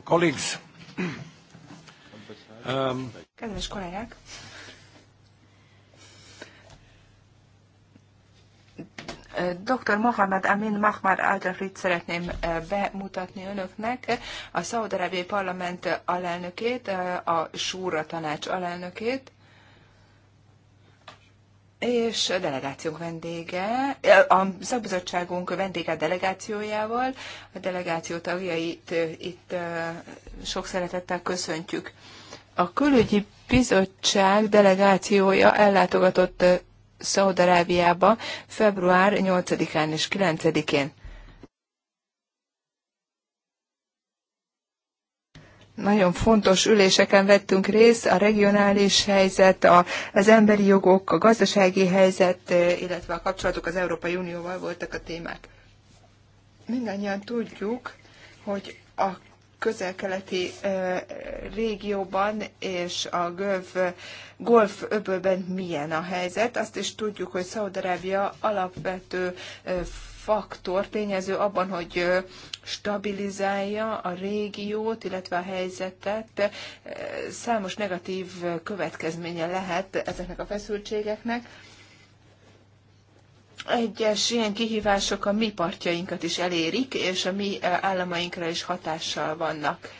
colleagues, um, Kedves kollégák! Dr. Mohamed Amin Mahmar Aldrafrit szeretném eh, bemutatni önöknek, eh, a Szaudarábiai Parlament alelnökét, eh, a Súra Tanács alelnökét és a delegációnk vendége, a szakbizottságunk vendége a delegációjával, a delegáció tagjait itt sok szeretettel köszöntjük. A külügyi bizottság delegációja ellátogatott Szaudarábiába február 8-án és 9-én. nagyon fontos üléseken vettünk részt, a regionális helyzet, a, az emberi jogok, a gazdasági helyzet, eh, illetve a kapcsolatok az Európai Unióval voltak a témák. Mindannyian tudjuk, hogy a közel-keleti eh, régióban és a Gölf, Golf öbölben milyen a helyzet. Azt is tudjuk, hogy Szaudarábia alapvető eh, faktor, tényező abban, hogy stabilizálja a régiót, illetve a helyzetet. Számos negatív következménye lehet ezeknek a feszültségeknek. Egyes ilyen kihívások a mi partjainkat is elérik, és a mi államainkra is hatással vannak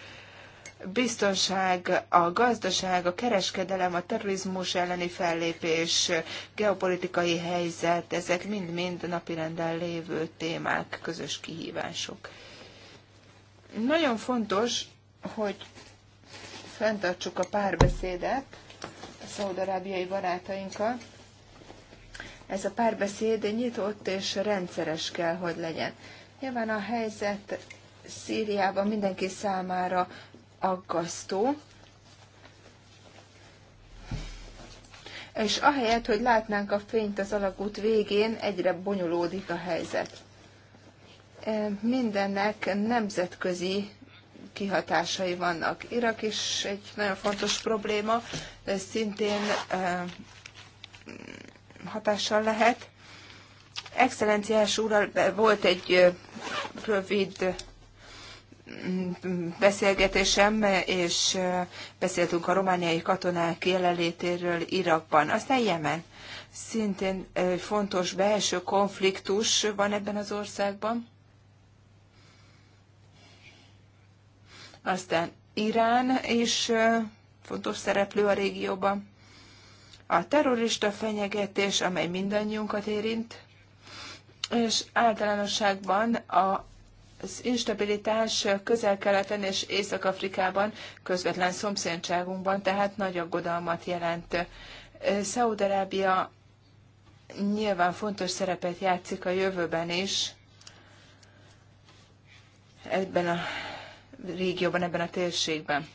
biztonság, a gazdaság, a kereskedelem, a terrorizmus elleni fellépés, geopolitikai helyzet, ezek mind-mind napirenden lévő témák, közös kihívások. Nagyon fontos, hogy fenntartsuk a párbeszédet a szaudarábiai barátainkkal. Ez a párbeszéd nyitott és rendszeres kell, hogy legyen. Nyilván a helyzet Szíriában mindenki számára aggasztó. És ahelyett, hogy látnánk a fényt az alagút végén, egyre bonyolódik a helyzet. E, mindennek nemzetközi kihatásai vannak. Irak is egy nagyon fontos probléma, de szintén e, hatással lehet. Excellenciás úrral volt egy e, rövid beszélgetésem, és beszéltünk a romániai katonák jelenlétéről Irakban, aztán Jemen. Szintén fontos belső konfliktus van ebben az országban. Aztán Irán is fontos szereplő a régióban. A terrorista fenyegetés, amely mindannyiunkat érint, és általánosságban a az instabilitás közel-keleten és Észak-Afrikában, közvetlen szomszédságunkban, tehát nagy aggodalmat jelent. Szaudarábia nyilván fontos szerepet játszik a jövőben is, ebben a régióban, ebben a térségben.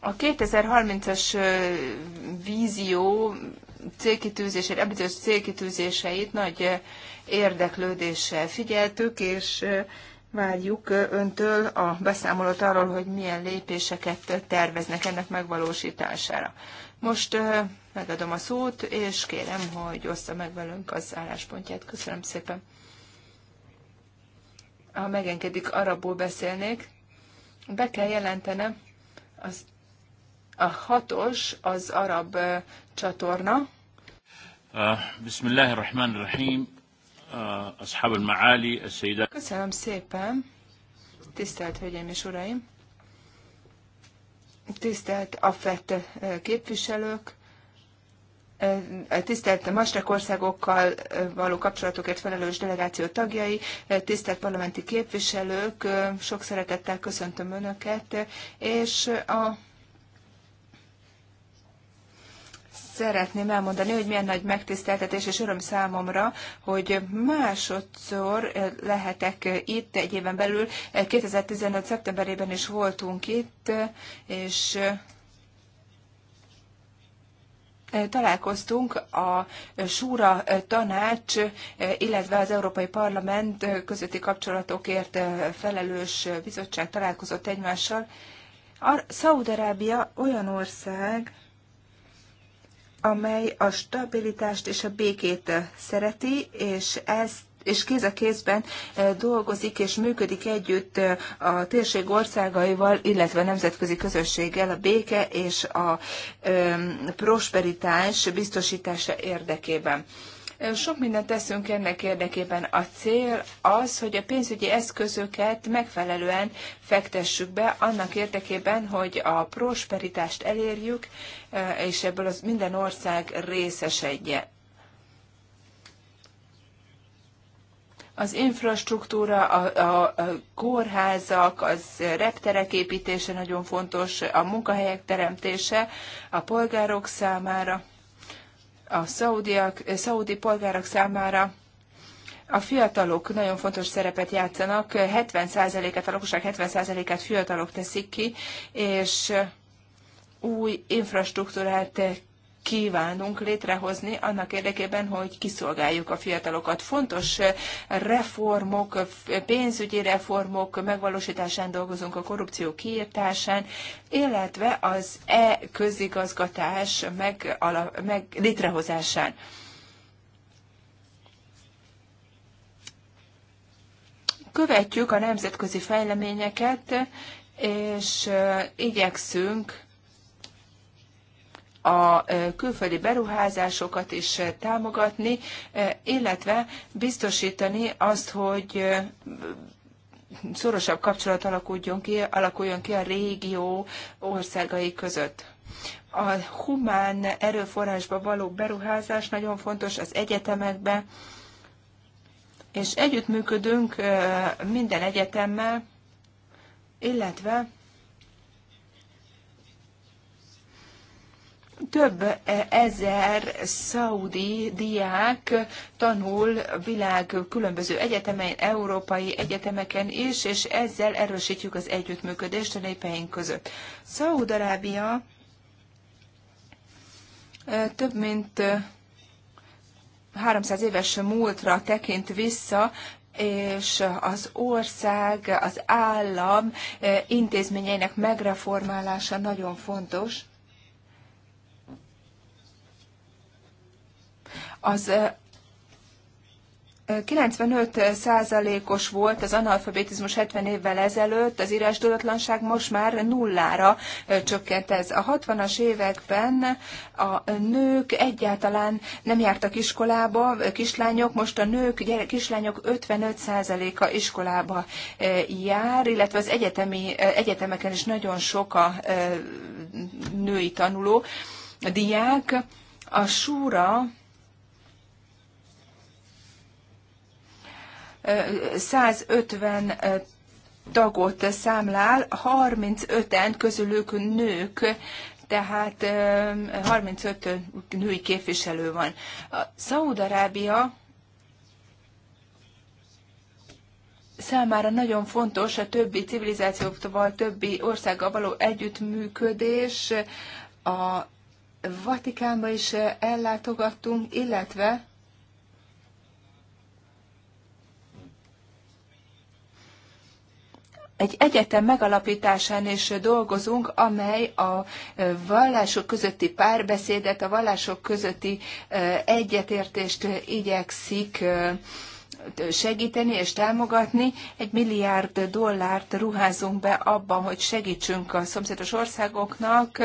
A 2030-as vízió célkitűzéseit, említős célkitűzéseit nagy eh, érdeklődéssel figyeltük, és eh, várjuk eh, öntől a beszámolót arról, hogy milyen lépéseket terveznek ennek megvalósítására. Most megadom a szót, és kérem, hogy ossza meg velünk az álláspontját. Köszönöm szépen. Ha megengedik, arabul beszélnék. Be kell jelentenem, az, a hatos az arab csatorna, Uh, Bismillahirrahmanirrahim. Uh, Ashab maali a Köszönöm szépen. Tisztelt Hölgyeim és Uraim. Tisztelt AFET uh, képviselők. Tisztelt Mastrak országokkal való kapcsolatokért felelős delegáció tagjai, tisztelt parlamenti képviselők, sok szeretettel köszöntöm Önöket, és a szeretném elmondani, hogy milyen nagy megtiszteltetés és öröm számomra, hogy másodszor eh, lehetek eh, itt egy éven belül. 2015. Eh, szeptemberében is voltunk itt, és találkoztunk a Súra tanács, illetve az Európai Parlament közötti kapcsolatokért felelős bizottság találkozott egymással. Szaudarábia olyan ország, amely a stabilitást és a békét eh, szereti, és ezt és kéz a kézben eh, dolgozik és működik együtt eh, a térség országaival, illetve a nemzetközi közösséggel a béke és a prosperitás biztosítása érdekében. Sok mindent teszünk ennek érdekében. A cél az, hogy a pénzügyi eszközöket megfelelően fektessük be annak érdekében, hogy a prosperitást elérjük, eh, és ebből az minden ország részesedje. az infrastruktúra, a, a, a kórházak, az repterek építése nagyon fontos, a munkahelyek teremtése a polgárok számára a szaudiak, eh, szaudi polgárok számára a fiatalok nagyon fontos szerepet játszanak, 70 et a lakosság 70%-át fiatalok teszik ki, és új infrastruktúrát kívánunk létrehozni annak érdekében, hogy kiszolgáljuk a fiatalokat. Fontos eh, reformok, pénzügyi reformok megvalósításán dolgozunk, a korrupció kiirtásán, illetve az e-közigazgatás meg, ala, meg létrehozásán. Követjük a nemzetközi fejleményeket, és eh, igyekszünk a külföldi beruházásokat is támogatni, illetve biztosítani azt, hogy szorosabb kapcsolat alakuljon ki, alakuljon ki a régió országai között. A humán erőforrásba való beruházás nagyon fontos az egyetemekbe, és együttműködünk minden egyetemmel, illetve több ezer szaudi diák tanul világ különböző egyetemein, európai egyetemeken is, és ezzel erősítjük az együttműködést a népeink között. Szaúd-Arábia több mint 300 éves múltra tekint vissza, és az ország, az állam intézményeinek megreformálása nagyon fontos. Az 95 százalékos volt az analfabetizmus 70 évvel ezelőtt, az írás tudatlanság most már nullára csökkent ez. A 60-as években a nők egyáltalán nem jártak iskolába, kislányok, most a nők, gyere, kislányok 55 százaléka iskolába jár, illetve az egyetemi, egyetemeken is nagyon sok a női tanuló, a diák. A súra 150 tagot számlál, 35-en közülük nők, tehát 35 női képviselő van. Szaúd-Arábia számára nagyon fontos a többi civilizációval, többi országgal való együttműködés. A Vatikánba is ellátogattunk, illetve egy egyetem megalapításán is dolgozunk, amely a vallások közötti párbeszédet, a vallások közötti egyetértést igyekszik segíteni és támogatni. Egy milliárd dollárt ruházunk be abban, hogy segítsünk a szomszédos országoknak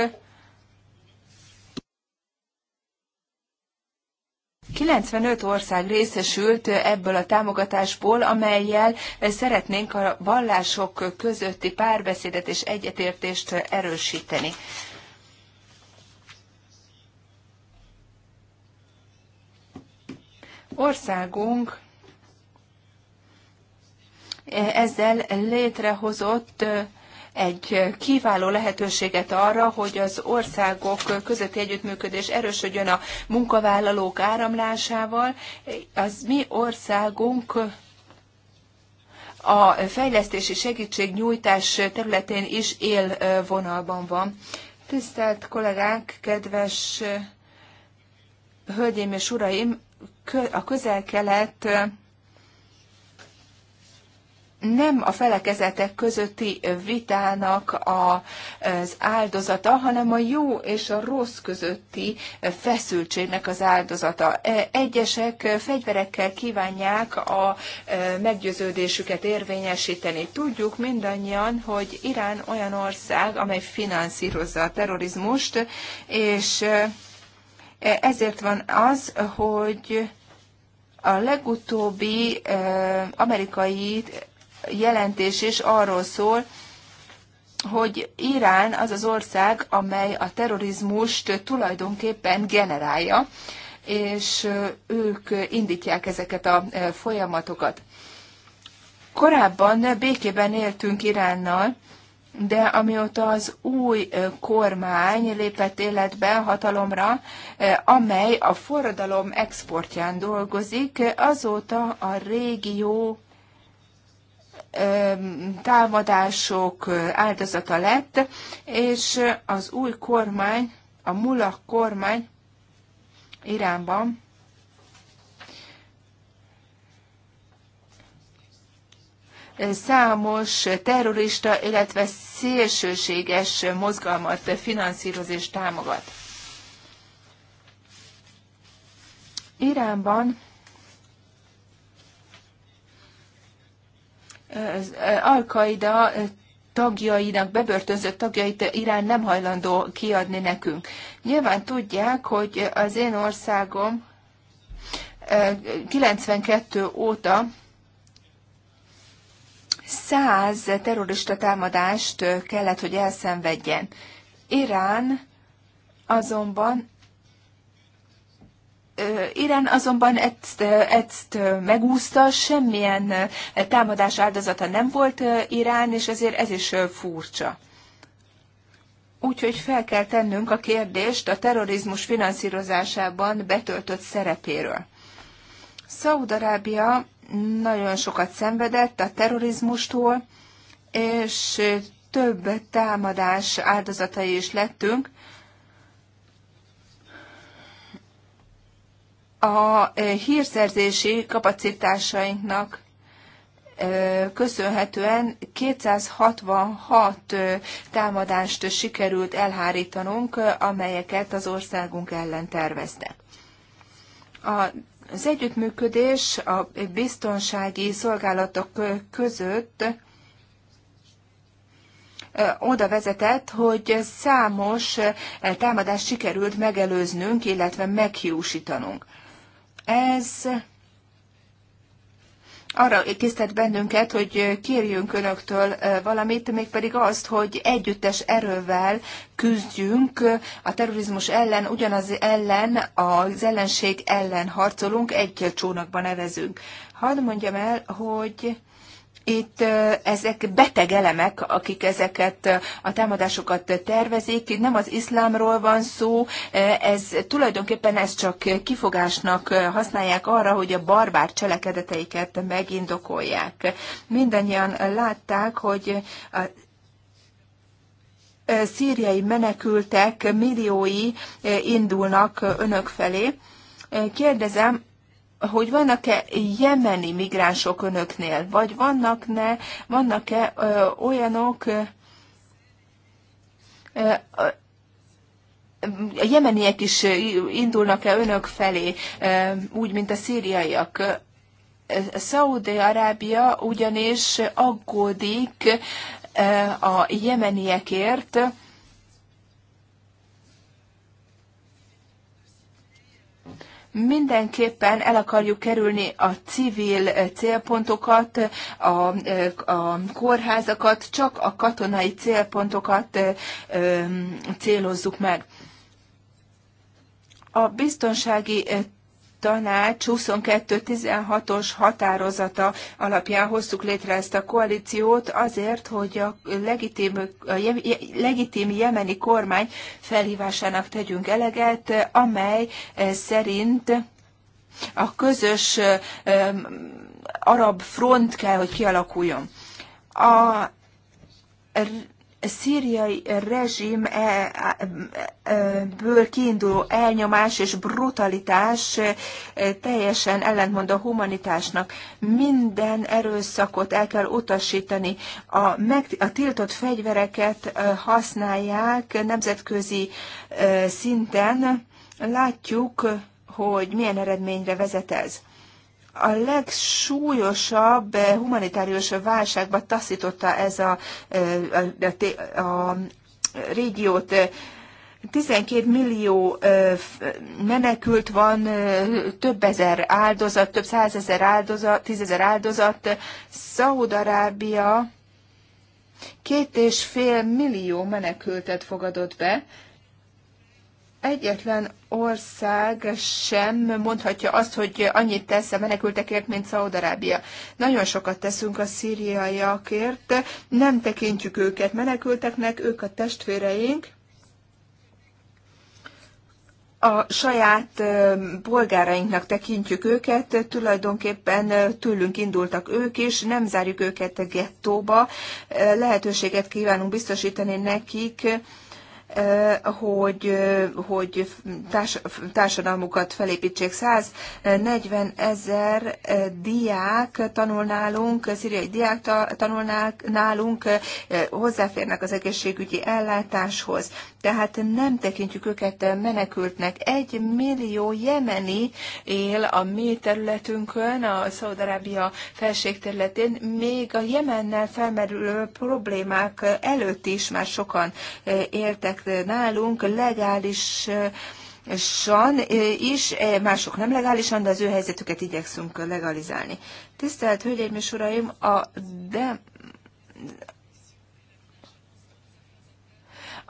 95 ország részesült ebből a támogatásból, amelyel szeretnénk a vallások közötti párbeszédet és egyetértést erősíteni. Országunk ezzel létrehozott egy kiváló lehetőséget arra, hogy az országok közötti együttműködés erősödjön a munkavállalók áramlásával. Az mi országunk a fejlesztési segítségnyújtás területén is él vonalban van. Tisztelt kollégák, kedves hölgyeim és uraim, a közel-kelet nem a felekezetek közötti vitának a, az áldozata, hanem a jó és a rossz közötti feszültségnek az áldozata. E, egyesek fegyverekkel kívánják a e, meggyőződésüket érvényesíteni. Tudjuk mindannyian, hogy Irán olyan ország, amely finanszírozza a terrorizmust, és e, ezért van az, hogy a legutóbbi amerikai jelentés is arról szól, hogy Irán az az ország, amely a terrorizmust tulajdonképpen generálja, és ők indítják ezeket a folyamatokat. Korábban békében éltünk Iránnal, de amióta az új kormány lépett életbe hatalomra, amely a forradalom exportján dolgozik, azóta a régió támadások áldozata lett, és az új kormány, a mulak kormány Iránban számos terrorista, illetve szélsőséges mozgalmat finanszíroz és támogat. Iránban Al-Qaida tagjainak, bebörtönzött tagjait Irán nem hajlandó kiadni nekünk. Nyilván tudják, hogy az én országom 92 óta száz terrorista támadást kellett, hogy elszenvedjen. Irán azonban Irán azonban ezt, ezt megúszta, semmilyen támadás áldozata nem volt Irán, és ezért ez is furcsa. Úgyhogy fel kell tennünk a kérdést a terrorizmus finanszírozásában betöltött szerepéről. Szaudarábia nagyon sokat szenvedett a terrorizmustól, és több támadás áldozatai is lettünk. a e, hírszerzési kapacitásainknak e, köszönhetően 266 e, támadást sikerült elhárítanunk, amelyeket az országunk ellen terveztek. Az együttműködés a biztonsági szolgálatok között oda vezetett, hogy számos támadást sikerült megelőznünk, illetve meghiúsítanunk. Ez arra készített bennünket, hogy kérjünk önöktől valamit, mégpedig azt, hogy együttes erővel küzdjünk a terrorizmus ellen, ugyanaz ellen, az ellenség ellen harcolunk, egy csónakban nevezünk. Hadd mondjam el, hogy itt ezek beteg elemek, akik ezeket a támadásokat tervezik. Itt nem az iszlámról van szó, ez tulajdonképpen ez csak kifogásnak használják arra, hogy a barbár cselekedeteiket megindokolják. Mindannyian látták, hogy a szíriai menekültek milliói indulnak önök felé. Kérdezem, hogy vannak-e jemeni migránsok önöknél, vagy vannak-e vannak -e, olyanok, a jemeniek is indulnak-e önök felé, úgy, mint a szíriaiak? Szaudi-Arábia ugyanis aggódik a jemeniekért, Mindenképpen el akarjuk kerülni a civil eh, célpontokat, a, eh, a kórházakat, csak a katonai célpontokat eh, célozzuk meg. A biztonsági tanács 22-16-os határozata alapján hoztuk létre ezt a koalíciót azért, hogy a legitim, a legitim jemeni kormány felhívásának tegyünk eleget, amely eh, szerint a közös eh, arab front kell, hogy kialakuljon. A szíriai rezsimből e, e, e, kiinduló elnyomás és brutalitás teljesen ellentmond a humanitásnak. Minden erőszakot el kell utasítani. A, meg, a tiltott fegyvereket használják nemzetközi szinten. Látjuk, hogy milyen eredményre vezet ez a legsúlyosabb eh, humanitárius válságba taszította ez a, eh, a, a, a régiót. 12 millió eh, menekült van, több ezer áldozat, több százezer áldozat, tízezer áldozat. Szaúd-Arábia két és fél millió menekültet fogadott be, egyetlen ország sem mondhatja azt, hogy annyit tesz a menekültekért, mint Szaudarábia. Nagyon sokat teszünk a szíriaiakért, nem tekintjük őket menekülteknek, ők a testvéreink. A saját polgárainknak tekintjük őket, tulajdonképpen tőlünk indultak ők is, nem zárjuk őket a gettóba, lehetőséget kívánunk biztosítani nekik, Eh, hogy, eh, hogy társ, társadalmukat felépítsék. 140 ezer eh, diák tanul nálunk, szíriai diák tanul nálunk, hozzáférnek az egészségügyi ellátáshoz. Tehát nem tekintjük őket menekültnek. Egy millió jemeni él a mi területünkön, a Szaudarábia felség területén, még a Jemennel felmerülő problémák előtt is már sokan éltek nálunk legális Son is, e, mások nem legálisan, de az ő helyzetüket igyekszünk legalizálni. Tisztelt Hölgyeim és Uraim, a, de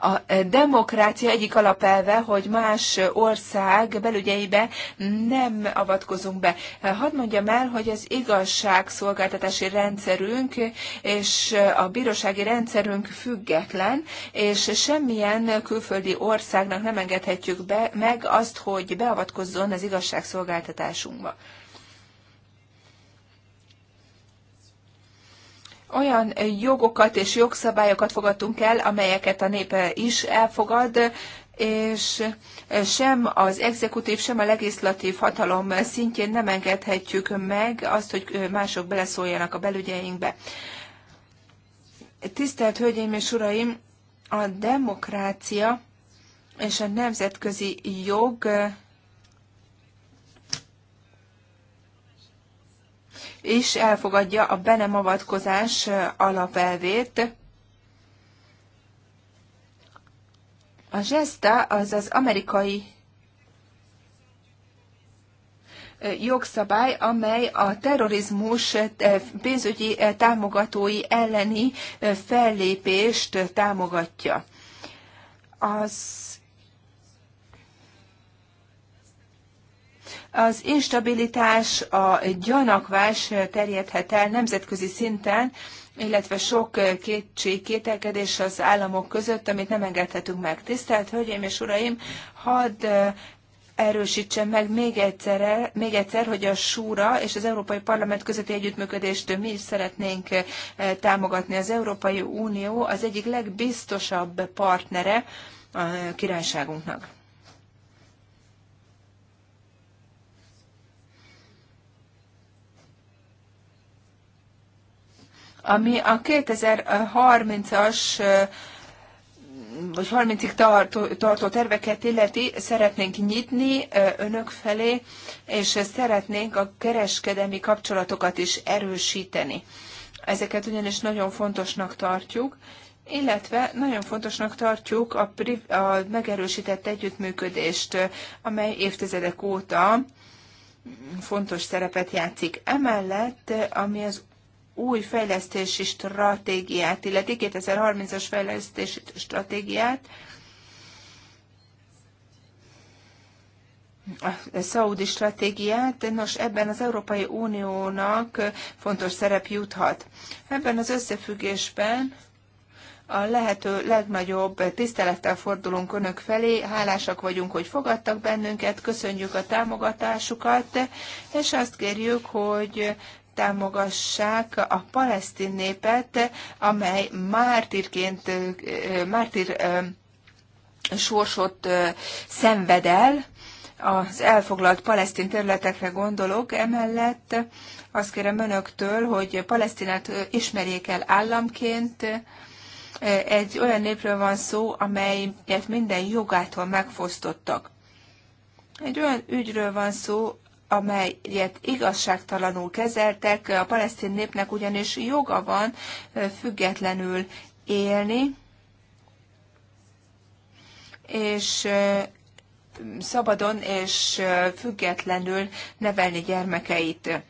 a demokrácia egyik alapelve, hogy más ország belügyeibe nem avatkozunk be. Hadd mondjam el, hogy az igazságszolgáltatási rendszerünk és a bírósági rendszerünk független, és semmilyen külföldi országnak nem engedhetjük be, meg azt, hogy beavatkozzon az igazságszolgáltatásunkba. olyan jogokat és jogszabályokat fogadtunk el, amelyeket a nép is elfogad, és sem az exekutív, sem a legislatív hatalom szintjén nem engedhetjük meg azt, hogy mások beleszóljanak a belügyeinkbe. Tisztelt Hölgyeim és Uraim, a demokrácia és a nemzetközi jog és elfogadja a be nem avatkozás alapelvét. A zseszta az az amerikai jogszabály, amely a terrorizmus pénzügyi támogatói elleni fellépést támogatja. Az Az instabilitás, a gyanakvás terjedhet el nemzetközi szinten, illetve sok kétség, kételkedés az államok között, amit nem engedhetünk meg. Tisztelt Hölgyeim és Uraim, hadd erősítsen meg még egyszer, még egyszer, hogy a Súra és az Európai Parlament közötti együttműködést mi is szeretnénk támogatni. Az Európai Unió az egyik legbiztosabb partnere a királyságunknak. ami a 2030-as vagy 30-ig tartó, tartó terveket illeti, szeretnénk nyitni önök felé, és szeretnénk a kereskedelmi kapcsolatokat is erősíteni. Ezeket ugyanis nagyon fontosnak tartjuk, illetve nagyon fontosnak tartjuk a, a megerősített együttműködést, amely évtizedek óta fontos szerepet játszik. Emellett, ami az új fejlesztési stratégiát, illeti 2030-as fejlesztési stratégiát, a szaudi stratégiát, nos ebben az Európai Uniónak fontos szerep juthat. Ebben az összefüggésben a lehető legnagyobb tisztelettel fordulunk Önök felé, hálásak vagyunk, hogy fogadtak bennünket, köszönjük a támogatásukat, és azt kérjük, hogy támogassák a palesztin népet, amely mártírként, mártír sorsot szenved el, az elfoglalt palesztin területekre gondolok, emellett azt kérem önöktől, hogy Palesztinát ismerjék el államként, egy olyan népről van szó, amelyet minden jogától megfosztottak. Egy olyan ügyről van szó, amelyet igazságtalanul kezeltek. A palesztin népnek ugyanis joga van függetlenül élni, és szabadon és függetlenül nevelni gyermekeit.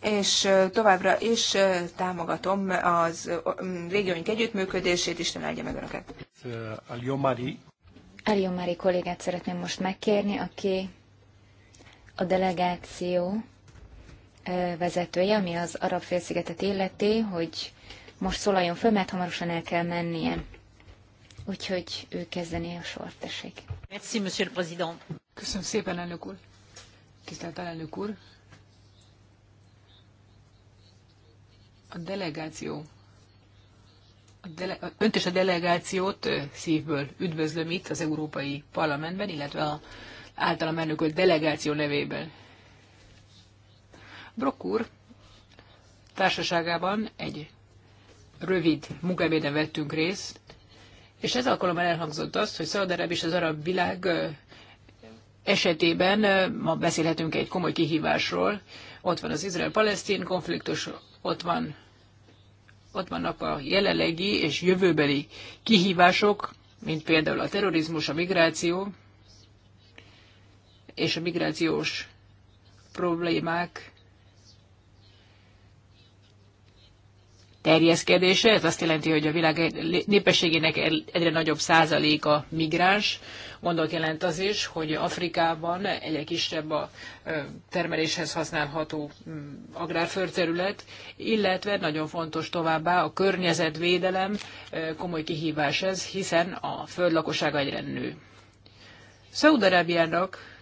És továbbra is támogatom az régióink együttműködését, Isten áldja meg Önöket. Alio Mari kollégát szeretném most megkérni, aki a delegáció vezetője, ami az arab félszigetet illeti, hogy most szólaljon föl, mert hamarosan el kell mennie. Úgyhogy ő kezdené a sort, tessék. Merci, monsieur le président. Köszönöm szépen, elnök úr. Tisztelt elnök úr. A delegáció a dele, önt és a delegációt szívből üdvözlöm itt az Európai Parlamentben, illetve a általa elnökölt delegáció nevében. Brock úr társaságában egy rövid munkabéden vettünk részt, és ez alkalommal elhangzott azt, hogy Szaladarab és az arab világ esetében ma beszélhetünk egy komoly kihívásról. Ott van az Izrael-Palesztin konfliktus, ott van ott vannak a jelenlegi és jövőbeli kihívások, mint például a terrorizmus, a migráció, és a migrációs problémák terjeszkedése. Ez azt jelenti, hogy a világ népességének egyre nagyobb százaléka migráns. Mondok jelent az is, hogy Afrikában egyre kisebb a termeléshez használható agrárföldterület, illetve nagyon fontos továbbá a környezetvédelem komoly kihívás ez, hiszen a föld lakossága egyre nő. Szaudarábiának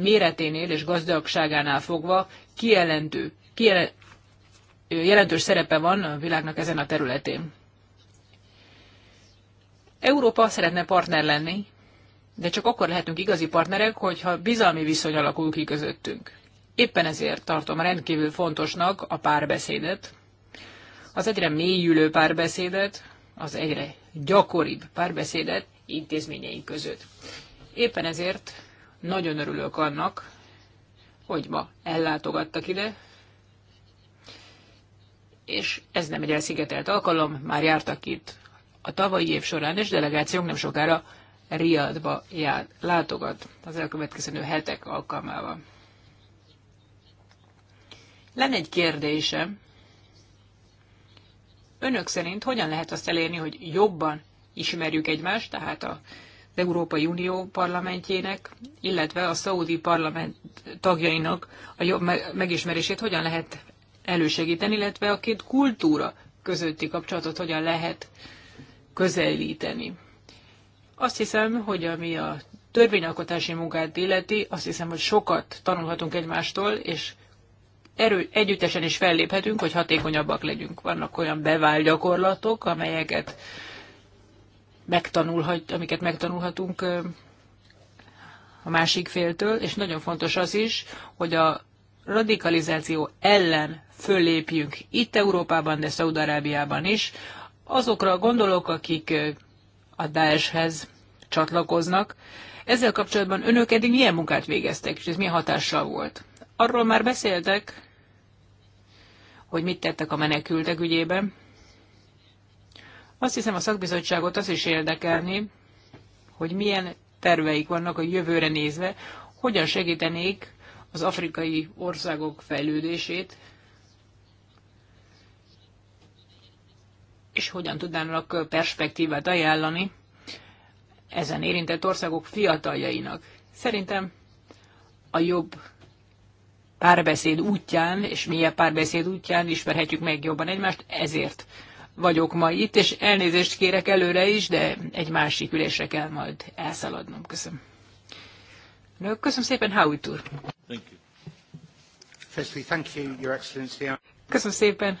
méreténél és gazdagságánál fogva kijelentő, kijelentő, jelentős szerepe van a világnak ezen a területén. Európa szeretne partner lenni, de csak akkor lehetünk igazi partnerek, hogyha bizalmi viszony alakul ki közöttünk. Éppen ezért tartom rendkívül fontosnak a párbeszédet, az egyre mélyülő párbeszédet, az egyre gyakoribb párbeszédet intézményeink között. Éppen ezért nagyon örülök annak, hogy ma ellátogattak ide, és ez nem egy elszigetelt alkalom, már jártak itt a tavalyi év során, és delegációnk nem sokára Riadba jár, látogat az elkövetkező hetek alkalmával. Lenne egy kérdésem. Önök szerint hogyan lehet azt elérni, hogy jobban ismerjük egymást, tehát a Európai Unió parlamentjének, illetve a szaudi parlament tagjainak a jobb megismerését hogyan lehet elősegíteni, illetve a két kultúra közötti kapcsolatot hogyan lehet közelíteni. Azt hiszem, hogy ami a törvényalkotási munkát illeti, azt hiszem, hogy sokat tanulhatunk egymástól, és erő, együttesen is felléphetünk, hogy hatékonyabbak legyünk. Vannak olyan bevált gyakorlatok, amelyeket megtanulhat, amiket megtanulhatunk a másik féltől, és nagyon fontos az is, hogy a radikalizáció ellen föllépjünk itt Európában, de Szaudarábiában is, azokra gondolok, akik a Daeshez csatlakoznak. Ezzel kapcsolatban önök eddig milyen munkát végeztek, és ez milyen hatással volt? Arról már beszéltek, hogy mit tettek a menekültek ügyében. Azt hiszem a szakbizottságot az is érdekelni, hogy milyen terveik vannak a jövőre nézve, hogyan segítenék az afrikai országok fejlődését, és hogyan tudnának perspektívát ajánlani ezen érintett országok fiataljainak. Szerintem a jobb párbeszéd útján, és milyen párbeszéd útján ismerhetjük meg jobban egymást, ezért vagyok ma itt, és elnézést kérek előre is, de egy másik ülésre kell majd elszaladnom. Köszönöm. Köszönöm szépen, Howitt úr. Köszönöm szépen.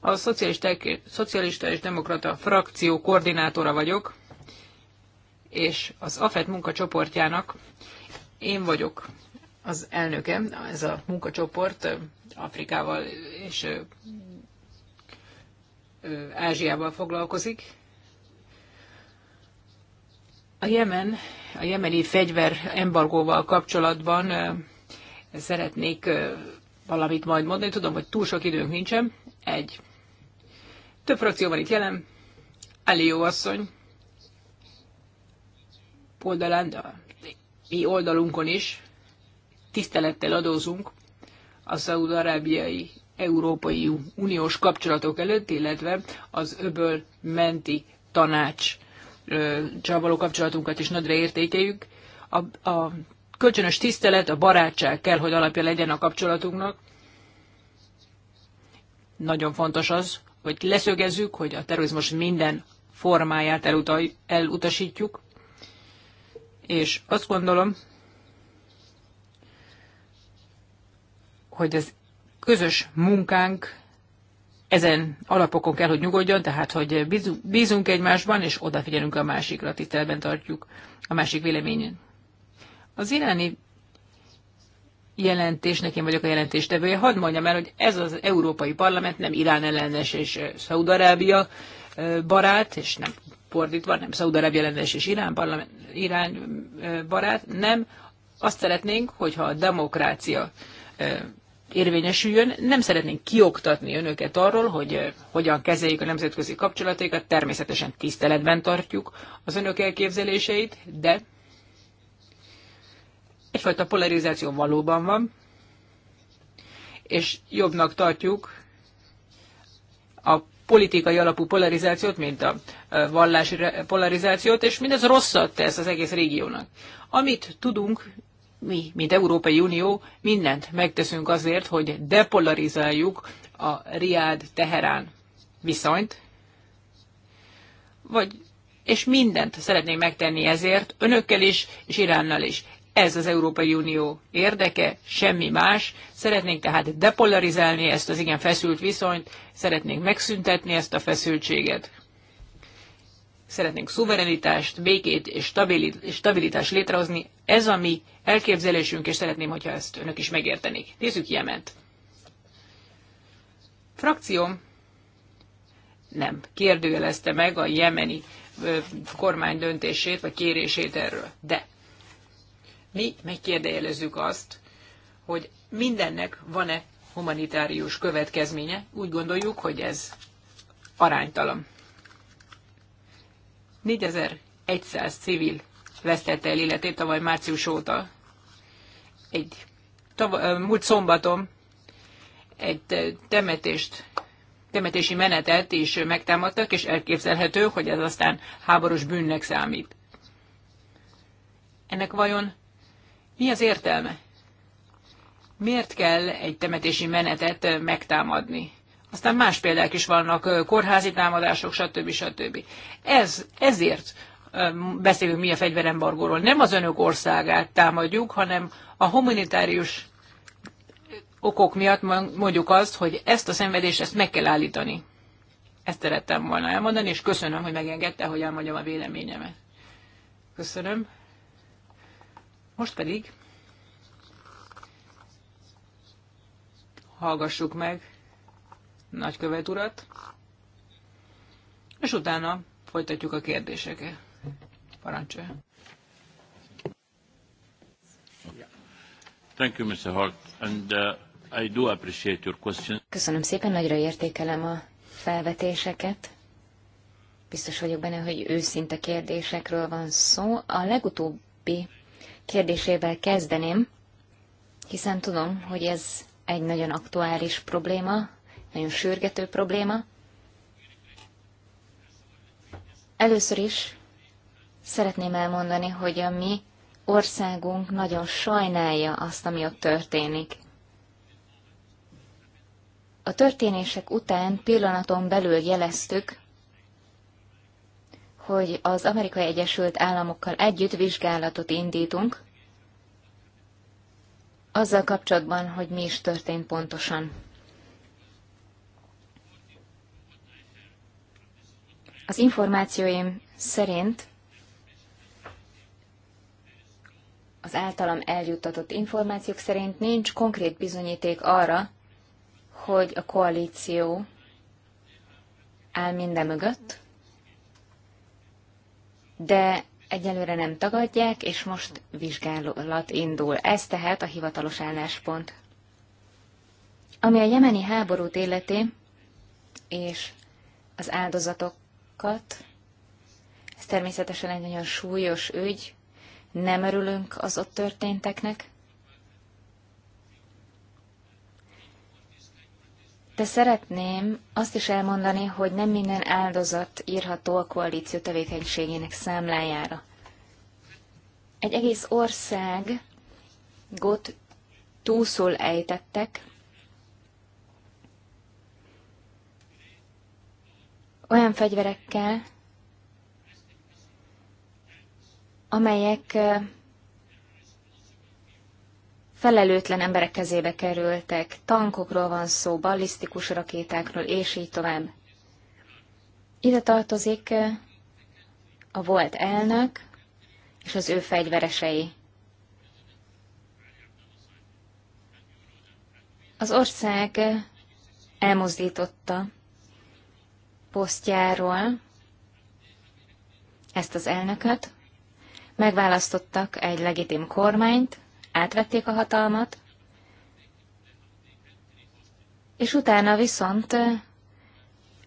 A szocialista és demokrata frakció koordinátora vagyok, és az AFET munkacsoportjának én vagyok az elnöke. Ez a munkacsoport Afrikával és Ázsiával foglalkozik. A Jemen, a jemeni fegyver embargóval kapcsolatban szeretnék valamit majd mondani. Tudom, hogy túl sok időnk nincsen. Egy. Több frakció van itt jelen. Alió asszony. Oldalán, a mi oldalunkon is tisztelettel adózunk a szaúd-arábiai Európai Uniós kapcsolatok előtt, illetve az öböl menti tanács csavaló kapcsolatunkat is nagyra értékeljük. A, a kölcsönös tisztelet, a barátság kell, hogy alapja legyen a kapcsolatunknak. Nagyon fontos az, hogy leszögezzük, hogy a terrorizmus minden formáját elutaj, elutasítjuk, és azt gondolom, hogy az közös munkánk ezen alapokon kell, hogy nyugodjon, tehát, hogy bízunk egymásban, és odafigyelünk a másikra, tiszteletben tartjuk a másik véleményén. Az iráni jelentésnek, én vagyok a jelentéstevője, hadd mondjam el, hogy ez az Európai Parlament nem Irán ellenes és eh, Szaudarábia eh, barát, és nem fordítva, nem Szaudarábia ellenes és Irán, parlament, Irán eh, barát, nem. Azt szeretnénk, hogyha a demokrácia érvényesüljön. Nem szeretnénk kioktatni önöket arról, hogy hogyan kezeljük a nemzetközi kapcsolatokat. Természetesen tiszteletben tartjuk az önök elképzeléseit, de egyfajta polarizáció valóban van, és jobbnak tartjuk a politikai alapú polarizációt, mint a vallási polarizációt, és mindez rosszat tesz az egész régiónak. Amit tudunk, mi, mint Európai Unió mindent megteszünk azért, hogy depolarizáljuk a Riád-Teherán viszonyt, vagy, és mindent szeretnénk megtenni ezért, önökkel is, és Iránnal is. Ez az Európai Unió érdeke, semmi más. Szeretnénk tehát depolarizálni ezt az igen feszült viszonyt, szeretnénk megszüntetni ezt a feszültséget szeretnénk szuverenitást, békét és stabilitást létrehozni. Ez a mi elképzelésünk, és szeretném, hogyha ezt önök is megértenék. Nézzük Jement. Frakcióm nem kérdőjelezte meg a jemeni kormány döntését, vagy kérését erről. De mi megkérdőjelezzük azt, hogy mindennek van-e humanitárius következménye. Úgy gondoljuk, hogy ez aránytalan. 4100 civil vesztette el életét tavaly március óta. Egy tav- múlt szombaton egy temetést, temetési menetet is megtámadtak, és elképzelhető, hogy ez aztán háborús bűnnek számít. Ennek vajon mi az értelme? Miért kell egy temetési menetet megtámadni? Aztán más példák is vannak, kórházi támadások, stb. stb. Ez, ezért beszélünk mi a fegyverembargóról. Nem az önök országát támadjuk, hanem a humanitárius okok miatt mondjuk azt, hogy ezt a szenvedést, ezt meg kell állítani. Ezt szerettem volna elmondani, és köszönöm, hogy megengedte, hogy elmondjam a véleményemet. Köszönöm. Most pedig hallgassuk meg nagykövet urat, és utána folytatjuk a kérdéseket. Parancsolja. Thank you, Mr. Hart, and uh, I do appreciate your question. Köszönöm szépen, nagyra értékelem a felvetéseket. Biztos vagyok benne, hogy őszinte kérdésekről van szó. A legutóbbi kérdésével kezdeném, hiszen tudom, hogy ez egy nagyon aktuális probléma, nagyon sürgető probléma. Először is szeretném elmondani, hogy a mi országunk nagyon sajnálja azt, ami ott történik. A történések után pillanaton belül jeleztük, hogy az Amerikai Egyesült Államokkal együtt vizsgálatot indítunk, azzal kapcsolatban, hogy mi is történt pontosan. Az információim szerint az általam eljuttatott információk szerint nincs konkrét bizonyíték arra, hogy a koalíció áll minden mögött, de egyelőre nem tagadják, és most vizsgálat indul. Ez tehát a hivatalos álláspont. Ami a jemeni háborút életé és az áldozatok áldozatokat. Ez természetesen egy nagyon súlyos ügy, nem örülünk az ott történteknek. De szeretném azt is elmondani, hogy nem minden áldozat írható a koalíció tevékenységének számlájára. Egy egész ország got túlszul ejtettek, olyan fegyverekkel, amelyek felelőtlen emberek kezébe kerültek, tankokról van szó, ballisztikus rakétákról, és így tovább. Ide tartozik a volt elnök és az ő fegyveresei. Az ország elmozdította posztjáról ezt az elnököt, megválasztottak egy legitim kormányt, átvették a hatalmat, és utána viszont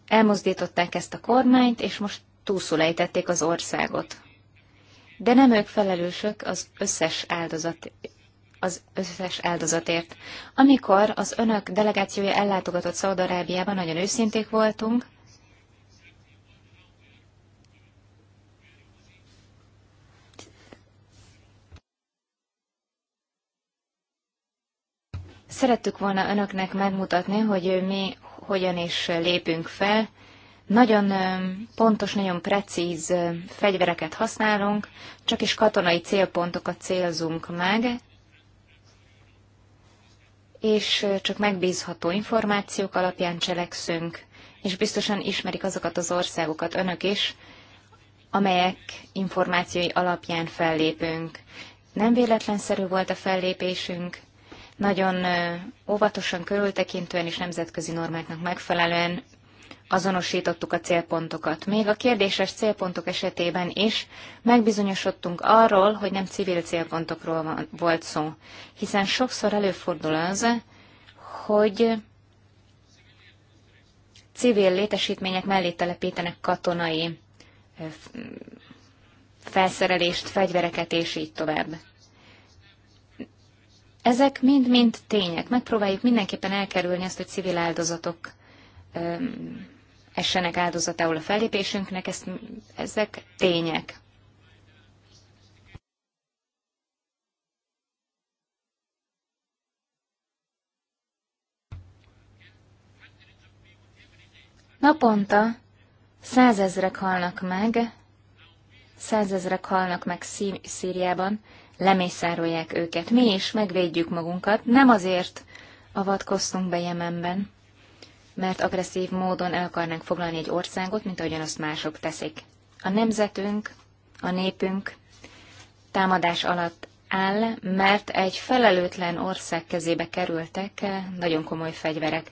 elmozdították ezt a kormányt, és most túlszulejtették az országot. De nem ők felelősök az összes áldozat az összes áldozatért. Amikor az önök delegációja ellátogatott Szaudarábiában, nagyon őszinték voltunk, Szerettük volna önöknek megmutatni, hogy mi hogyan is lépünk fel. Nagyon pontos, nagyon precíz fegyvereket használunk, csak is katonai célpontokat célzunk meg, és csak megbízható információk alapján cselekszünk, és biztosan ismerik azokat az országokat önök is, amelyek információi alapján fellépünk. Nem véletlenszerű volt a fellépésünk, nagyon óvatosan, körültekintően és nemzetközi normáknak megfelelően azonosítottuk a célpontokat. Még a kérdéses célpontok esetében is megbizonyosodtunk arról, hogy nem civil célpontokról van, volt szó, hiszen sokszor előfordul az, hogy civil létesítmények mellé telepítenek katonai felszerelést, fegyvereket és így tovább. Ezek mind-mind tények. Megpróbáljuk mindenképpen elkerülni azt, hogy civil áldozatok öm, essenek áldozatául a fellépésünknek, ezt, ezek tények. Naponta százezrek halnak meg, százezrek halnak meg Szí- Szíriában, lemészárolják őket. Mi is megvédjük magunkat, nem azért avatkoztunk be Jemenben, mert agresszív módon el akarnánk foglalni egy országot, mint ahogyan azt mások teszik. A nemzetünk, a népünk támadás alatt áll, mert egy felelőtlen ország kezébe kerültek eh, nagyon komoly fegyverek.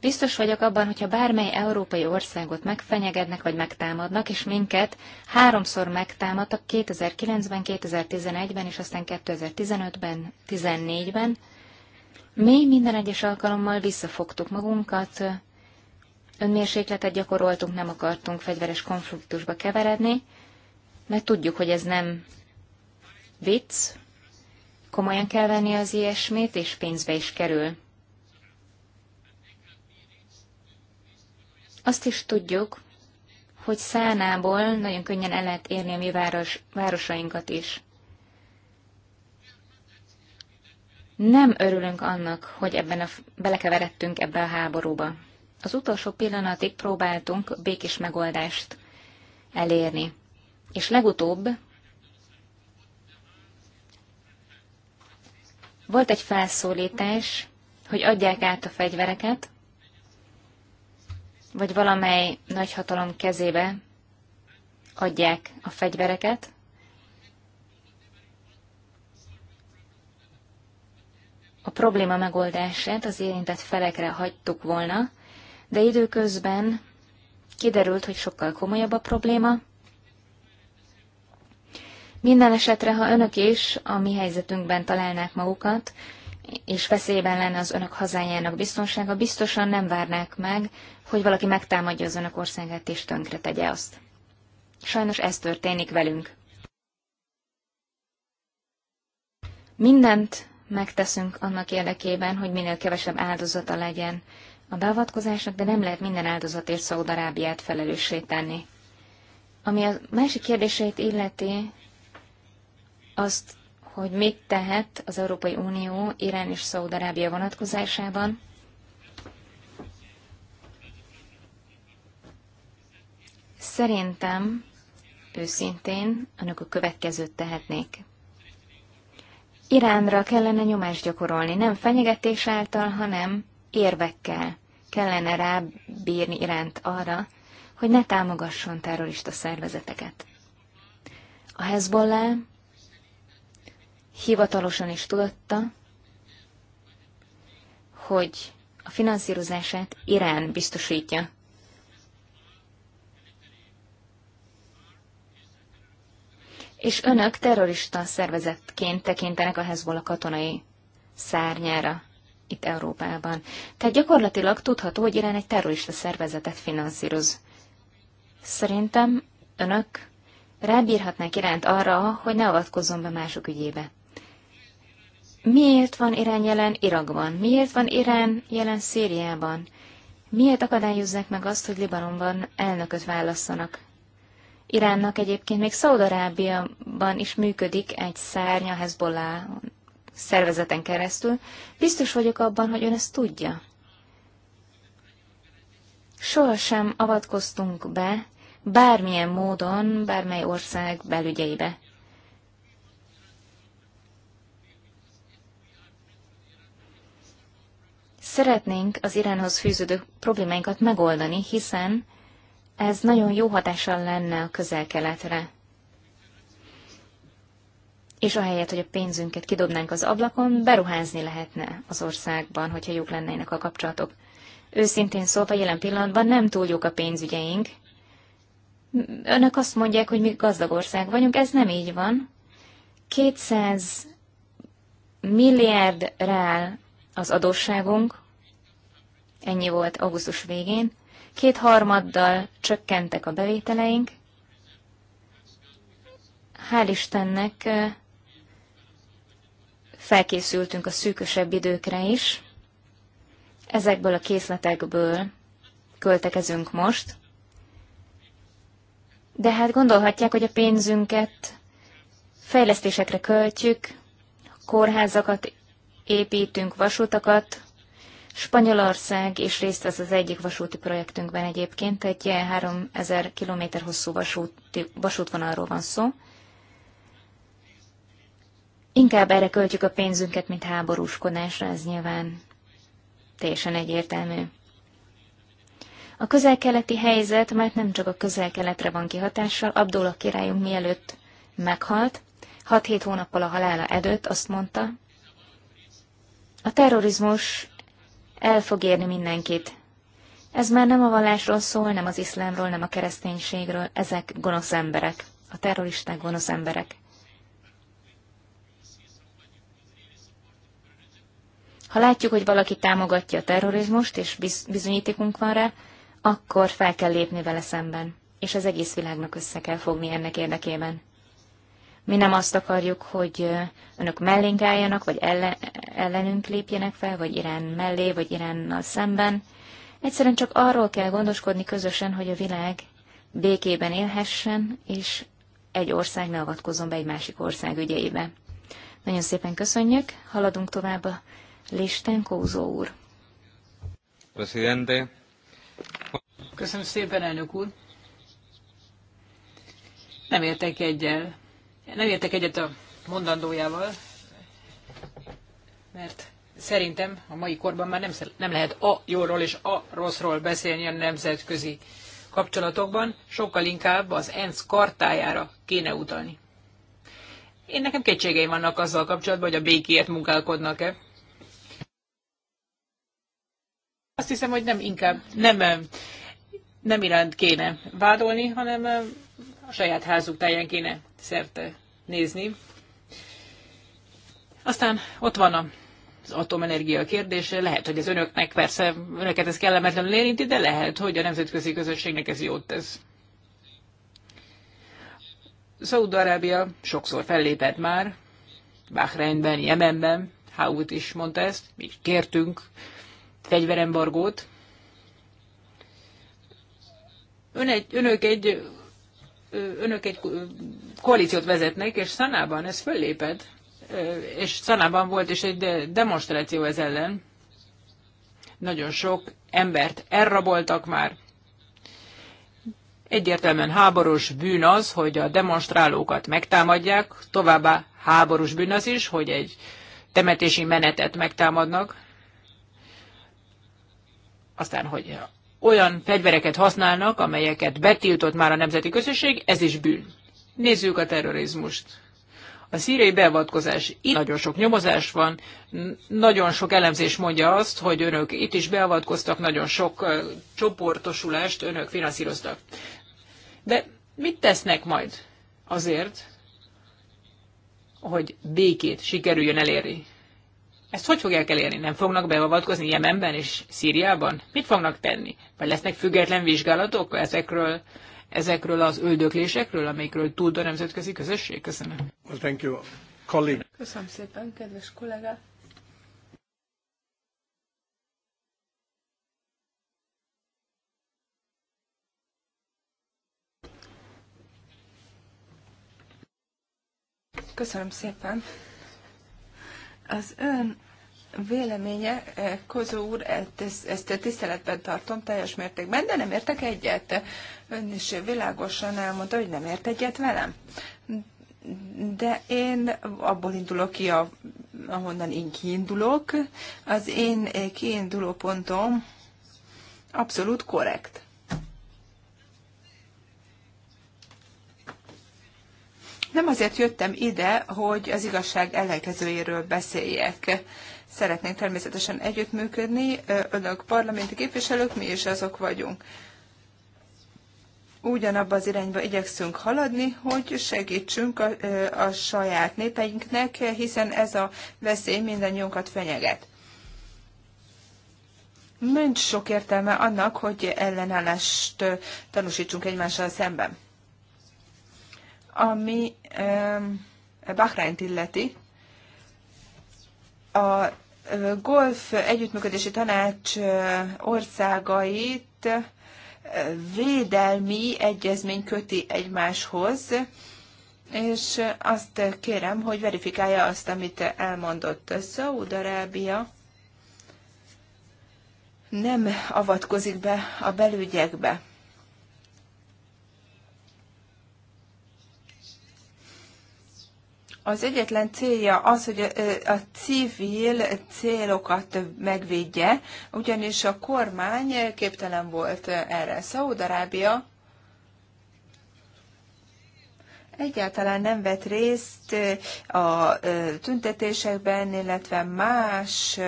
Biztos vagyok abban, hogyha bármely európai országot megfenyegednek vagy megtámadnak, és minket háromszor megtámadtak 2009-ben, 2011-ben és aztán 2015-ben, 14-ben, mi minden egyes alkalommal visszafogtuk magunkat, önmérsékletet gyakoroltunk, nem akartunk fegyveres konfliktusba keveredni, mert tudjuk, hogy ez nem vicc, komolyan kell venni az ilyesmit, és pénzbe is kerül. Azt is tudjuk, hogy Szánából nagyon könnyen el lehet érni a mi város, városainkat is. Nem örülünk annak, hogy ebben a, belekeveredtünk ebbe a háborúba. Az utolsó pillanatig próbáltunk békés megoldást elérni. És legutóbb volt egy felszólítás, hogy adják át a fegyvereket, vagy valamely nagyhatalom kezébe adják a fegyvereket, a probléma megoldását az érintett felekre hagytuk volna, de időközben kiderült, hogy sokkal komolyabb a probléma. Minden esetre, ha önök is a mi helyzetünkben találnák magukat, és veszélyben lenne az önök hazájának biztonsága, biztosan nem várnák meg, hogy valaki megtámadja az önök országát és tönkre tegye azt. Sajnos ez történik velünk. Mindent megteszünk annak érdekében, hogy minél kevesebb áldozata legyen a beavatkozásnak, de nem lehet minden áldozatért Szaudarábiát felelőssé tenni. Ami a másik kérdéseit illeti, azt hogy mit tehet az Európai Unió Irán és Szaudarábia vonatkozásában. Szerintem őszintén önök a következőt tehetnék. Iránra kellene nyomást gyakorolni, nem fenyegetés által, hanem érvekkel kellene rábírni Iránt arra, hogy ne támogasson terrorista szervezeteket. A Hezbollah hivatalosan is tudotta, hogy a finanszírozását Irán biztosítja. És önök terrorista szervezetként tekintenek a Hezbollah katonai szárnyára itt Európában. Tehát gyakorlatilag tudható, hogy Irán egy terrorista szervezetet finanszíroz. Szerintem önök rábírhatnák Iránt arra, hogy ne avatkozzon be mások ügyébe. Miért van Irán jelen Irakban? Miért van Irán jelen Szíriában? Miért akadályozzák meg azt, hogy Libanonban elnököt válasszanak? Iránnak egyébként még Szaudarábiaban is működik egy szárnya Hezbollah szervezeten keresztül. Biztos vagyok abban, hogy ön ezt tudja. Sohasem avatkoztunk be bármilyen módon, bármely ország belügyeibe. Szeretnénk az Iránhoz fűződő problémáinkat megoldani, hiszen ez nagyon jó hatással lenne a közel-keletre. És ahelyett, hogy a pénzünket kidobnánk az ablakon, beruházni lehetne az országban, hogyha jók lennének a kapcsolatok. Őszintén szólva, jelen pillanatban nem túl jók a pénzügyeink. Önök azt mondják, hogy mi gazdag ország vagyunk, ez nem így van. 200 milliárd reál az adósságunk, ennyi volt augusztus végén, kétharmaddal csökkentek a bevételeink, hál' Istennek felkészültünk a szűkösebb időkre is, ezekből a készletekből költekezünk most, de hát gondolhatják, hogy a pénzünket fejlesztésekre költjük, kórházakat építünk vasutakat. Spanyolország is részt vesz az egyik vasúti projektünkben egyébként, egy 3000 km hosszú vasúti, vasútvonalról van szó. Inkább erre költjük a pénzünket, mint háborúskodásra, ez nyilván teljesen egyértelmű. A közel-keleti helyzet már nem csak a közel-keletre van kihatással, Abdullah királyunk mielőtt meghalt, 6-7 hónappal a halála előtt azt mondta, a terrorizmus el fog érni mindenkit. Ez már nem a vallásról szól, nem az iszlámról, nem a kereszténységről. Ezek gonosz emberek. A terroristák gonosz emberek. Ha látjuk, hogy valaki támogatja a terrorizmust, és bizonyítékunk van rá, akkor fel kell lépni vele szemben. És az egész világnak össze kell fogni ennek érdekében. Mi nem azt akarjuk, hogy önök mellénk álljanak, vagy ellen, ellenünk lépjenek fel, vagy Irán mellé, vagy Iránnal szemben. Egyszerűen csak arról kell gondoskodni közösen, hogy a világ békében élhessen, és egy ország ne avatkozzon be egy másik ország ügyeibe. Nagyon szépen köszönjük, haladunk tovább a listán, Kózó úr. Presidente. Köszönöm szépen, elnök úr. Nem értek egyel nem értek egyet a mondandójával, mert szerintem a mai korban már nem, nem lehet a jóról és a rosszról beszélni a nemzetközi kapcsolatokban, sokkal inkább az ENSZ kartájára kéne utalni. Én nekem kétségeim vannak azzal kapcsolatban, hogy a békéért munkálkodnak-e. Azt hiszem, hogy nem inkább, nem, nem iránt kéne vádolni, hanem a saját házuk táján kéne szerte nézni. Aztán ott van az atomenergia kérdése. Lehet, hogy az önöknek persze, önöket ez kellemetlenül érinti, de lehet, hogy a nemzetközi közösségnek ez jót tesz. Szaúd-Arábia sokszor fellépett már, Bahreinben, Jemenben, Haut is mondta ezt, mi kértünk fegyverembargót. Ön egy, önök egy önök egy koalíciót vezetnek, és Szanában ez föllépett, és Szanában volt is egy demonstráció ez ellen. Nagyon sok embert elraboltak már. Egyértelműen háborús bűn az, hogy a demonstrálókat megtámadják, továbbá háborús bűn az is, hogy egy temetési menetet megtámadnak. Aztán, hogy olyan fegyvereket használnak, amelyeket betiltott már a nemzeti közösség, ez is bűn. Nézzük a terrorizmust. A szíriai beavatkozás. Itt nagyon sok nyomozás van, nagyon sok elemzés mondja azt, hogy önök itt is beavatkoztak, nagyon sok csoportosulást önök finanszíroztak. De mit tesznek majd azért, hogy békét sikerüljön elérni? Ezt hogy fogják elérni? Nem fognak beavatkozni Jemenben és Szíriában? Mit fognak tenni? Vagy lesznek független vizsgálatok ezekről, ezekről az öldöklésekről, amikről tud a nemzetközi közösség? Köszönöm. Well, thank you. Colleague. Köszönöm szépen, kedves kollega. Köszönöm szépen. Az ön véleménye, eh, Kozó úr, ezt tiszteletben tartom teljes mértékben, de nem értek egyet. Ön is világosan elmondta, hogy nem ért egyet velem. De én abból indulok ki, ahonnan én kiindulok. Az én kiinduló pontom abszolút korrekt. Nem azért jöttem ide, hogy az igazság ellenkezőjéről beszéljek. Szeretnénk természetesen együttműködni, önök parlamenti képviselők, mi is azok vagyunk. Ugyanabba az irányba igyekszünk haladni, hogy segítsünk a, a saját népeinknek, hiszen ez a veszély mindannyiunkat fenyeget. Nincs sok értelme annak, hogy ellenállást tanúsítsunk egymással szemben ami Bahrányt illeti, a Golf Együttműködési Tanács országait védelmi egyezmény köti egymáshoz, és azt kérem, hogy verifikálja azt, amit elmondott Szaúd-Arábia. Nem avatkozik be a belügyekbe. Az egyetlen célja az, hogy a civil célokat megvédje, ugyanis a kormány képtelen volt erre. Szaúd-Arábia egyáltalán nem vett részt a tüntetésekben, illetve más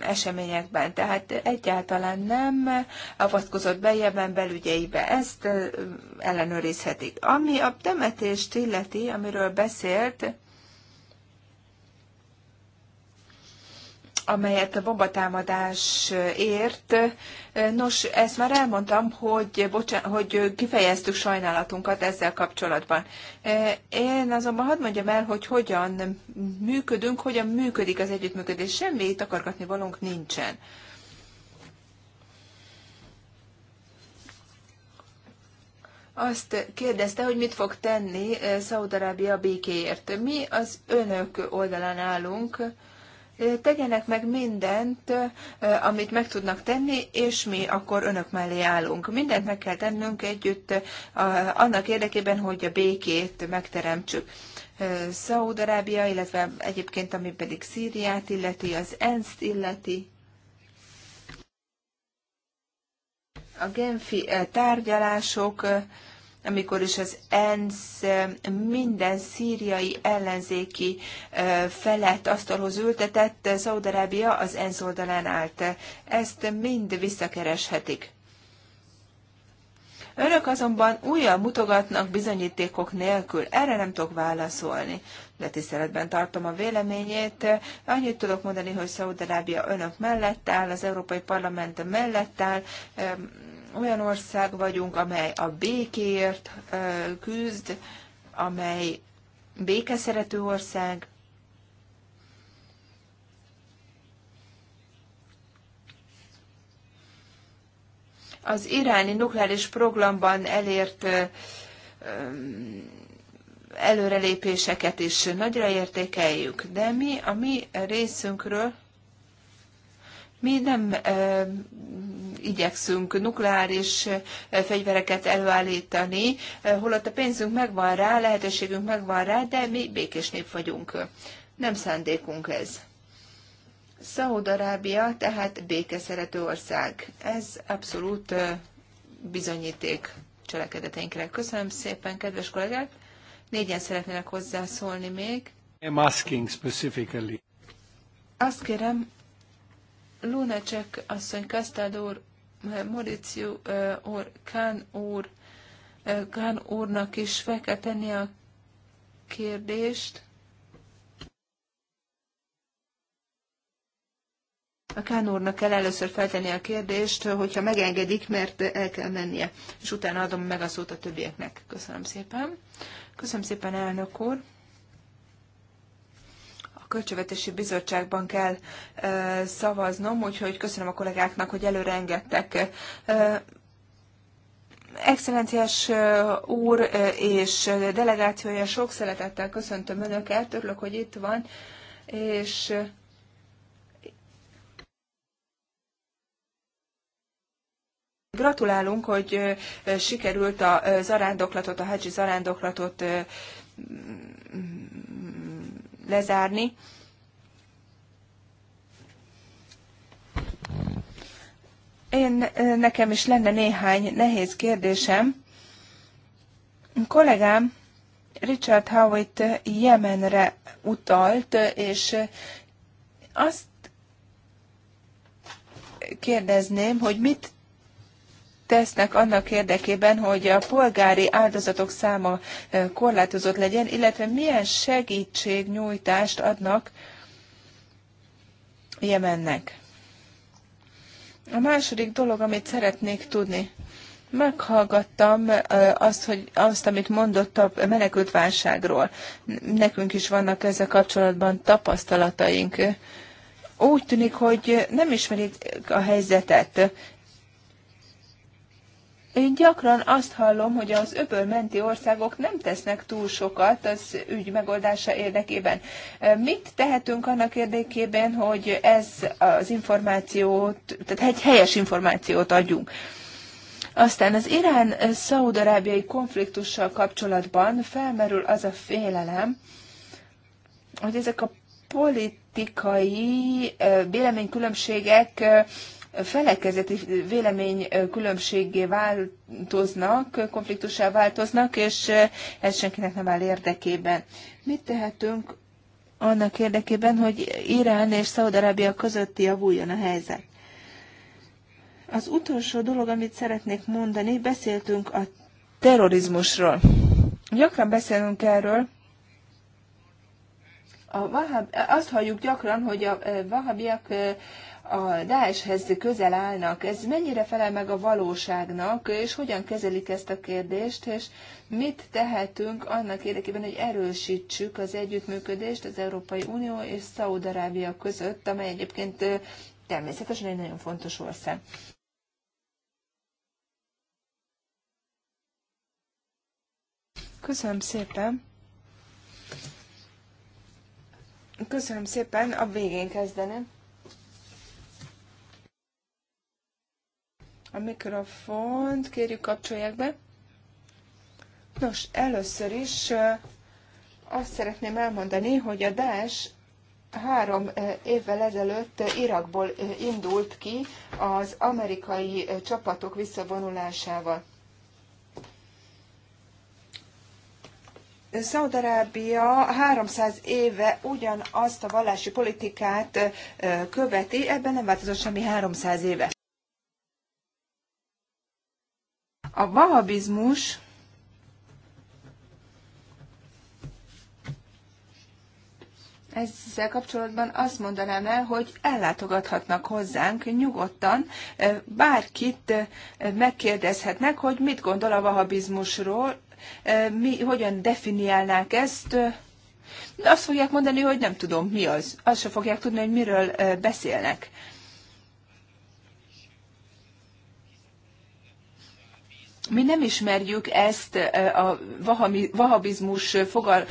eseményekben, tehát egyáltalán nem avatkozott be Jemen belügyeibe. Ezt ellenőrizhetik. Ami a temetést illeti, amiről beszélt, amelyet a bombatámadás ért. Nos, ezt már elmondtam, hogy, bocsán, hogy kifejeztük sajnálatunkat ezzel kapcsolatban. Én azonban hadd mondjam el, hogy hogyan működünk, hogyan működik az együttműködés. Semmi takargatni valónk nincsen. azt kérdezte, hogy mit fog tenni Szaudarábia békéért. Mi az önök oldalán állunk, tegyenek meg mindent, amit meg tudnak tenni, és mi akkor önök mellé állunk. Mindent meg kell tennünk együtt annak érdekében, hogy a békét megteremtsük. Szaúd-Arábia, illetve egyébként, ami pedig Szíriát illeti, az ensz illeti, a Genfi tárgyalások, amikor is az ENSZ minden szíriai ellenzéki felett asztalhoz ültetett, Szaudarábia az ENSZ oldalán állt. Ezt mind visszakereshetik. Önök azonban újra mutogatnak bizonyítékok nélkül, erre nem tudok válaszolni. De tiszteletben tartom a véleményét. Annyit tudok mondani, hogy Szaudarábia önök mellett áll, az Európai Parlament mellett áll, olyan ország vagyunk, amely a békéért küzd, amely békeszerető ország, az iráni nukleáris programban elért előrelépéseket is nagyra értékeljük, de mi a mi részünkről mi nem igyekszünk nukleáris eh, fegyvereket előállítani, eh, holott a pénzünk megvan rá, lehetőségünk megvan rá, de mi békés nép vagyunk. Nem szándékunk ez. Szaúd-Arábia tehát békeszerető ország. Ez abszolút eh, bizonyíték cselekedeteinkre. Köszönöm szépen, kedves kollégák! Négyen szeretnének hozzászólni még. I'm asking specifically. Azt kérem, Lunacek asszony, Kastad úr, Mauricio úr, Kán úr, Kán úrnak is fel kell tenni a kérdést. A Kán úrnak kell először feltenni a kérdést, hogyha megengedik, mert el kell mennie, és utána adom meg a szót a többieknek. Köszönöm szépen. Köszönöm szépen, elnök úr. Költségvetési Bizottságban kell szavaznom, úgyhogy köszönöm a kollégáknak, hogy előre engedtek. Excellenciás úr és delegációja, sok szeretettel köszöntöm Önöket, örülök, hogy itt van, és Gratulálunk, hogy sikerült a zarándoklatot, a hadzsi zarándoklatot lezárni. Én nekem is lenne néhány nehéz kérdésem. A kollégám Richard Howitt Jemenre utalt, és azt kérdezném, hogy mit tesznek annak érdekében, hogy a polgári áldozatok száma eh, korlátozott legyen, illetve milyen segítségnyújtást adnak Jemennek. A második dolog, amit szeretnék tudni, meghallgattam eh, azt, hogy azt, amit mondott a menekült válságról. Nekünk is vannak ezzel kapcsolatban tapasztalataink. Úgy tűnik, hogy nem ismerik a helyzetet, én gyakran azt hallom, hogy az öböl menti országok nem tesznek túl sokat az ügy megoldása érdekében. Mit tehetünk annak érdekében, hogy ez az információt, tehát egy helyes információt adjunk? Aztán az Irán-Szaudarábiai konfliktussal kapcsolatban felmerül az a félelem, hogy ezek a politikai véleménykülönbségek felekezeti vélemény különbségé változnak, konfliktusá változnak, és ez senkinek nem áll érdekében. Mit tehetünk annak érdekében, hogy Irán és Szaudarábia közötti javuljon a helyzet? Az utolsó dolog, amit szeretnék mondani, beszéltünk a terrorizmusról. Gyakran beszélünk erről, a vahab, azt halljuk gyakran, hogy a vahabiak a Daeshez közel állnak, ez mennyire felel meg a valóságnak, és hogyan kezelik ezt a kérdést, és mit tehetünk annak érdekében, hogy erősítsük az együttműködést az Európai Unió és Szaúd-Arábia között, amely egyébként természetesen egy nagyon fontos ország. Köszönöm szépen! Köszönöm szépen, a végén kezdeném. A mikrofont kérjük kapcsolják be. Nos, először is azt szeretném elmondani, hogy a Daesh három évvel ezelőtt Irakból indult ki az amerikai csapatok visszavonulásával. Szaudarábia 300 éve ugyanazt a vallási politikát követi, ebben nem változott semmi 300 éve. A vahabizmus ezzel kapcsolatban azt mondanám el, hogy ellátogathatnak hozzánk nyugodtan, bárkit megkérdezhetnek, hogy mit gondol a vahabizmusról, mi, hogyan definiálnák ezt, azt fogják mondani, hogy nem tudom, mi az. Azt se fogják tudni, hogy miről beszélnek. mi nem ismerjük ezt a vahabizmus, fogal,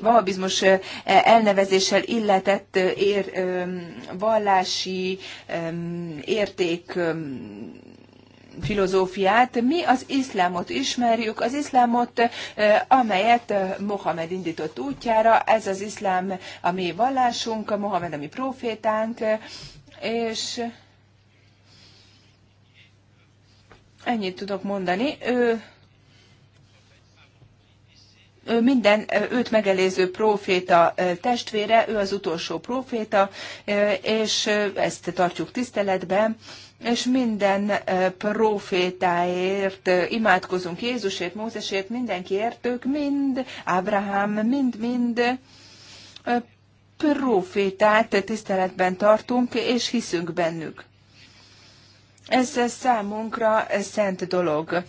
vahabizmus elnevezéssel illetett ér, vallási érték filozófiát, mi az iszlámot ismerjük, az iszlámot, amelyet Mohamed indított útjára, ez az iszlám a mi vallásunk, Mohamed a mi profétánk, és Ennyit tudok mondani. Ő, ő minden őt megelőző proféta testvére, ő az utolsó proféta, és ezt tartjuk tiszteletben és minden profétáért imádkozunk, Jézusért, Mózesért, mindenkiért, ők mind, Ábrahám, mind-mind profétát tiszteletben tartunk, és hiszünk bennük. Ez számunkra szent dolog.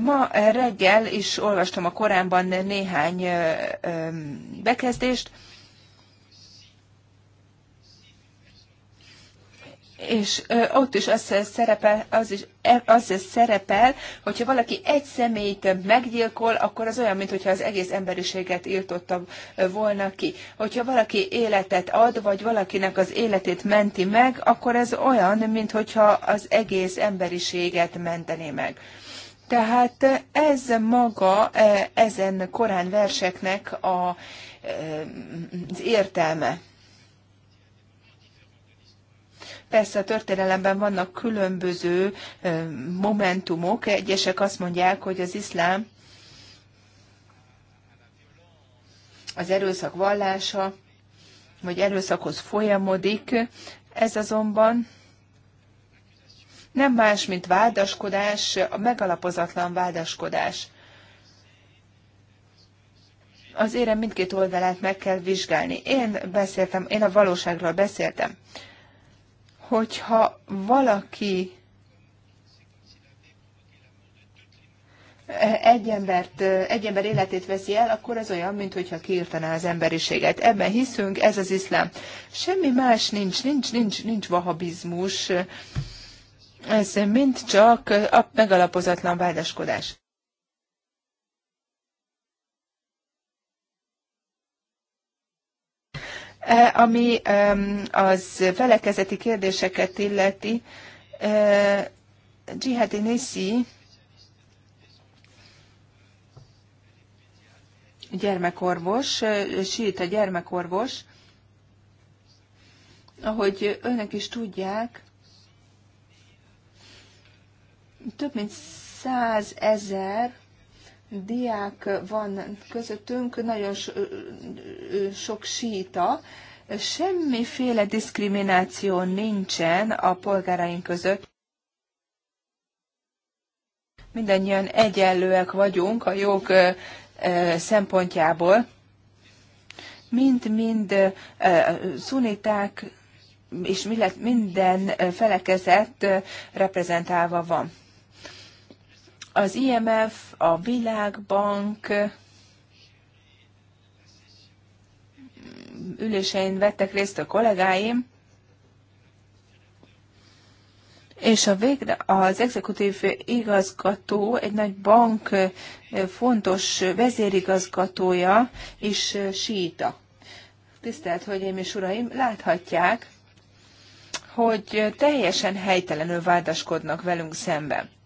Ma reggel is olvastam a Koránban néhány bekezdést, és ott is az szerepel, az is, e, az is szerepel, hogyha valaki egy személyt meggyilkol, akkor az olyan, mintha az egész emberiséget írtotta volna ki. Hogyha valaki életet ad, vagy valakinek az életét menti meg, akkor ez olyan, mintha az egész emberiséget mentené meg. Tehát ez maga ezen korán verseknek a, az értelme. Persze a történelemben vannak különböző momentumok. Egyesek azt mondják, hogy az iszlám az erőszak vallása, vagy erőszakhoz folyamodik. Ez azonban nem más, mint vádaskodás, a megalapozatlan vádaskodás. Az érem mindkét oldalát meg kell vizsgálni. Én beszéltem, én a valóságról beszéltem hogyha valaki eh, egy, embert, eh, egy ember életét veszi el, akkor ez olyan, mintha kiirtaná az emberiséget. Ebben hiszünk, ez az iszlám. Semmi más nincs, nincs, nincs, nincs vahabizmus. Ez mind csak a megalapozatlan vádaskodás. E, ami e, az felekezeti kérdéseket illeti, e, Jihadi Nisi gyermekorvos, síta gyermekorvos, ahogy önök is tudják, több mint százezer diák van közöttünk, nagyon sok síta, semmiféle diszkrimináció nincsen a polgáraink között. Mindennyian egyenlőek vagyunk a jog szempontjából. Mind-mind szuniták és minden felekezet reprezentálva van az IMF, a Világbank ülésein vettek részt a kollégáim, és a végre az exekutív igazgató, egy nagy bank fontos vezérigazgatója is síta. Tisztelt Hölgyeim és Uraim, láthatják, hogy teljesen helytelenül vádaskodnak velünk szemben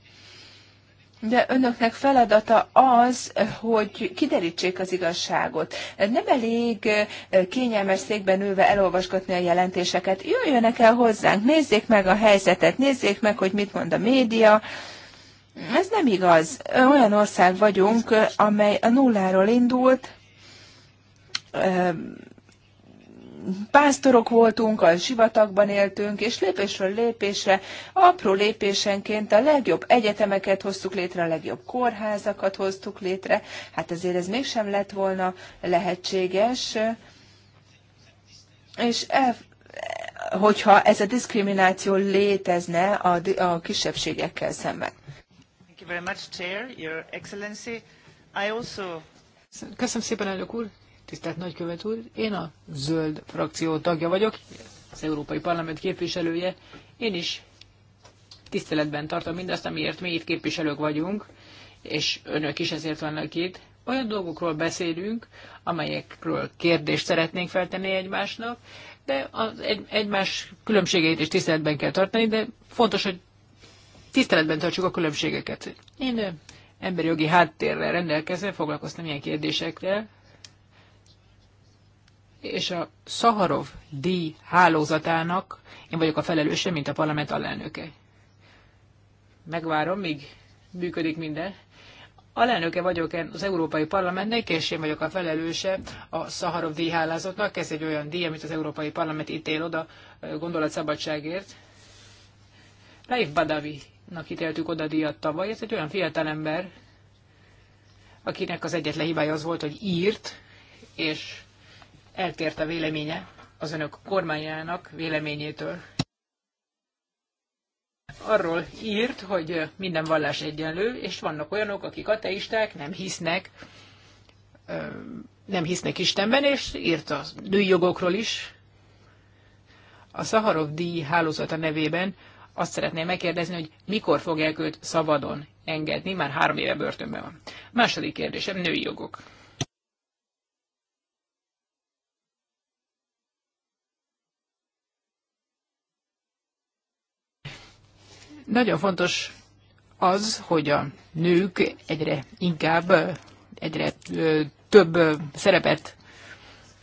de önöknek feladata az, hogy kiderítsék az igazságot. Nem elég eh, kényelmes székben ülve elolvasgatni a jelentéseket. Jöjjönek el hozzánk, nézzék meg a helyzetet, nézzék meg, hogy mit mond a média. Ez nem igaz. Olyan ország vagyunk, amely a nulláról indult, eh, pásztorok voltunk, a sivatagban éltünk, és lépésről lépésre, apró lépésenként a legjobb egyetemeket hoztuk létre, a legjobb kórházakat hoztuk létre. Hát azért ez mégsem lett volna lehetséges, és el, hogyha ez a diszkrimináció létezne a, a kisebbségekkel szemben. Thank you very much, Chair, Your Excellency. I also... Köszönöm szépen, elnök úr, Tisztelt Nagykövet úr, én a zöld frakció tagja vagyok, az Európai Parlament képviselője. Én is tiszteletben tartom mindazt, amiért mi itt képviselők vagyunk, és önök is ezért vannak itt. Olyan dolgokról beszélünk, amelyekről kérdést szeretnénk feltenni egymásnak, de az egy, egymás különbségeit is tiszteletben kell tartani, de fontos, hogy tiszteletben tartsuk a különbségeket. Én emberi jogi háttérrel rendelkezve foglalkoztam ilyen kérdésekkel, és a Szaharov díj hálózatának én vagyok a felelőse, mint a parlament alelnöke. Megvárom, míg működik minden. Alelnöke vagyok én az Európai Parlamentnek, és én vagyok a felelőse a Szaharov díj hálózatnak. Ez egy olyan díj, amit az Európai Parlament ítél oda gondolatszabadságért. Raif Badavi-nak ítéltük oda díjat tavaly. Ez egy olyan fiatalember, akinek az egyetlen hibája az volt, hogy írt, és eltért a véleménye az önök kormányának véleményétől. Arról írt, hogy minden vallás egyenlő, és vannak olyanok, akik ateisták, nem hisznek, nem hisznek Istenben, és írt a női jogokról is. A Szaharov díj hálózata nevében azt szeretném megkérdezni, hogy mikor fogják őt szabadon engedni, már három éve börtönben van. Második kérdésem, női jogok. Nagyon fontos az, hogy a nők egyre inkább, egyre több szerepet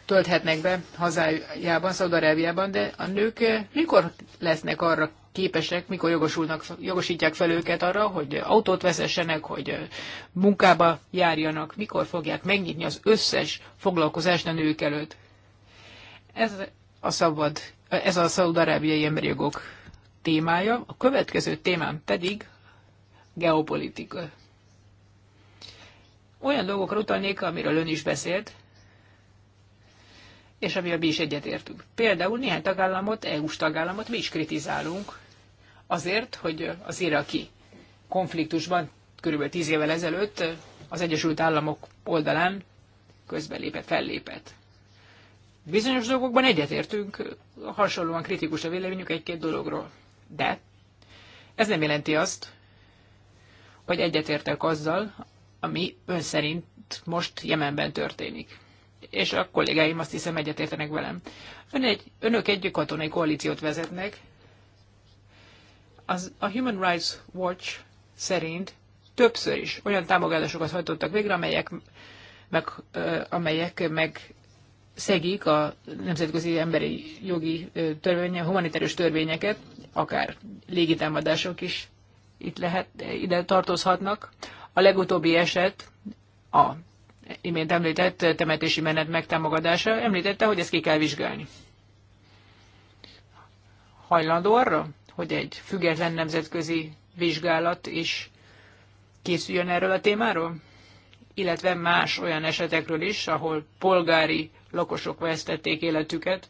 tölthetnek be hazájában, Szaudarábiában, de a nők mikor lesznek arra képesek, mikor jogosulnak, jogosítják fel őket arra, hogy autót vezessenek, hogy munkába járjanak, mikor fogják megnyitni az összes foglalkozást a nők előtt. Ez a szabad, ez a szaudarábiai emberi jogok témája, a következő témám pedig geopolitika. Olyan dolgokra utalnék, amiről ön is beszélt, és a mi is egyetértünk. Például néhány tagállamot, EU-s tagállamot mi is kritizálunk azért, hogy az iraki konfliktusban körülbelül tíz évvel ezelőtt az Egyesült Államok oldalán közbelépett, fellépett. Bizonyos dolgokban egyetértünk, hasonlóan kritikus a véleményük egy-két dologról. De ez nem jelenti azt, hogy egyetértek azzal, ami ön szerint most Jemenben történik. És a kollégáim azt hiszem egyetértenek velem. Ön egy, önök egy katonai koalíciót vezetnek. Az, a Human Rights Watch szerint többször is olyan támogatásokat hajtottak végre, amelyek, meg, amelyek meg szegik a nemzetközi emberi jogi törvények, humanitárius törvényeket, akár légitámadások is itt lehet, ide tartozhatnak. A legutóbbi eset a imént említett temetési menet megtámogatása említette, hogy ezt ki kell vizsgálni. Hajlandó arra, hogy egy független nemzetközi vizsgálat is készüljön erről a témáról? Illetve más olyan esetekről is, ahol polgári lakosok vesztették életüket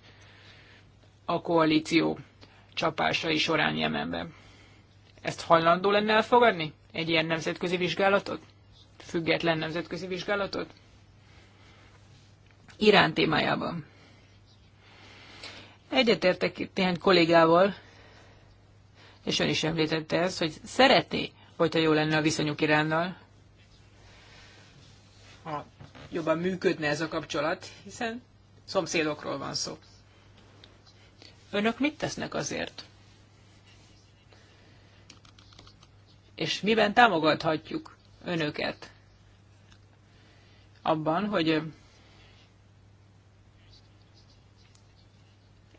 a koalíció csapásai során Jemenben. Ezt hajlandó lenne elfogadni? Egy ilyen nemzetközi vizsgálatot? Független nemzetközi vizsgálatot? Irán témájában. Egyetértek itt néhány kollégával, és ön is említette ezt, hogy szeretné, hogyha jó lenne a viszonyuk Iránnal. A jobban működne ez a kapcsolat, hiszen szomszédokról van szó. Önök mit tesznek azért? És miben támogathatjuk önöket? Abban, hogy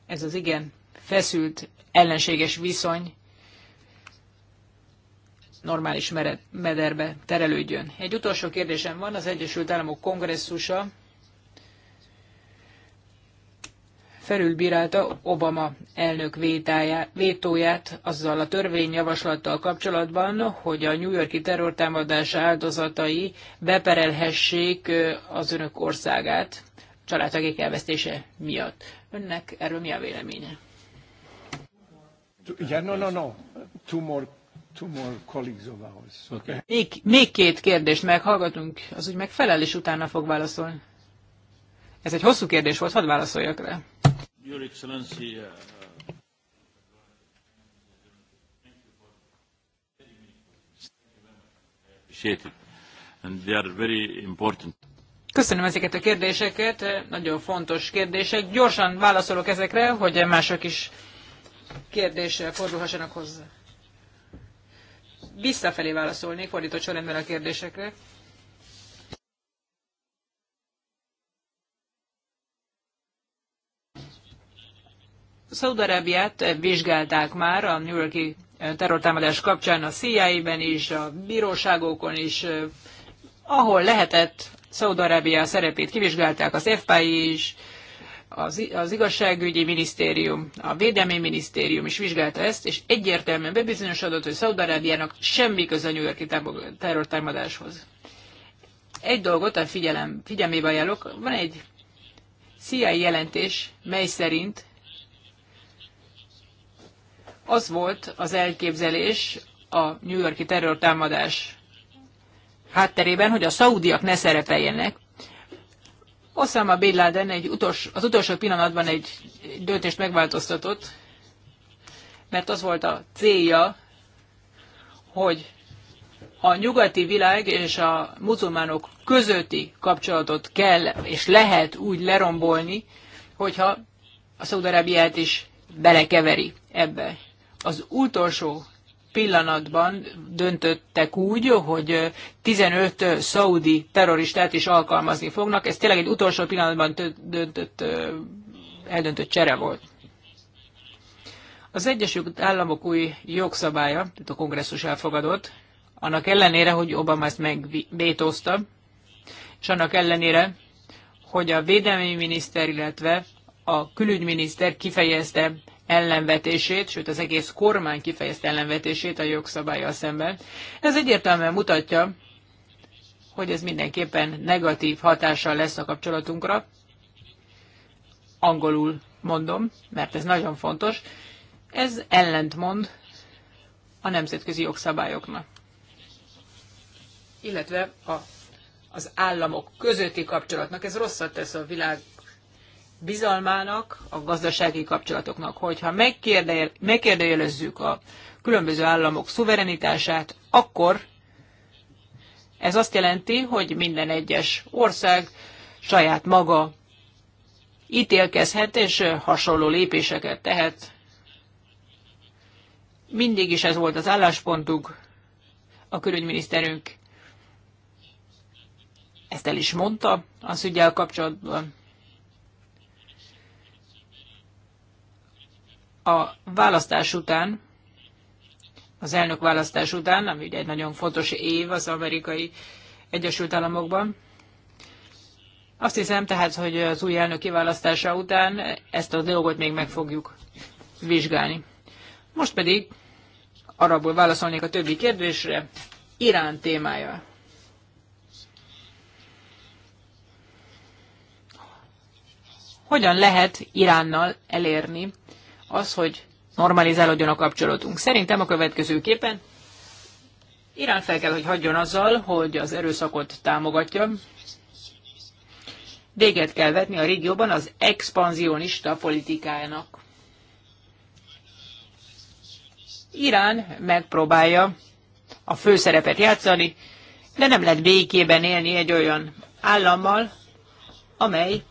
ez az igen feszült ellenséges viszony normális mederbe terelődjön. Egy utolsó kérdésem van, az Egyesült Államok kongresszusa felülbírálta Obama elnök vétóját azzal a törvényjavaslattal kapcsolatban, hogy a New Yorki terrortámadás áldozatai beperelhessék az önök országát családtagék elvesztése miatt. Önnek erről mi a véleménye? Yeah, no, no, no. Two more még, még két kérdést meghallgatunk, az úgy megfelel, és utána fog válaszolni. Ez egy hosszú kérdés volt, hadd válaszoljak rá. Your Excellency, uh, Köszönöm ezeket a kérdéseket, nagyon fontos kérdések. Gyorsan válaszolok ezekre, hogy mások is kérdéssel fordulhassanak hozzá visszafelé válaszolnék, fordított sorrendben a kérdésekre. Szaudarábiát vizsgálták már a New Yorki eh, terrortámadás kapcsán a CIA-ben is, a bíróságokon is, eh, ahol lehetett Szaudarábia szerepét kivizsgálták, az FBI is az, az igazságügyi minisztérium, a védelmi minisztérium is vizsgálta ezt, és egyértelműen bebizonyosodott, hogy Szaudarábiának semmi köze a New Yorki terrortámadáshoz. Egy dolgot a figyelem, figyelmébe ajánlok, van egy CIA jelentés, mely szerint az volt az elképzelés a New Yorki terrortámadás hátterében, hogy a szaudiak ne szerepeljenek, Osama Bin Laden egy utolsó, az utolsó pillanatban egy döntést megváltoztatott, mert az volt a célja, hogy a nyugati világ és a muzulmánok közötti kapcsolatot kell és lehet úgy lerombolni, hogyha a Szaudarábiát is belekeveri ebbe. Az utolsó pillanatban döntöttek úgy, hogy 15 szaudi terroristát is alkalmazni fognak. Ez tényleg egy utolsó pillanatban döntött, eldöntött csere volt. Az Egyesült Államok új jogszabálya, tehát a kongresszus elfogadott, annak ellenére, hogy Obama ezt megvétózta, és annak ellenére, hogy a védelmi miniszter, illetve a külügyminiszter kifejezte ellenvetését, sőt az egész kormány kifejezte ellenvetését a jogszabályjal szemben. Ez egyértelműen mutatja, hogy ez mindenképpen negatív hatással lesz a kapcsolatunkra. Angolul mondom, mert ez nagyon fontos. Ez ellentmond a nemzetközi jogszabályoknak, illetve a, az államok közötti kapcsolatnak. Ez rosszat tesz a világ bizalmának, a gazdasági kapcsolatoknak. Hogyha megkérdőjelezzük a különböző államok szuverenitását, akkor ez azt jelenti, hogy minden egyes ország saját maga ítélkezhet és hasonló lépéseket tehet. Mindig is ez volt az álláspontuk, a külügyminiszterünk ezt el is mondta az szügyel kapcsolatban. a választás után, az elnök választás után, ami ugye egy nagyon fontos év az amerikai Egyesült Államokban. Azt hiszem tehát, hogy az új elnök kiválasztása után ezt a dolgot még meg fogjuk vizsgálni. Most pedig arabból válaszolnék a többi kérdésre, Irán témája. Hogyan lehet Iránnal elérni az, hogy normalizálódjon a kapcsolatunk. Szerintem a következőképpen Irán fel kell, hogy hagyjon azzal, hogy az erőszakot támogatja. Véget kell vetni a régióban az expanzionista politikájának. Irán megpróbálja a főszerepet játszani, de nem lehet békében élni egy olyan állammal, amely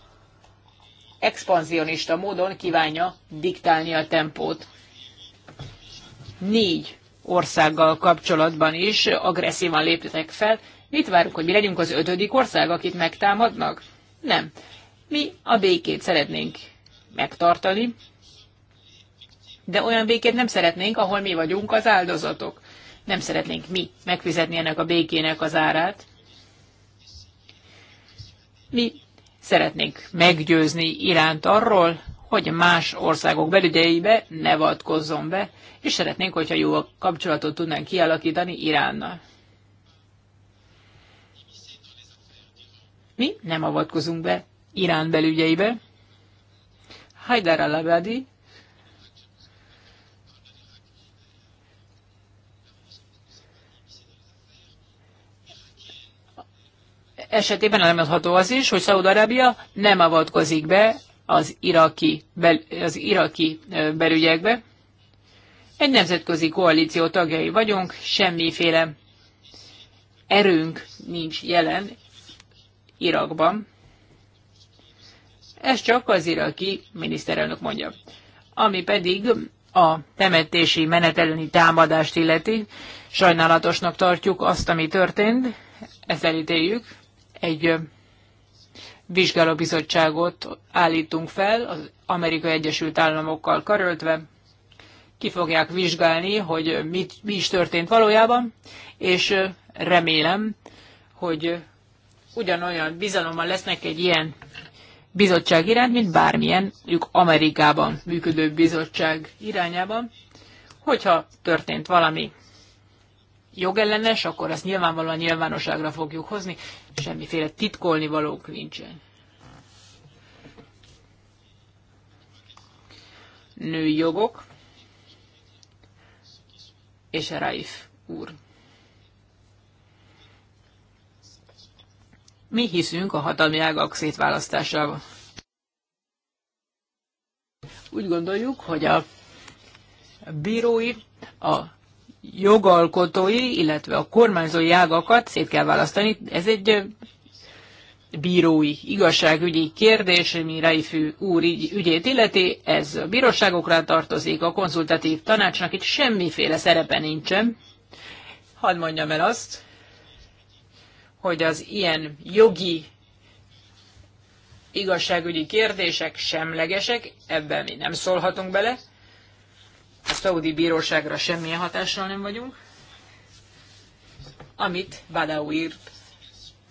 expanzionista módon kívánja diktálni a tempót. Négy országgal kapcsolatban is agresszívan léptek fel. Mit várunk, hogy mi legyünk az ötödik ország, akit megtámadnak? Nem. Mi a békét szeretnénk megtartani, de olyan békét nem szeretnénk, ahol mi vagyunk az áldozatok. Nem szeretnénk mi megfizetni ennek a békének az árát. Mi Szeretnénk meggyőzni Iránt arról, hogy más országok belügyeibe ne vatkozzon be, és szeretnénk, hogyha jó a kapcsolatot tudnánk kialakítani Iránnal. Mi nem avatkozunk be Irán belügyeibe. Haidar al-Abadi esetében elmondható az is, hogy Szaúd-Arábia nem avatkozik be az iraki, bel, az iraki belügyekbe. Egy nemzetközi koalíció tagjai vagyunk, semmiféle erőnk nincs jelen Irakban. Ez csak az iraki miniszterelnök mondja. Ami pedig a temetési menetelőni támadást illeti, sajnálatosnak tartjuk azt, ami történt, ezt elítéljük egy vizsgálóbizottságot állítunk fel az Amerikai Egyesült Államokkal karöltve. Ki fogják vizsgálni, hogy mit, mi is történt valójában, és remélem, hogy ugyanolyan bizalommal lesznek egy ilyen bizottság iránt, mint bármilyen, mondjuk Amerikában működő bizottság irányában, hogyha történt valami jogellenes, akkor azt nyilvánvalóan nyilvánosságra fogjuk hozni, semmiféle titkolni valók nincsen. Női jogok és a Raif úr. Mi hiszünk a hatalmi ágak szétválasztásával? Úgy gondoljuk, hogy a bírói, a jogalkotói, illetve a kormányzói ágakat szét kell választani. Ez egy bírói igazságügyi kérdés, ami Reifű úr ügyét illeti, ez a bíróságokra tartozik, a konzultatív tanácsnak itt semmiféle szerepe nincsen. Hadd mondjam el azt, hogy az ilyen jogi igazságügyi kérdések semlegesek, ebben mi nem szólhatunk bele, a szaudi bíróságra semmilyen hatással nem vagyunk. Amit Badawi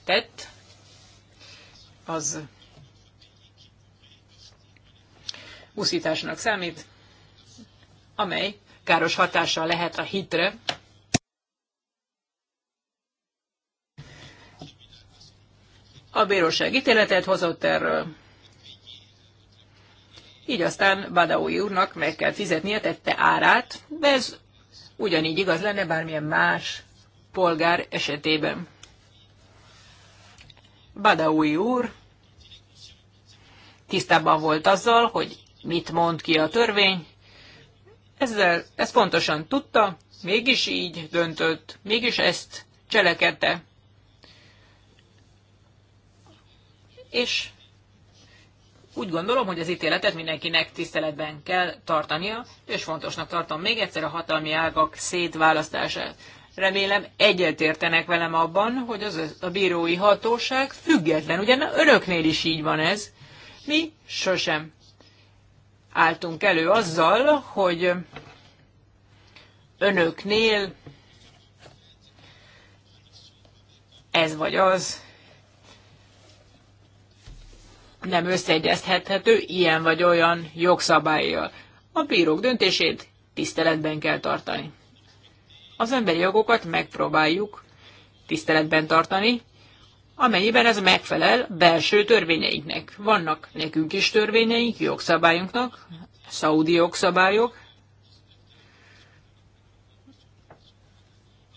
tett, az úszításnak számít, amely káros hatással lehet a hitre, A bíróság ítéletet hozott erről, így aztán Badawi úrnak meg kell fizetnie tette árát, de ez ugyanígy igaz lenne bármilyen más polgár esetében. Badawi úr tisztában volt azzal, hogy mit mond ki a törvény, ezzel ezt pontosan tudta, mégis így döntött, mégis ezt cselekedte. És úgy gondolom, hogy az ítéletet mindenkinek tiszteletben kell tartania, és fontosnak tartom még egyszer a hatalmi ágak szétválasztását. Remélem egyetértenek velem abban, hogy az a bírói hatóság független. ugye önöknél is így van ez. Mi sosem álltunk elő azzal, hogy önöknél ez vagy az nem összeegyeztethető ilyen vagy olyan jogszabályjal. A bírók döntését tiszteletben kell tartani. Az emberi jogokat megpróbáljuk tiszteletben tartani, amennyiben ez megfelel belső törvényeinknek. Vannak nekünk is törvényeink, jogszabályunknak, szaudi jogszabályok,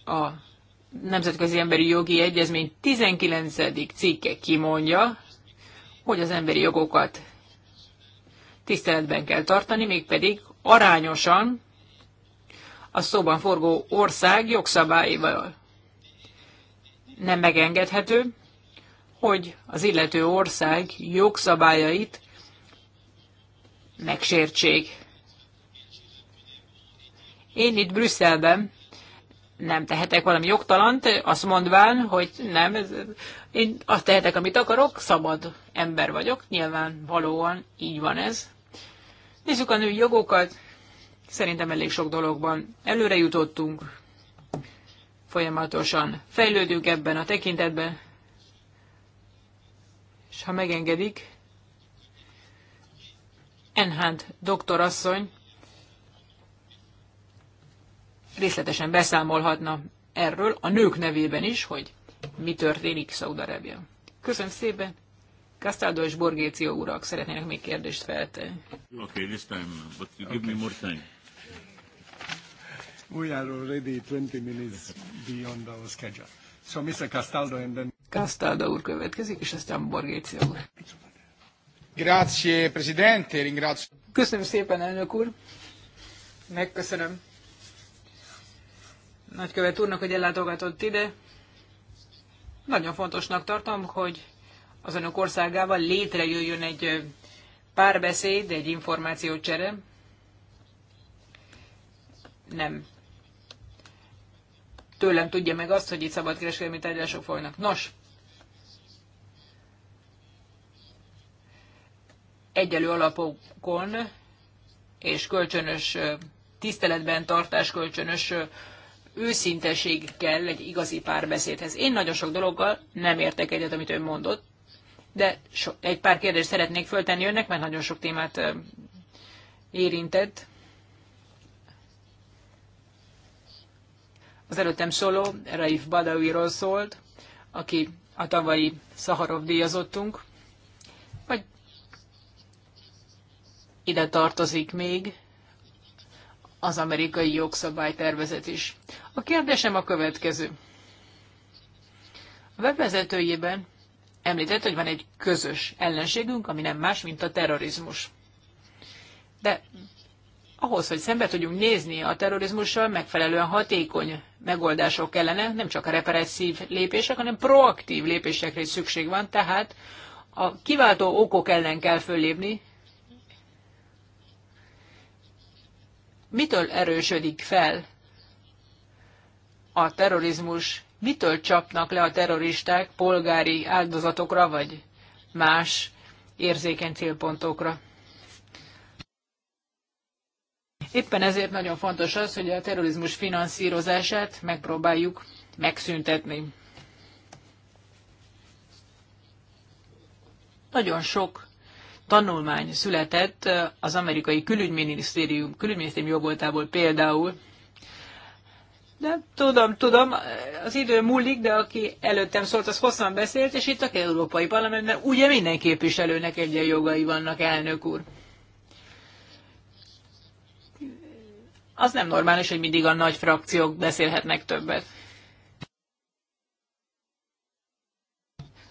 a Nemzetközi Emberi Jogi Egyezmény 19. cikke kimondja, hogy az emberi jogokat tiszteletben kell tartani, mégpedig arányosan a szóban forgó ország jogszabályaival. Nem megengedhető, hogy az illető ország jogszabályait megsértsék. Én itt Brüsszelben nem tehetek valami jogtalant, azt mondván, hogy nem, én azt tehetek, amit akarok, szabad ember vagyok, nyilván valóan így van ez. Nézzük a női jogokat, szerintem elég sok dologban előre jutottunk, folyamatosan fejlődünk ebben a tekintetben, és ha megengedik, Enhánt doktorasszony részletesen beszámolhatna erről a nők nevében is, hogy mi történik Szaudarábia. Köszönöm szépen, Castaldo és Borgéció urak szeretnének még kérdést feltenni. Okay, this time, but you give okay. me more time. We are already 20 minutes beyond our schedule. So Mr. Castaldo and then... Castaldo úr következik, és aztán Borgéció úr. Grazie, Presidente, ringrazio. Köszönöm szépen, elnök úr. Megköszönöm nagykövet úrnak, hogy ellátogatott ide. Nagyon fontosnak tartom, hogy az önök országával létrejöjjön egy párbeszéd, egy információcsere. Nem. Tőlem tudja meg azt, hogy itt szabadkereskedelmi tárgyalások folynak. Nos, egyelő alapokon és kölcsönös tiszteletben tartás, kölcsönös őszinteség kell egy igazi párbeszédhez. Én nagyon sok dologgal nem értek egyet, amit ön mondott, de so, egy pár kérdést szeretnék föltenni önnek, mert nagyon sok témát érintett. Az előttem szóló Raif Badawiról szólt, aki a tavalyi Szaharov díjazottunk, vagy ide tartozik még az amerikai jogszabálytervezet is. A kérdésem a következő. A webvezetőjében említett, hogy van egy közös ellenségünk, ami nem más, mint a terrorizmus. De ahhoz, hogy szembe tudjunk nézni a terrorizmussal, megfelelően hatékony megoldások kellene, nem csak a represszív lépések, hanem proaktív lépésekre is szükség van, tehát a kiváltó okok ellen kell föllépni. Mitől erősödik fel a terrorizmus mitől csapnak le a terroristák polgári áldozatokra, vagy más érzékeny célpontokra. Éppen ezért nagyon fontos az, hogy a terrorizmus finanszírozását megpróbáljuk megszüntetni. Nagyon sok tanulmány született az amerikai külügyminisztérium, külügyminisztérium jogoltából például, de tudom, tudom, az idő múlik, de aki előttem szólt, az hosszan beszélt, és itt a Európai Parlamentben ugye minden képviselőnek egyen jogai vannak, elnök úr. Az nem normális, hogy mindig a nagy frakciók beszélhetnek többet.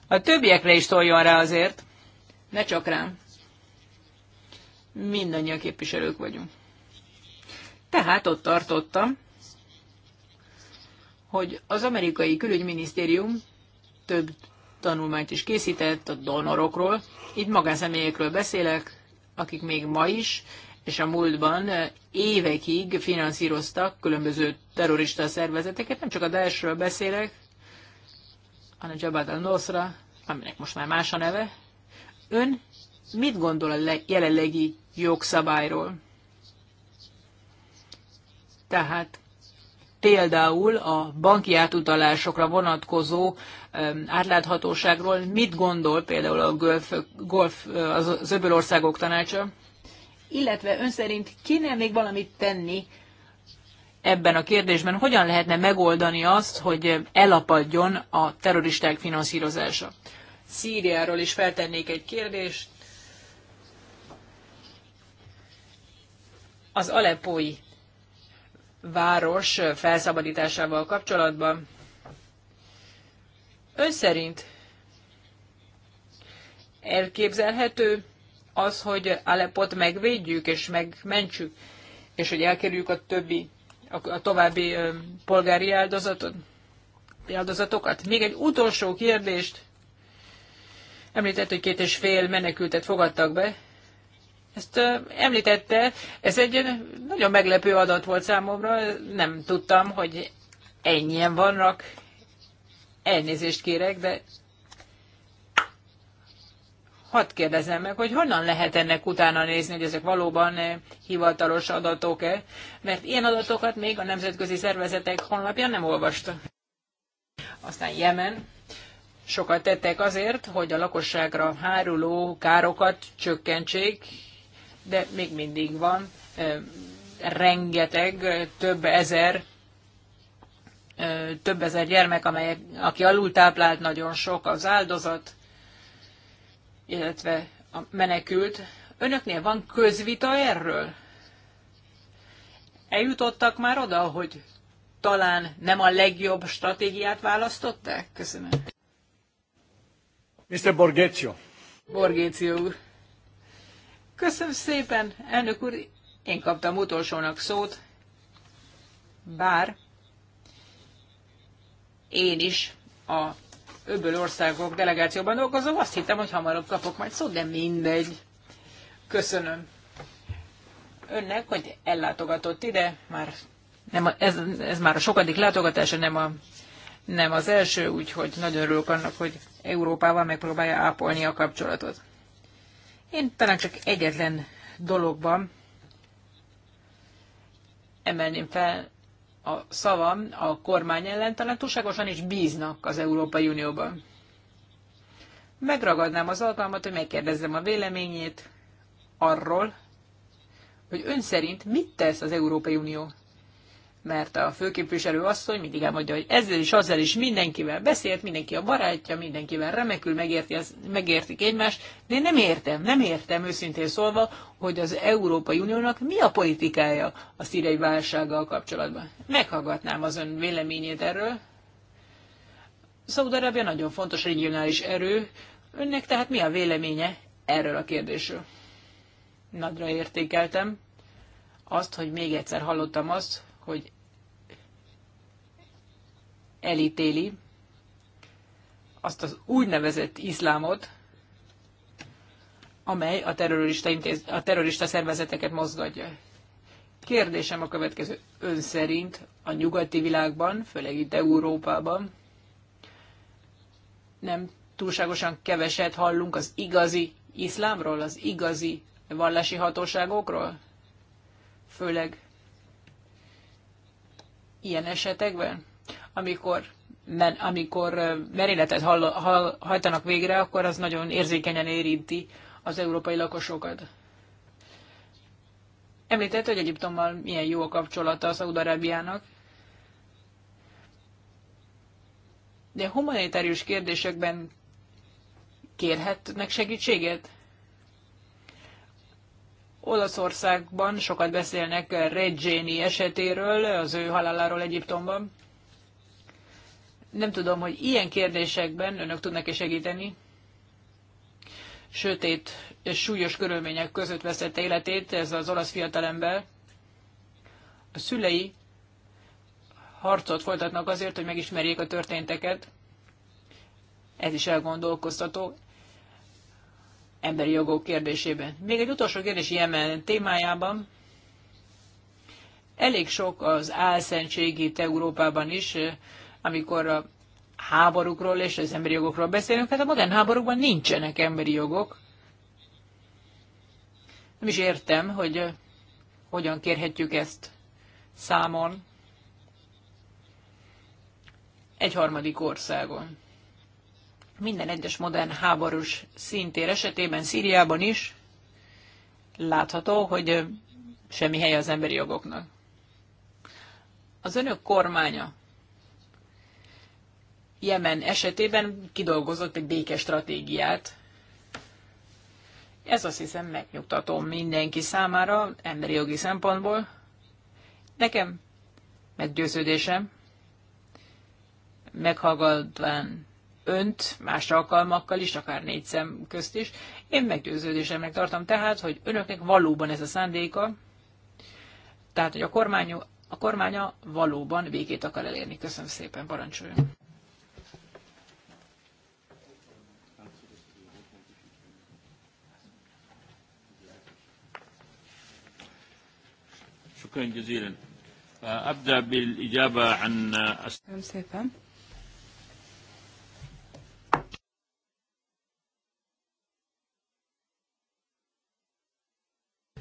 A többiekre is szóljon rá azért, ne csak rám. Mindannyian képviselők vagyunk. Tehát ott tartottam, hogy az amerikai külügyminisztérium több tanulmányt is készített a donorokról, Itt magánszemélyekről beszélek, akik még ma is és a múltban évekig finanszíroztak különböző terrorista szervezeteket, nem csak a Daesh-ről beszélek, hanem Jabhat al-Nosra, aminek most már más a neve. Ön mit gondol a jelenlegi jogszabályról? Tehát például a banki átutalásokra vonatkozó átláthatóságról mit gondol például a golf, golf az öböl országok tanácsa, illetve ön szerint kéne még valamit tenni ebben a kérdésben, hogyan lehetne megoldani azt, hogy elapadjon a terroristák finanszírozása. Szíriáról is feltennék egy kérdést. Az aleppói város felszabadításával kapcsolatban. Ön szerint elképzelhető az, hogy Alepot megvédjük és megmentsük, és hogy elkerüljük a többi, a, további polgári áldozatot, áldozatokat? Még egy utolsó kérdést. Említett, hogy két és fél menekültet fogadtak be. Ezt említette, ez egy nagyon meglepő adat volt számomra, nem tudtam, hogy ennyien vannak. Elnézést kérek, de hadd kérdezem meg, hogy honnan lehet ennek utána nézni, hogy ezek valóban hivatalos adatok-e, mert ilyen adatokat még a nemzetközi szervezetek honlapján nem olvasta. Aztán Jemen. Sokat tettek azért, hogy a lakosságra háruló károkat csökkentsék, de még mindig van rengeteg, több ezer több ezer gyermek, amelyek, aki táplált nagyon sok az áldozat, illetve a menekült. Önöknél van közvita erről? Eljutottak már oda, hogy talán nem a legjobb stratégiát választották? Köszönöm. Mr. Borgécio. Borgécio úr. Köszönöm szépen, elnök úr, én kaptam utolsónak szót, bár én is a öböl országok delegációban dolgozom, azt hittem, hogy hamarabb kapok majd szót, de mindegy. Köszönöm önnek, hogy ellátogatott ide, már nem, ez, ez már a sokadik látogatása, nem, a, nem az első, úgyhogy nagyon örülök annak, hogy Európával megpróbálja ápolni a kapcsolatot. Én talán csak egyetlen dologban emelném fel a szavam a kormány ellen, talán túlságosan is bíznak az Európai Unióban. Megragadnám az alkalmat, hogy megkérdezzem a véleményét arról, hogy ön szerint mit tesz az Európai Unió? mert a főképviselő asszony mindig elmondja, hogy ezzel is, azzal is mindenkivel beszélt, mindenki a barátja, mindenkivel remekül megérti, az, megértik egymást, de én nem értem, nem értem őszintén szólva, hogy az Európai Uniónak mi a politikája a szírei válsággal kapcsolatban. Meghallgatnám az ön véleményét erről. Szaudarabia nagyon fontos regionális erő, önnek tehát mi a véleménye erről a kérdésről? Nagyra értékeltem azt, hogy még egyszer hallottam azt, hogy elítéli azt az úgynevezett iszlámot, amely a terrorista, intéz, a terrorista szervezeteket mozgatja. Kérdésem a következő. Ön szerint a nyugati világban, főleg itt Európában nem túlságosan keveset hallunk az igazi iszlámról, az igazi vallási hatóságokról? Főleg ilyen esetekben, amikor, men, amikor merényletet hall, hall, hajtanak végre, akkor az nagyon érzékenyen érinti az európai lakosokat. Említett, hogy Egyiptommal milyen jó a kapcsolata a Szaudarábiának, de humanitárius kérdésekben kérhetnek segítséget? Olaszországban sokat beszélnek Reggiani esetéről, az ő haláláról Egyiptomban. Nem tudom, hogy ilyen kérdésekben önök tudnak-e segíteni. Sötét és súlyos körülmények között veszette életét ez az olasz fiatalember. A szülei harcot folytatnak azért, hogy megismerjék a történteket. Ez is elgondolkoztató emberi jogok kérdésében. Még egy utolsó kérdés Jemen témájában. Elég sok az álszentség itt Európában is, eh, amikor a háborúkról és az emberi jogokról beszélünk, hát a modern háborúkban nincsenek emberi jogok. Nem is értem, hogy eh, hogyan kérhetjük ezt számon egy harmadik országon minden egyes modern háborús szintér esetében, Szíriában is látható, hogy semmi helye az emberi jogoknak. Az önök kormánya Jemen esetében kidolgozott egy stratégiát. Ez azt hiszem megnyugtató mindenki számára, emberi jogi szempontból. Nekem meggyőződésem, meghallgatván önt más alkalmakkal is, akár négy szem közt is. Én meggyőződésemnek tartom tehát, hogy önöknek valóban ez a szándéka, tehát, hogy a, kormány, a kormánya valóban végét akar elérni. Köszönöm szépen, parancsoljon! Uh, uh, Köszönöm szépen!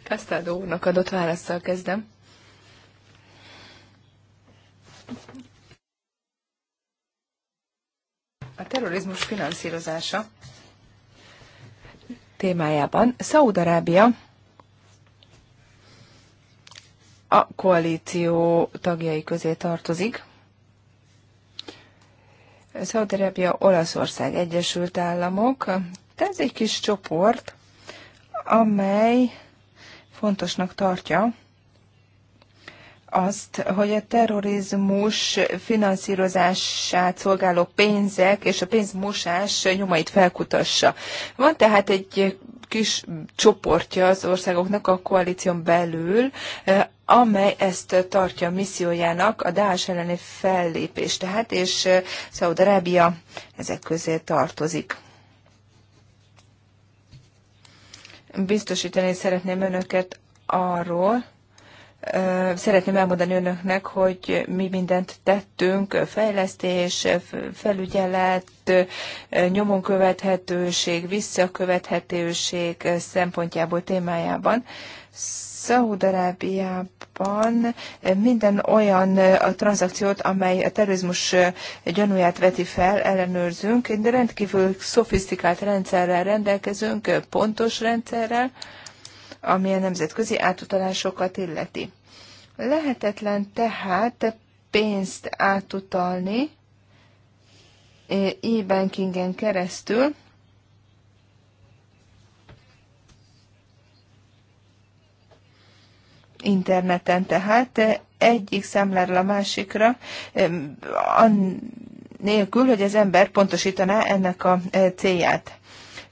Kasztádó úrnak adott válaszsal kezdem. A terrorizmus finanszírozása témájában Szaúd-Arábia a koalíció tagjai közé tartozik. Szaúd-Arábia, Olaszország, Egyesült Államok. Ez egy kis csoport, amely fontosnak tartja, azt, hogy a terrorizmus finanszírozását szolgáló pénzek és a pénzmosás nyomait felkutassa. Van tehát egy kis csoportja az országoknak a koalíción belül, amely ezt tartja a missziójának, a Daesh elleni fellépés tehát, és Szaudarábia ezek közé tartozik. Biztosítani szeretném önöket arról, Szeretném elmondani önöknek, hogy mi mindent tettünk, fejlesztés, felügyelet, nyomon követhetőség, visszakövethetőség szempontjából témájában. Szaúd-Arábiában minden olyan a tranzakciót, amely a terrorizmus gyanúját veti fel, ellenőrzünk. De rendkívül szofisztikált rendszerrel rendelkezünk, pontos rendszerrel, ami a nemzetközi átutalásokat illeti. Lehetetlen tehát pénzt átutalni e-bankingen keresztül, interneten, tehát egyik szemlerről a másikra, nélkül, hogy az ember pontosítaná ennek a e, célját.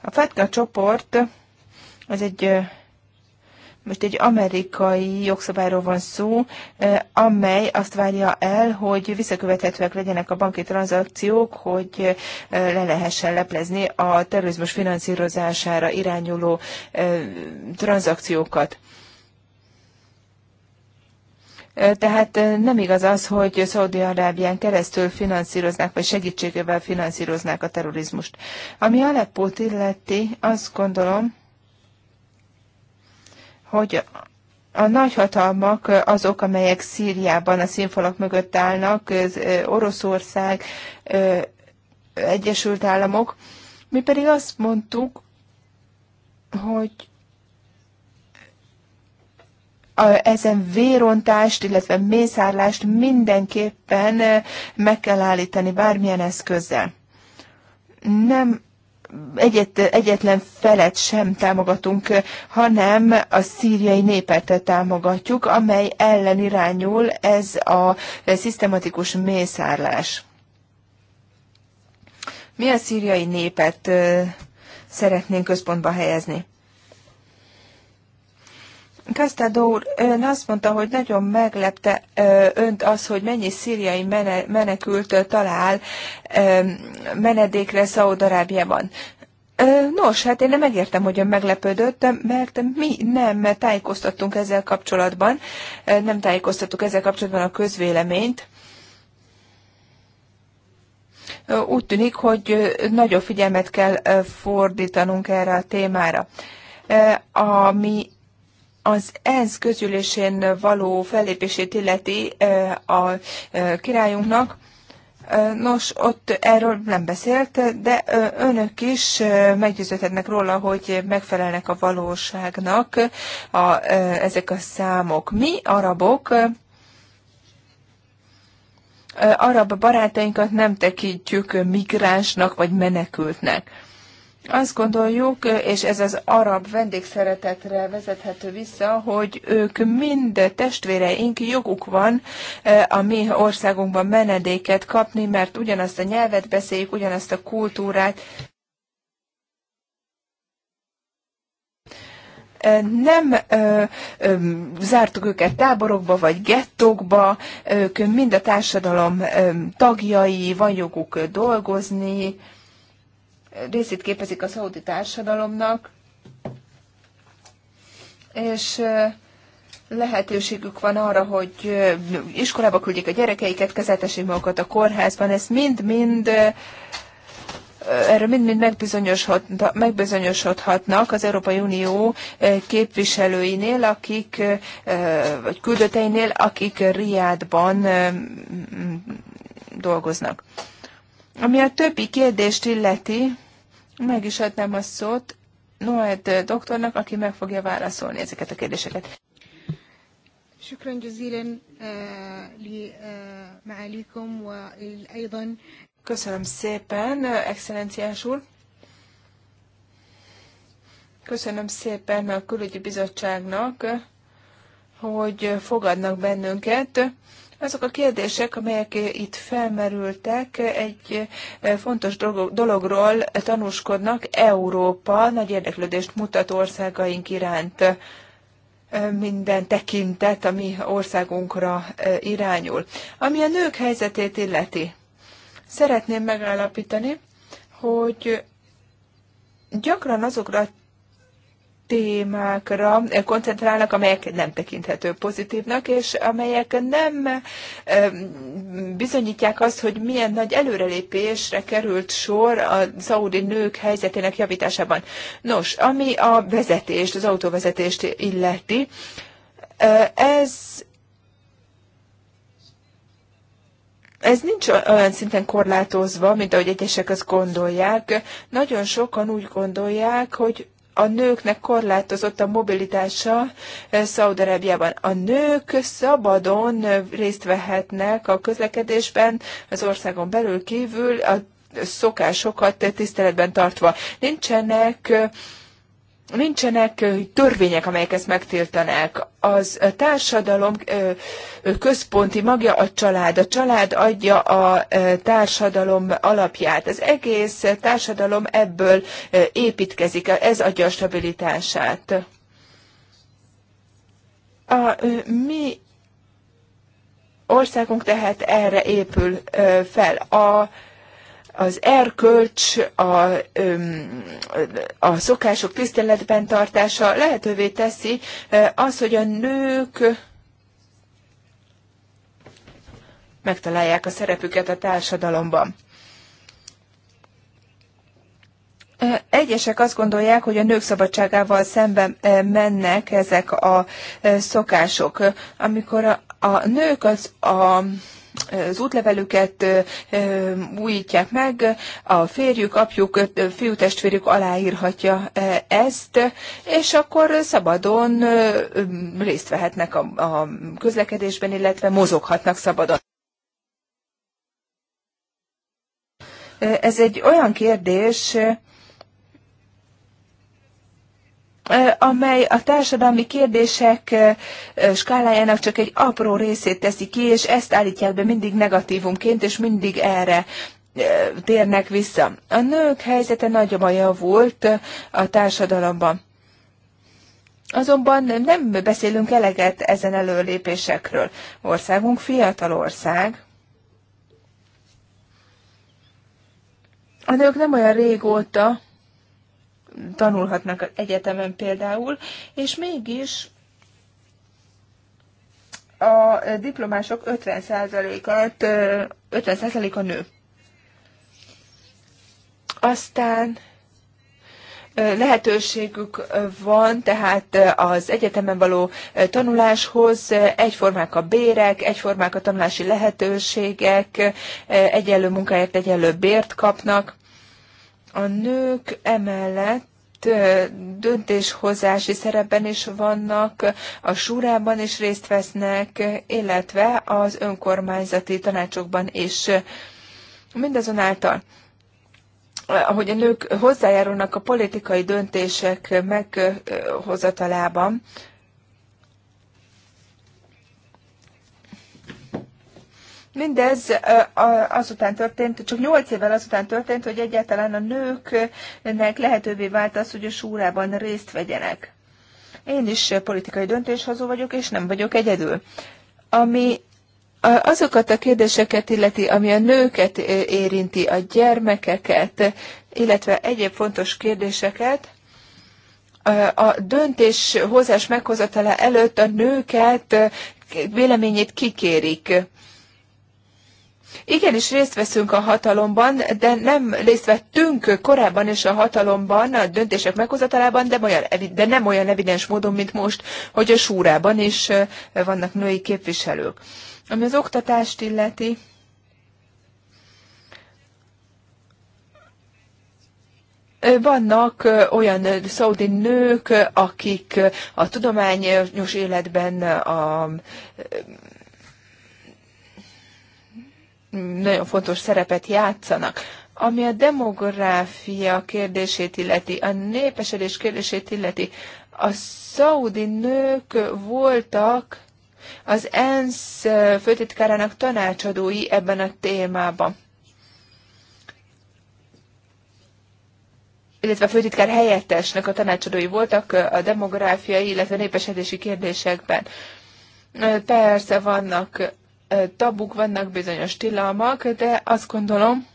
A FATKA csoport az egy e, most egy amerikai jogszabályról van szó, e, amely azt várja el, hogy visszakövethetőek legyenek a banki tranzakciók, hogy le lehessen leplezni a terrorizmus finanszírozására irányuló tranzakciókat. Tehát nem igaz az, hogy Szaudi-Arábián keresztül finanszíroznák, vagy segítségével finanszíroznák a terrorizmust. Ami Aleppót illeti, azt gondolom, hogy a nagyhatalmak azok, amelyek Szíriában a színfalak mögött állnak, Oroszország, Egyesült Államok. Mi pedig azt mondtuk, hogy a ezen vérontást, illetve mészárlást mindenképpen meg kell állítani bármilyen eszközzel. Nem egyet, egyetlen felet sem támogatunk, hanem a szíriai népet támogatjuk, amely ellen irányul ez a szisztematikus mészárlás. Mi a szíriai népet szeretnénk központba helyezni? Kastádó úr, ön azt mondta, hogy nagyon meglepte önt az, hogy mennyi szíriai menekült talál menedékre Szaúd-Arábiában. Nos, hát én nem megértem, hogy ön meglepődött, mert mi nem tájékoztattunk ezzel kapcsolatban, nem tájékoztattuk ezzel kapcsolatban a közvéleményt. Úgy tűnik, hogy nagyobb figyelmet kell fordítanunk erre a témára. Ami az ENSZ közülésén való fellépését illeti a királyunknak, Nos, ott erről nem beszélt, de önök is meggyőződhetnek róla, hogy megfelelnek a valóságnak a, ezek a számok. Mi, arabok, arab barátainkat nem tekintjük migránsnak vagy menekültnek. Azt gondoljuk, és ez az arab vendégszeretetre vezethető vissza, hogy ők mind testvéreink, joguk van e, a mi országunkban menedéket kapni, mert ugyanazt a nyelvet beszéljük, ugyanazt a kultúrát. E, nem ö, e, ö, zártuk őket táborokba vagy gettókba, ők mind a társadalom ö, tagjai, van joguk dolgozni, részét képezik a szaudi társadalomnak, és lehetőségük van arra, hogy iskolába küldjék a gyerekeiket, kezeltessék magukat a kórházban, ez mind-mind erről mind-mind megbizonyosodhatnak az Európai Unió képviselőinél, akik, vagy küldöteinél, akik Riádban dolgoznak. Ami a többi kérdést illeti, meg is adnám a szót Noed eh, doktornak, aki meg fogja válaszolni ezeket a kérdéseket. Eh, eh، Köszönöm szépen, excellenciás úr. Köszönöm szépen a külügyi bizottságnak, hogy fogadnak bennünket. Azok a kérdések, amelyek itt felmerültek, egy eh, fontos dologról tanúskodnak Európa nagy érdeklődést mutat országaink iránt eh, minden tekintet ami országunkra eh, irányul. Ami a nők helyzetét illeti, szeretném megállapítani, hogy gyakran azokra a témákra koncentrálnak, amelyek nem tekinthető pozitívnak, és amelyek nem bizonyítják azt, hogy milyen nagy előrelépésre került sor a szaudi nők helyzetének javításában. Nos, ami a vezetést, az autóvezetést illeti, ez ez nincs olyan szinten korlátozva, mint ahogy egyesek azt gondolják. Nagyon sokan úgy gondolják, hogy a nőknek korlátozott a mobilitása eh, Szaudarábiában. A nők szabadon eh, részt vehetnek a közlekedésben az országon belül kívül, a szokásokat tiszteletben tartva. Nincsenek eh, nincsenek törvények, amelyek ezt megtiltanák. Az társadalom központi magja a család. A család adja a társadalom alapját. Az egész társadalom ebből építkezik, ez adja a stabilitását. A mi országunk tehát erre épül fel. A az erkölcs, a, a szokások tiszteletben tartása lehetővé teszi az, hogy a nők megtalálják a szerepüket a társadalomban. Egyesek azt gondolják, hogy a nők szabadságával szembe mennek ezek a szokások. Amikor a, a nők az a az útlevelüket újítják meg, a férjük, apjuk, fiútestvérük aláírhatja ezt, és akkor szabadon részt vehetnek a, a közlekedésben, illetve mozoghatnak szabadon. Ez egy olyan kérdés, amely a társadalmi kérdések skálájának csak egy apró részét teszi ki, és ezt állítják be mindig negatívumként, és mindig erre térnek vissza. A nők helyzete nagyobb a javult a társadalomban. Azonban nem beszélünk eleget ezen előlépésekről. Országunk fiatal ország. A nők nem olyan régóta tanulhatnak az egyetemen például, és mégis a diplomások 50%-át, 50%-a nő. Aztán lehetőségük van, tehát az egyetemen való tanuláshoz egyformák a bérek, egyformák a tanulási lehetőségek, egyenlő munkáért egyenlő bért kapnak. A nők emellett döntéshozási szerepben is vannak, a súrában is részt vesznek, illetve az önkormányzati tanácsokban is. Mindazonáltal, ahogy a nők hozzájárulnak a politikai döntések meghozatalában, Mindez azután történt, csak 8 évvel azután történt, hogy egyáltalán a nőknek lehetővé vált az, hogy a súrában részt vegyenek. Én is politikai döntéshozó vagyok, és nem vagyok egyedül. Ami azokat a kérdéseket illeti, ami a nőket érinti, a gyermekeket, illetve egyéb fontos kérdéseket, a döntéshozás meghozatala előtt a nőket véleményét kikérik. Igenis részt veszünk a hatalomban, de nem részt vettünk korábban is a hatalomban, a döntések meghozatalában, de, olyan, de nem olyan evidens módon, mint most, hogy a súrában is vannak női képviselők. Ami az oktatást illeti, Vannak olyan szaudi nők, akik a tudományos életben, a nagyon fontos szerepet játszanak. Ami a demográfia kérdését illeti, a népesedés kérdését illeti, a szaudi nők voltak az ENSZ főtitkárának tanácsadói ebben a témában. illetve a főtitkár helyettesnek a tanácsadói voltak a demográfiai, illetve a népesedési kérdésekben. Persze vannak tabuk, vannak bizonyos tilalmak, de azt gondolom,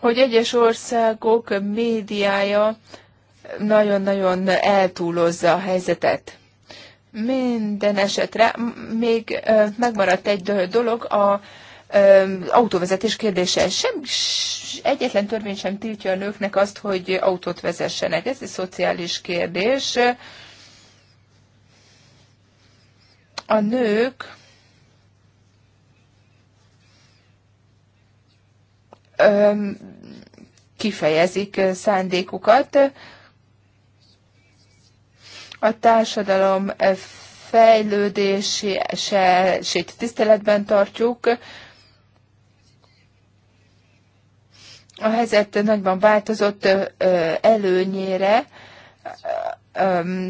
hogy egyes országok médiája nagyon-nagyon eltúlozza a helyzetet. Minden esetre még megmaradt egy dolog, a autóvezetés kérdése. Sem, egyetlen törvény sem tiltja a nőknek azt, hogy autót vezessenek. Ez egy szociális kérdés. A nők kifejezik szándékukat. A társadalom fejlődését tiszteletben tartjuk. A helyzet nagyban változott előnyére.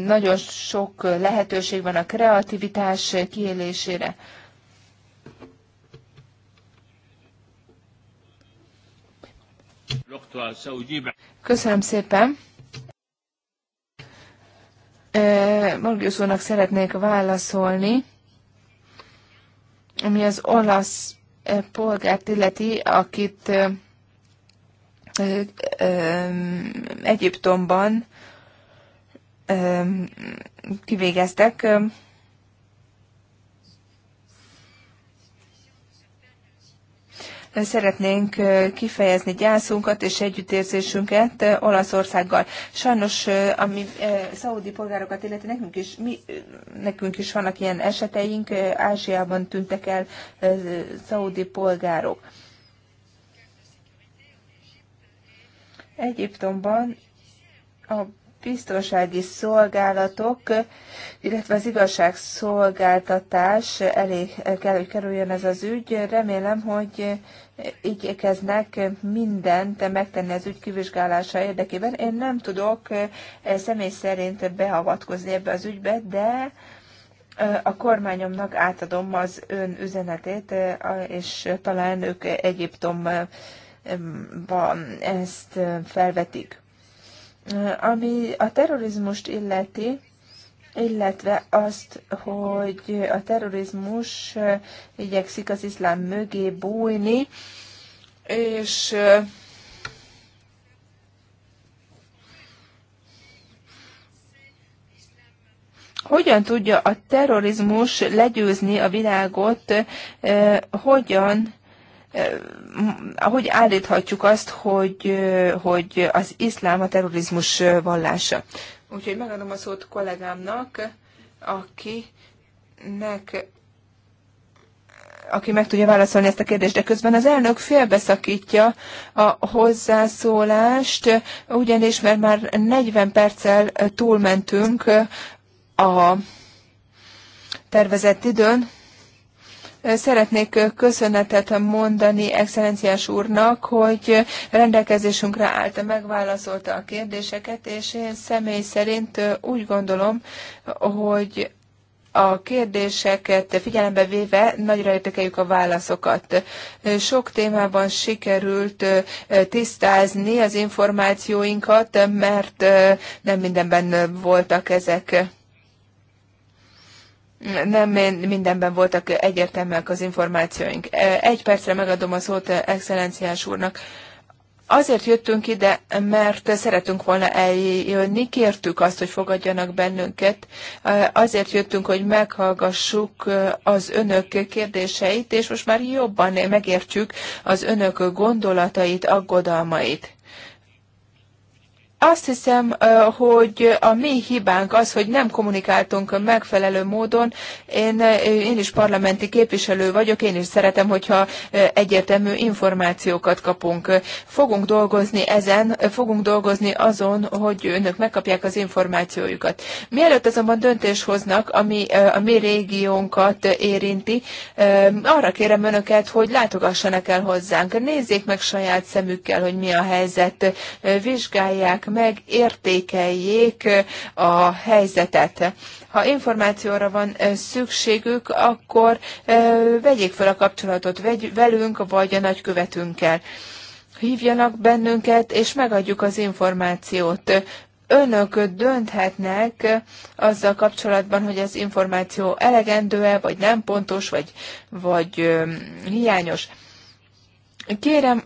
Nagyon sok lehetőség van a kreativitás kiélésére. Köszönöm szépen. Morgius úrnak szeretnék válaszolni, ami az olasz polgárt illeti, akit Egyiptomban kivégeztek. szeretnénk kifejezni gyászunkat és együttérzésünket Olaszországgal. Sajnos, ami szaudi polgárokat illeti, nekünk is, mi, nekünk is vannak ilyen eseteink, Ázsiában tűntek el szaudi polgárok. Egyiptomban a biztonsági szolgálatok, illetve az igazságszolgáltatás elé kell, hogy kerüljön ez az ügy. Remélem, hogy igyekeznek mindent megtenni az ügy kivizsgálása érdekében. Én nem tudok eh, személy szerint beavatkozni ebbe az ügybe, de eh, a kormányomnak átadom az ön üzenetét, eh, és talán ők Egyiptomban ezt felvetik. Ami a terrorizmust illeti, illetve azt, hogy a terrorizmus igyekszik az iszlám mögé bújni, és eh, hogyan tudja a terrorizmus legyőzni a világot, eh, hogyan eh, ahogy állíthatjuk azt, hogy, hogy az iszlám a terrorizmus vallása. Úgyhogy megadom a szót kollégámnak, akinek aki meg tudja válaszolni ezt a kérdést, de közben az elnök félbeszakítja a hozzászólást, ugyanis mert már 40 perccel túlmentünk a tervezett időn, Szeretnék köszönetet mondani excellenciás úrnak, hogy rendelkezésünkre állt, megválaszolta a kérdéseket, és én személy szerint úgy gondolom, hogy a kérdéseket figyelembe véve nagyra értékeljük a válaszokat. Sok témában sikerült tisztázni az információinkat, mert nem mindenben voltak ezek nem mindenben voltak egyértelműek az információink. E, egy percre megadom a szót e, excellenciás úrnak. Azért jöttünk ide, mert szeretünk volna eljönni, kértük azt, hogy fogadjanak bennünket. E, azért jöttünk, hogy meghallgassuk az önök kérdéseit, és most már jobban megértjük az önök gondolatait, aggodalmait. Azt hiszem, hogy a mi hibánk az, hogy nem kommunikáltunk megfelelő módon. Én, én is parlamenti képviselő vagyok, én is szeretem, hogyha egyértelmű információkat kapunk. Fogunk dolgozni ezen, fogunk dolgozni azon, hogy önök megkapják az információjukat. Mielőtt azonban döntés hoznak, ami a mi régiónkat érinti, arra kérem önöket, hogy látogassanak el hozzánk. Nézzék meg saját szemükkel, hogy mi a helyzet, vizsgálják meg, értékeljék a helyzetet. Ha információra van szükségük, akkor vegyék fel a kapcsolatot velünk, vagy a nagykövetünkkel. Hívjanak bennünket, és megadjuk az információt önök dönthetnek azzal kapcsolatban, hogy az információ elegendő-e, vagy nem pontos, vagy, vagy ö, hiányos. Kérem,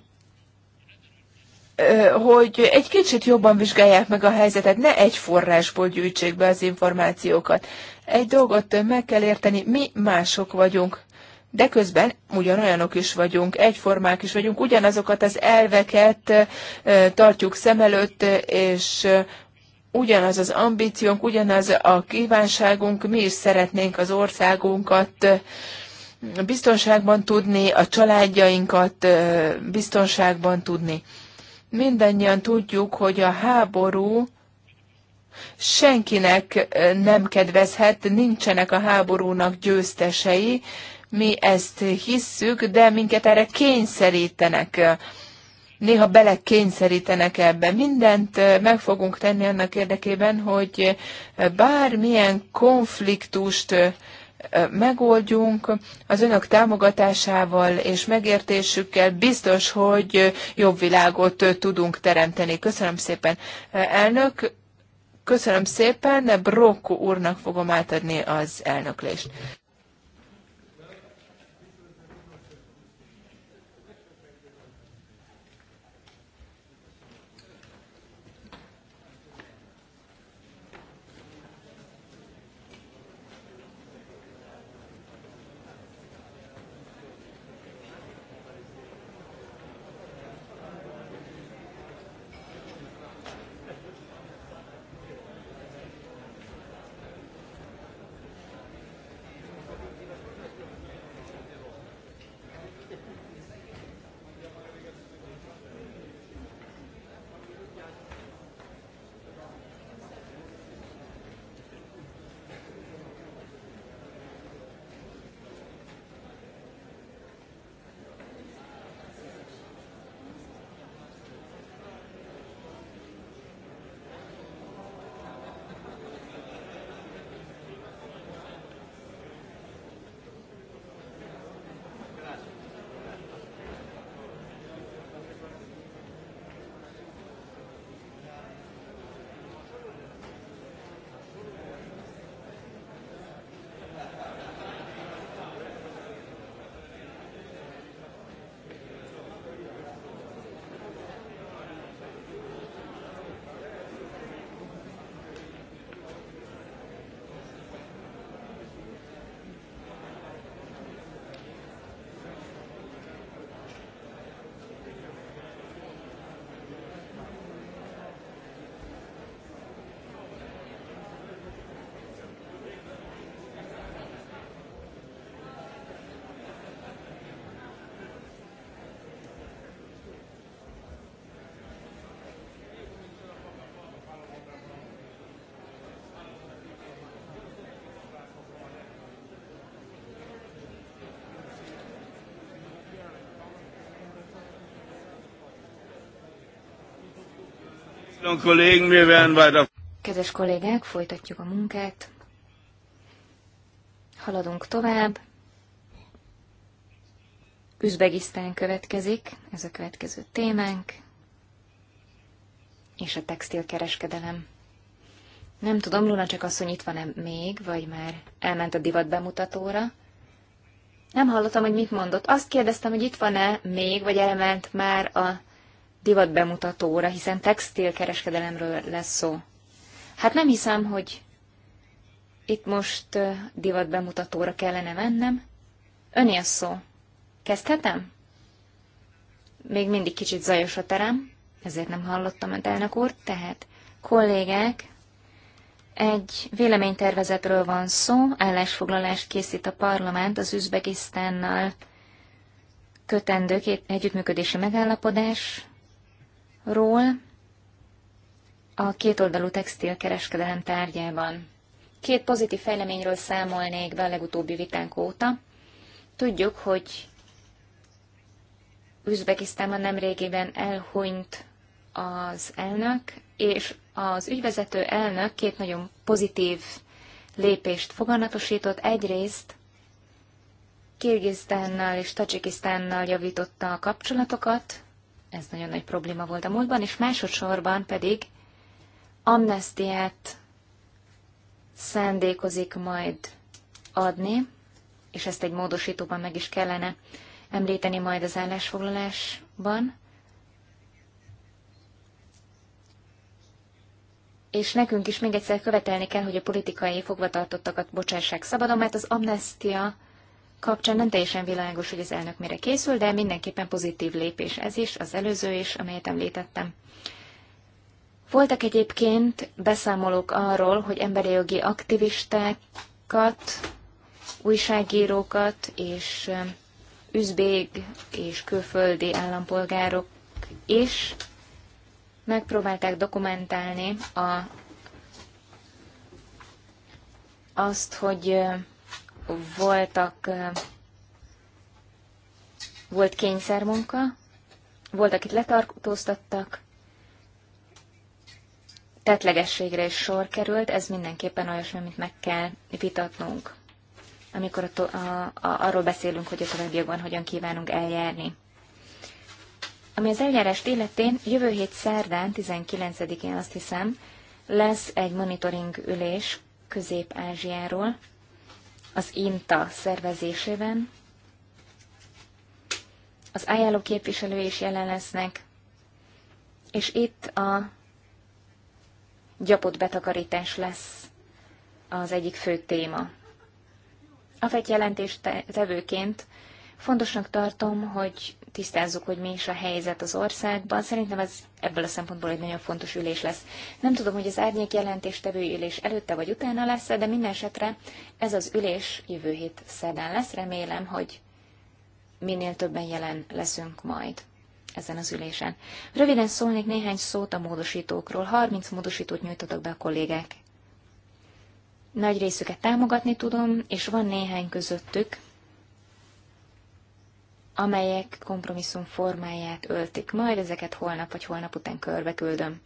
hogy egy kicsit jobban vizsgálják meg a helyzetet, ne egy forrásból gyűjtsék be az információkat. Egy dolgot meg kell érteni, mi mások vagyunk. De közben ugyanolyanok is vagyunk, egyformák is vagyunk, ugyanazokat az elveket tartjuk szem előtt, és ugyanaz az ambíciónk, ugyanaz a kívánságunk, mi is szeretnénk az országunkat biztonságban tudni, a családjainkat biztonságban tudni. Mindannyian tudjuk, hogy a háború senkinek eh, nem kedvezhet, nincsenek a háborúnak győztesei, mi ezt hisszük, de minket erre kényszerítenek. Néha bele kényszerítenek ebbe. Mindent eh, meg fogunk tenni annak érdekében, hogy eh, bármilyen konfliktust megoldjunk. Az önök támogatásával és megértésükkel biztos, hogy jobb világot tudunk teremteni. Köszönöm szépen, elnök. Köszönöm szépen, de Brokko úrnak fogom átadni az elnöklést. Kedves kollégák, folytatjuk a munkát. Haladunk tovább. Üzbegisztán következik, ez a következő témánk, és a textilkereskedelem. Nem tudom, Luna csak asszony itt van-e még, vagy már elment a divat bemutatóra. Nem hallottam, hogy mit mondott. Azt kérdeztem, hogy itt van-e még, vagy elment már a divat bemutatóra, hiszen textilkereskedelemről lesz szó. Hát nem hiszem, hogy itt most divat bemutatóra kellene mennem. Öné a szó. Kezdhetem? Még mindig kicsit zajos a terem, ezért nem hallottam önt elnök úr, tehát kollégák, egy véleménytervezetről van szó, állásfoglalást készít a parlament az Üzbegisztánnal kötendő együttműködési megállapodás ról a kétoldalú kereskedelem tárgyában. Két pozitív fejleményről számolnék be a legutóbbi vitánk óta. Tudjuk, hogy Üzbekisztánban nemrégiben elhunyt az elnök, és az ügyvezető elnök két nagyon pozitív lépést foganatosított. Egyrészt Kirgisztánnal és Tajikisztánnal javította a kapcsolatokat, ez nagyon nagy probléma volt a múltban, és másodszorban pedig amnestiát szándékozik majd adni, és ezt egy módosítóban meg is kellene említeni majd az állásfoglalásban. És nekünk is még egyszer követelni kell, hogy a politikai fogvatartottakat bocsássák szabadon, mert az amnestia kapcsán nem teljesen világos, hogy az elnök mire készül, de mindenképpen pozitív lépés ez is, az előző is, amelyet említettem. Voltak egyébként beszámolók arról, hogy emberi jogi aktivistákat, újságírókat és um, üzbég és külföldi állampolgárok is megpróbálták dokumentálni a, azt, hogy um, voltak, volt kényszermunka, volt, akit letartóztattak, tetlegességre is sor került, ez mindenképpen olyasmi, amit meg kell vitatnunk, amikor a, a, a, arról beszélünk, hogy a továbbiakban hogyan kívánunk eljárni. Ami az eljárást illeti, jövő hét szerdán, 19-én azt hiszem, lesz egy monitoring ülés Közép-Ázsiáról, az INTA szervezésében. Az ajánló képviselő is jelen lesznek, és itt a gyapott betakarítás lesz az egyik fő téma. A tevőként fontosnak tartom, hogy tisztázzuk, hogy mi is a helyzet az országban. Szerintem ez ebből a szempontból egy nagyon fontos ülés lesz. Nem tudom, hogy az árnyék jelentéstevő ülés előtte vagy utána lesz, de minden esetre ez az ülés jövő hét szerdán lesz. Remélem, hogy minél többen jelen leszünk majd ezen az ülésen. Röviden szólnék néhány szót a módosítókról. 30 módosítót nyújtottak be a kollégák. Nagy részüket támogatni tudom, és van néhány közöttük, amelyek kompromisszum formáját öltik. Majd ezeket holnap vagy holnap után körbe küldöm.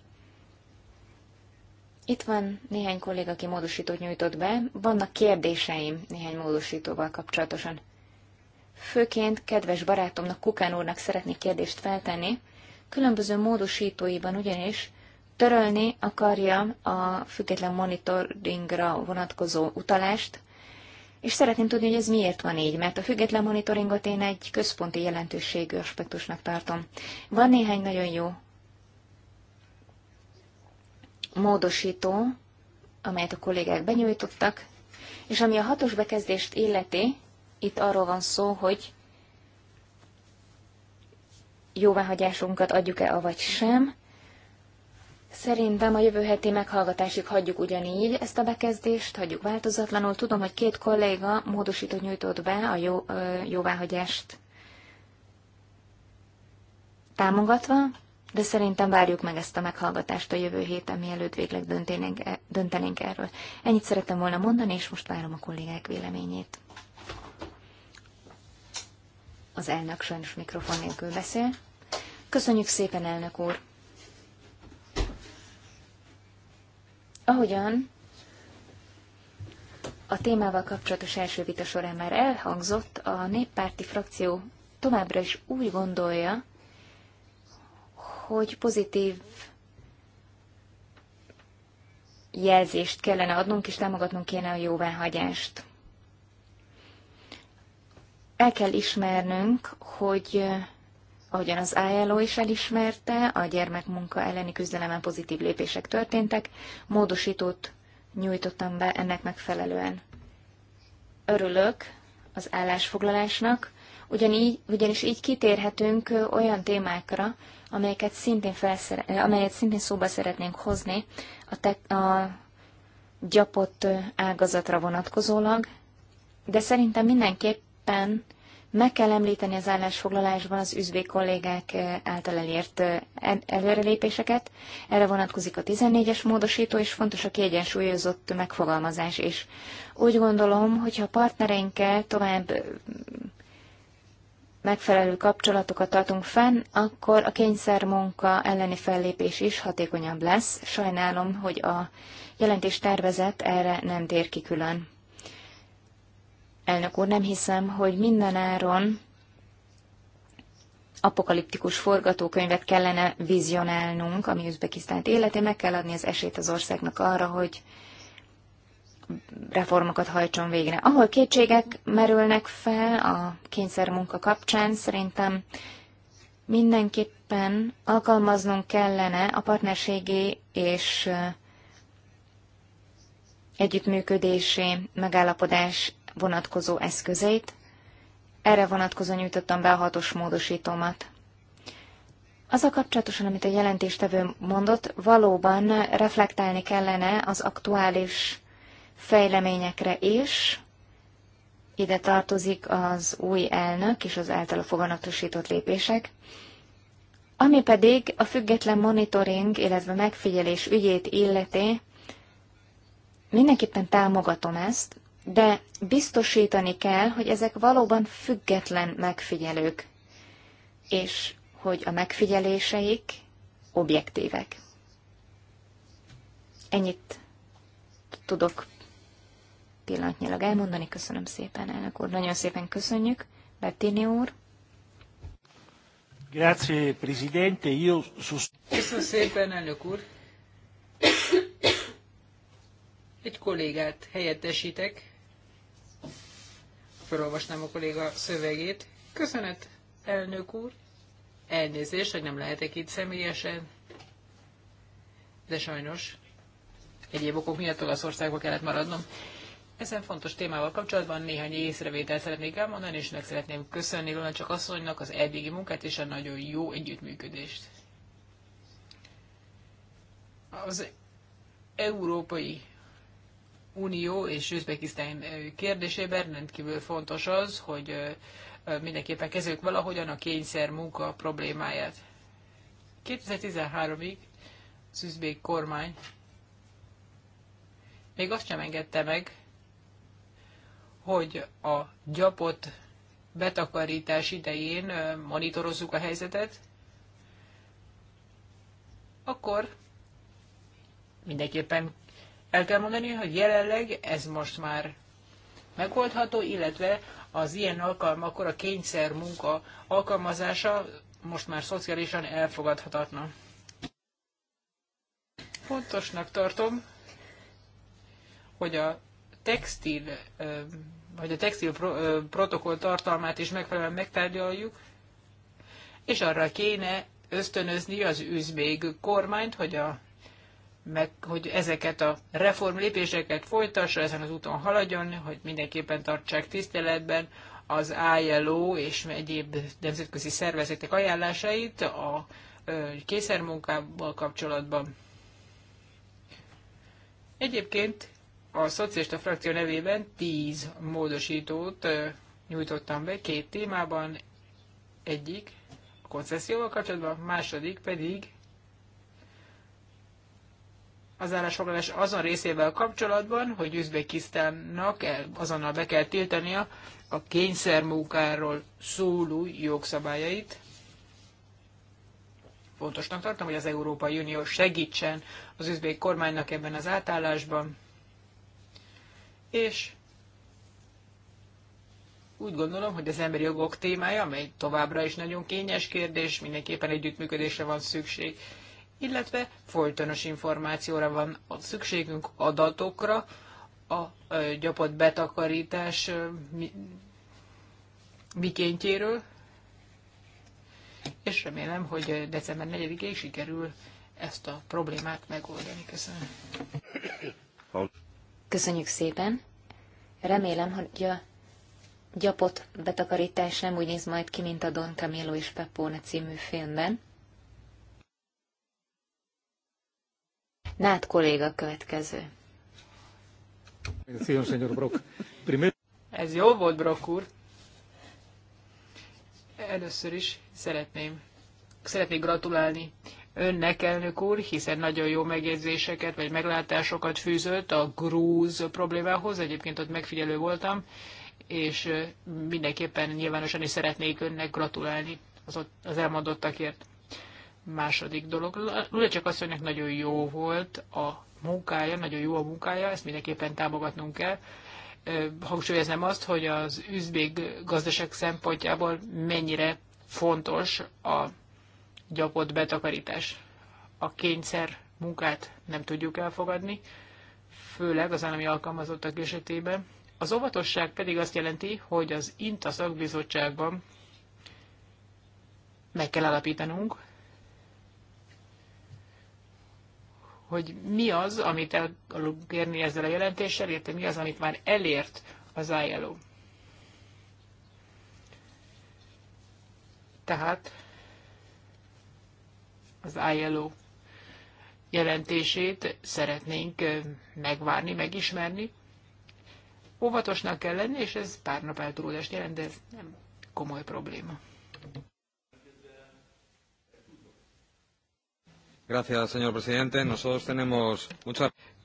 Itt van néhány kolléga, aki módosítót nyújtott be. Vannak kérdéseim néhány módosítóval kapcsolatosan. Főként kedves barátomnak, Kukán úrnak szeretnék kérdést feltenni. Különböző módosítóiban ugyanis törölni akarja a független monitoringra vonatkozó utalást, és szeretném tudni, hogy ez miért van így, mert a független monitoringot én egy központi jelentőségű aspektusnak tartom. Van néhány nagyon jó módosító, amelyet a kollégák benyújtottak, és ami a hatos bekezdést illeti, itt arról van szó, hogy jóváhagyásunkat adjuk-e, avagy sem. Szerintem a jövő heti meghallgatásig hagyjuk ugyanígy ezt a bekezdést, hagyjuk változatlanul. Tudom, hogy két kolléga módosított nyújtott be a jó, ö, jóváhagyást támogatva, de szerintem várjuk meg ezt a meghallgatást a jövő héten, mielőtt végleg döntenénk, e, döntenénk erről. Ennyit szerettem volna mondani, és most várom a kollégák véleményét. Az elnök sajnos mikrofon nélkül beszél. Köszönjük szépen, elnök úr! Ahogyan a témával kapcsolatos első vita során már elhangzott, a néppárti frakció továbbra is úgy gondolja, hogy pozitív jelzést kellene adnunk, és támogatnunk kéne a jóváhagyást. El kell ismernünk, hogy ahogyan az ILO is elismerte, a gyermekmunka elleni küzdelemen pozitív lépések történtek, módosítót nyújtottam be ennek megfelelően. Örülök az állásfoglalásnak, ugyanígy, ugyanis így kitérhetünk olyan témákra, amelyeket szintén felszere, amelyet szintén szóba szeretnénk hozni a, te, a gyapott ágazatra vonatkozólag, de szerintem mindenképpen meg kell említeni az állásfoglalásban az üzvék kollégák eh, által elért eh, előrelépéseket. Erre vonatkozik a 14-es módosító, és fontos a kiegyensúlyozott megfogalmazás is. Úgy gondolom, hogyha a partnereinkkel tovább eh, megfelelő kapcsolatokat tartunk fenn, akkor a kényszermunka elleni fellépés is hatékonyabb lesz. Sajnálom, hogy a jelentés tervezet erre nem tér ki külön. Elnök úr, nem hiszem, hogy minden áron apokaliptikus forgatókönyvet kellene vizionálnunk, ami Üzbekisztánt életé, meg kell adni az esélyt az országnak arra, hogy reformokat hajtson végre. Ahol kétségek merülnek fel a kényszermunka kapcsán, szerintem mindenképpen alkalmaznunk kellene a partnerségi és együttműködési megállapodás vonatkozó eszközeit. Erre vonatkozó nyújtottam be a hatos módosítómat. Az a kapcsolatosan, amit a jelentéstevő mondott, valóban reflektálni kellene az aktuális fejleményekre is. Ide tartozik az új elnök és az általa foganatosított lépések. Ami pedig a független monitoring, illetve megfigyelés ügyét illeti, mindenképpen támogatom ezt, de biztosítani kell, hogy ezek valóban független megfigyelők, és hogy a megfigyeléseik objektívek. Ennyit tudok pillanatnyilag elmondani. Köszönöm szépen, elnök úr. Nagyon szépen köszönjük, Bettini úr. Grazie, Presidente. Io sus... Köszönöm szépen, elnök úr. Egy kollégát helyettesítek, felolvasnám a kolléga szövegét. Köszönet, elnök úr. Elnézést, hogy nem lehetek itt személyesen, de sajnos egyéb okok miatt Olaszországba kellett maradnom. Ezen fontos témával kapcsolatban néhány észrevételt szeretnék elmondani, és meg szeretném köszönni Lona csak asszonynak az eddigi munkát és a nagyon jó együttműködést. Az európai Unió és Üzbekisztán kérdésében rendkívül fontos az, hogy mindenképpen kezdjük valahogyan a kényszer munka problémáját. 2013-ig az üzbék kormány még azt sem engedte meg, hogy a gyapot betakarítás idején monitorozzuk a helyzetet, akkor mindenképpen el kell mondani, hogy jelenleg ez most már megoldható, illetve az ilyen alkalmakkor a kényszer munka alkalmazása most már szociálisan elfogadhatatlan. Fontosnak tartom, hogy a textil, vagy a textil protokoll tartalmát is megfelelően megtárgyaljuk, és arra kéne ösztönözni az üzbég kormányt, hogy a meg, hogy ezeket a reform lépéseket folytassa, ezen az úton haladjon, hogy mindenképpen tartsák tiszteletben az ILO és egyéb nemzetközi szervezetek ajánlásait a kényszermunkával kapcsolatban. Egyébként a szocialista frakció nevében 10 módosítót nyújtottam be két témában. Egyik a koncesszióval kapcsolatban, második pedig az állásfoglalás azon részével kapcsolatban, hogy Üzbekisztánnak azonnal be kell tiltania a kényszermunkáról szóló jogszabályait. Fontosnak tartom, hogy az Európai Unió segítsen az üzbék kormánynak ebben az átállásban, és úgy gondolom, hogy az emberi jogok témája, amely továbbra is nagyon kényes kérdés, mindenképpen együttműködésre van szükség illetve folytonos információra van a szükségünk, adatokra, a gyapott betakarítás mikéntjéről, és remélem, hogy december 4-ig sikerül ezt a problémát megoldani. Köszönöm. Köszönjük szépen. Remélem, hogy a gyapott betakarítás nem úgy néz majd ki, mint a Don Camillo és Peppone című filmben. Nát kolléga következő. Ez jó volt, Brock úr. Először is szeretném, szeretnék gratulálni önnek, elnök úr, hiszen nagyon jó megjegyzéseket vagy meglátásokat fűzött a grúz problémához. Egyébként ott megfigyelő voltam, és mindenképpen nyilvánosan is szeretnék önnek gratulálni az, ott, az elmondottakért. Második dolog, csak azt, hogy nagyon jó volt a munkája, nagyon jó a munkája, ezt mindenképpen támogatnunk kell. Hangsúlyoznám azt, hogy az üzbék gazdaság szempontjából mennyire fontos a gyapott betakarítás. A kényszer munkát nem tudjuk elfogadni, főleg az állami alkalmazottak esetében. Az óvatosság pedig azt jelenti, hogy az INTA szakbizottságban meg kell alapítanunk hogy mi az, amit el akarunk érni ezzel a jelentéssel, illetve mi az, amit már elért az ILO. Tehát az ILO jelentését szeretnénk megvárni, megismerni. Óvatosnak kell lenni, és ez pár nap eltúlódást jelent, de ez nem komoly probléma.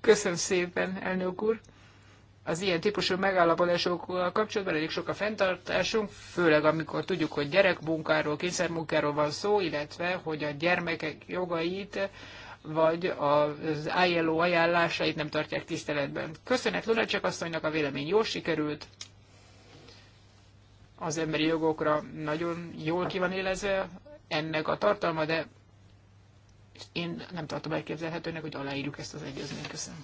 Köszönöm szépen, elnök úr. Az ilyen típusú megállapodásokkal kapcsolatban elég sok a fenntartásunk, főleg amikor tudjuk, hogy gyerekmunkáról, kényszermunkáról van szó, illetve hogy a gyermekek jogait vagy az ILO ajánlásait nem tartják tiszteletben. Köszönet Lunacek asszonynak, a vélemény jól sikerült, az emberi jogokra nagyon jól ki van élezve ennek a tartalma, de én nem tartom elképzelhetőnek, hogy aláírjuk ezt az egyezményt. Köszönöm.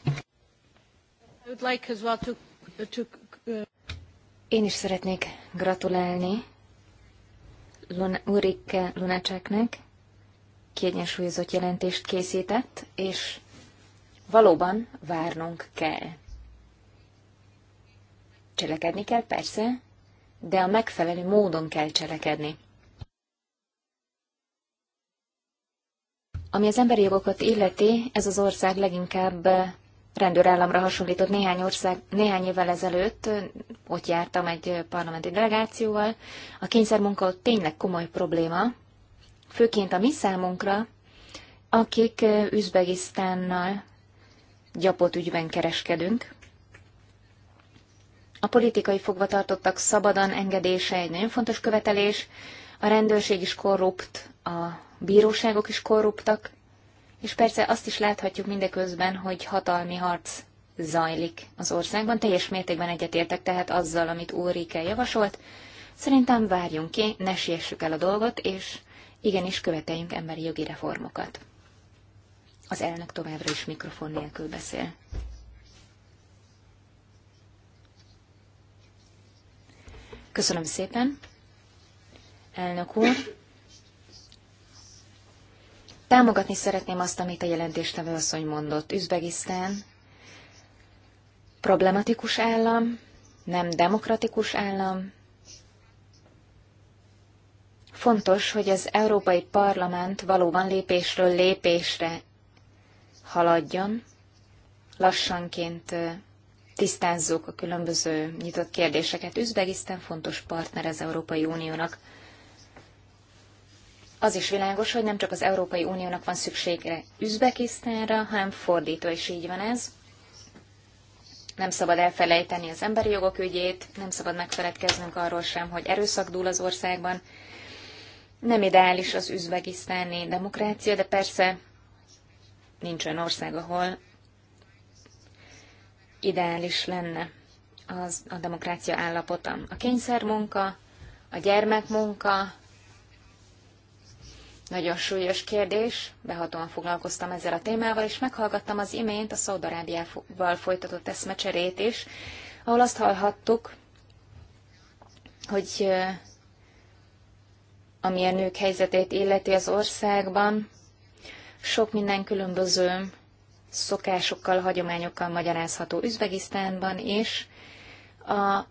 Én is szeretnék gratulálni Luna, Ulrike Lunacseknek. Kiegyensúlyozott jelentést készített, és valóban várnunk kell. Cselekedni kell, persze, de a megfelelő módon kell cselekedni. Ami az emberi jogokat illeti, ez az ország leginkább eh, rendőrállamra hasonlított néhány, ország, néhány évvel ezelőtt. Eh, ott jártam egy eh, parlamenti delegációval. A kényszermunka ott tényleg komoly probléma, főként a mi számunkra, akik Üzbegisztánnal gyapott ügyben kereskedünk. A politikai fogvatartottak szabadon engedése egy nagyon fontos követelés, a rendőrség is korrupt, a bíróságok is korruptak, és persze azt is láthatjuk mindeközben, hogy hatalmi harc zajlik az országban. Teljes mértékben egyetértek tehát azzal, amit Ulrike javasolt. Szerintem várjunk ki, ne siessük el a dolgot, és igenis követeljünk emberi jogi reformokat. Az elnök továbbra is mikrofon nélkül beszél. Köszönöm szépen, elnök úr. Támogatni szeretném azt, amit a jelentéstevő asszony mondott. Üzbegisztán problematikus állam, nem demokratikus állam. Fontos, hogy az Európai Parlament valóban lépésről lépésre haladjon. Lassanként tisztázzuk a különböző nyitott kérdéseket. Üzbegisztán fontos partner az Európai Uniónak az is világos, hogy nem csak az Európai Uniónak van szüksége Üzbekisztánra, hanem fordítva is így van ez. Nem szabad elfelejteni az emberi jogok ügyét, nem szabad megfeledkeznünk arról sem, hogy erőszak dúl az országban. Nem ideális az üzbegisztáni demokrácia, de persze nincs olyan ország, ahol ideális lenne az, a demokrácia állapota. A kényszermunka, a gyermekmunka, nagyon súlyos kérdés, behatóan foglalkoztam ezzel a témával, és meghallgattam az imént a Szaudarábiával folytatott eszmecserét is, ahol azt hallhattuk, hogy ami a nők helyzetét illeti az országban, sok minden különböző szokásokkal, hagyományokkal magyarázható Üzbegisztánban is. A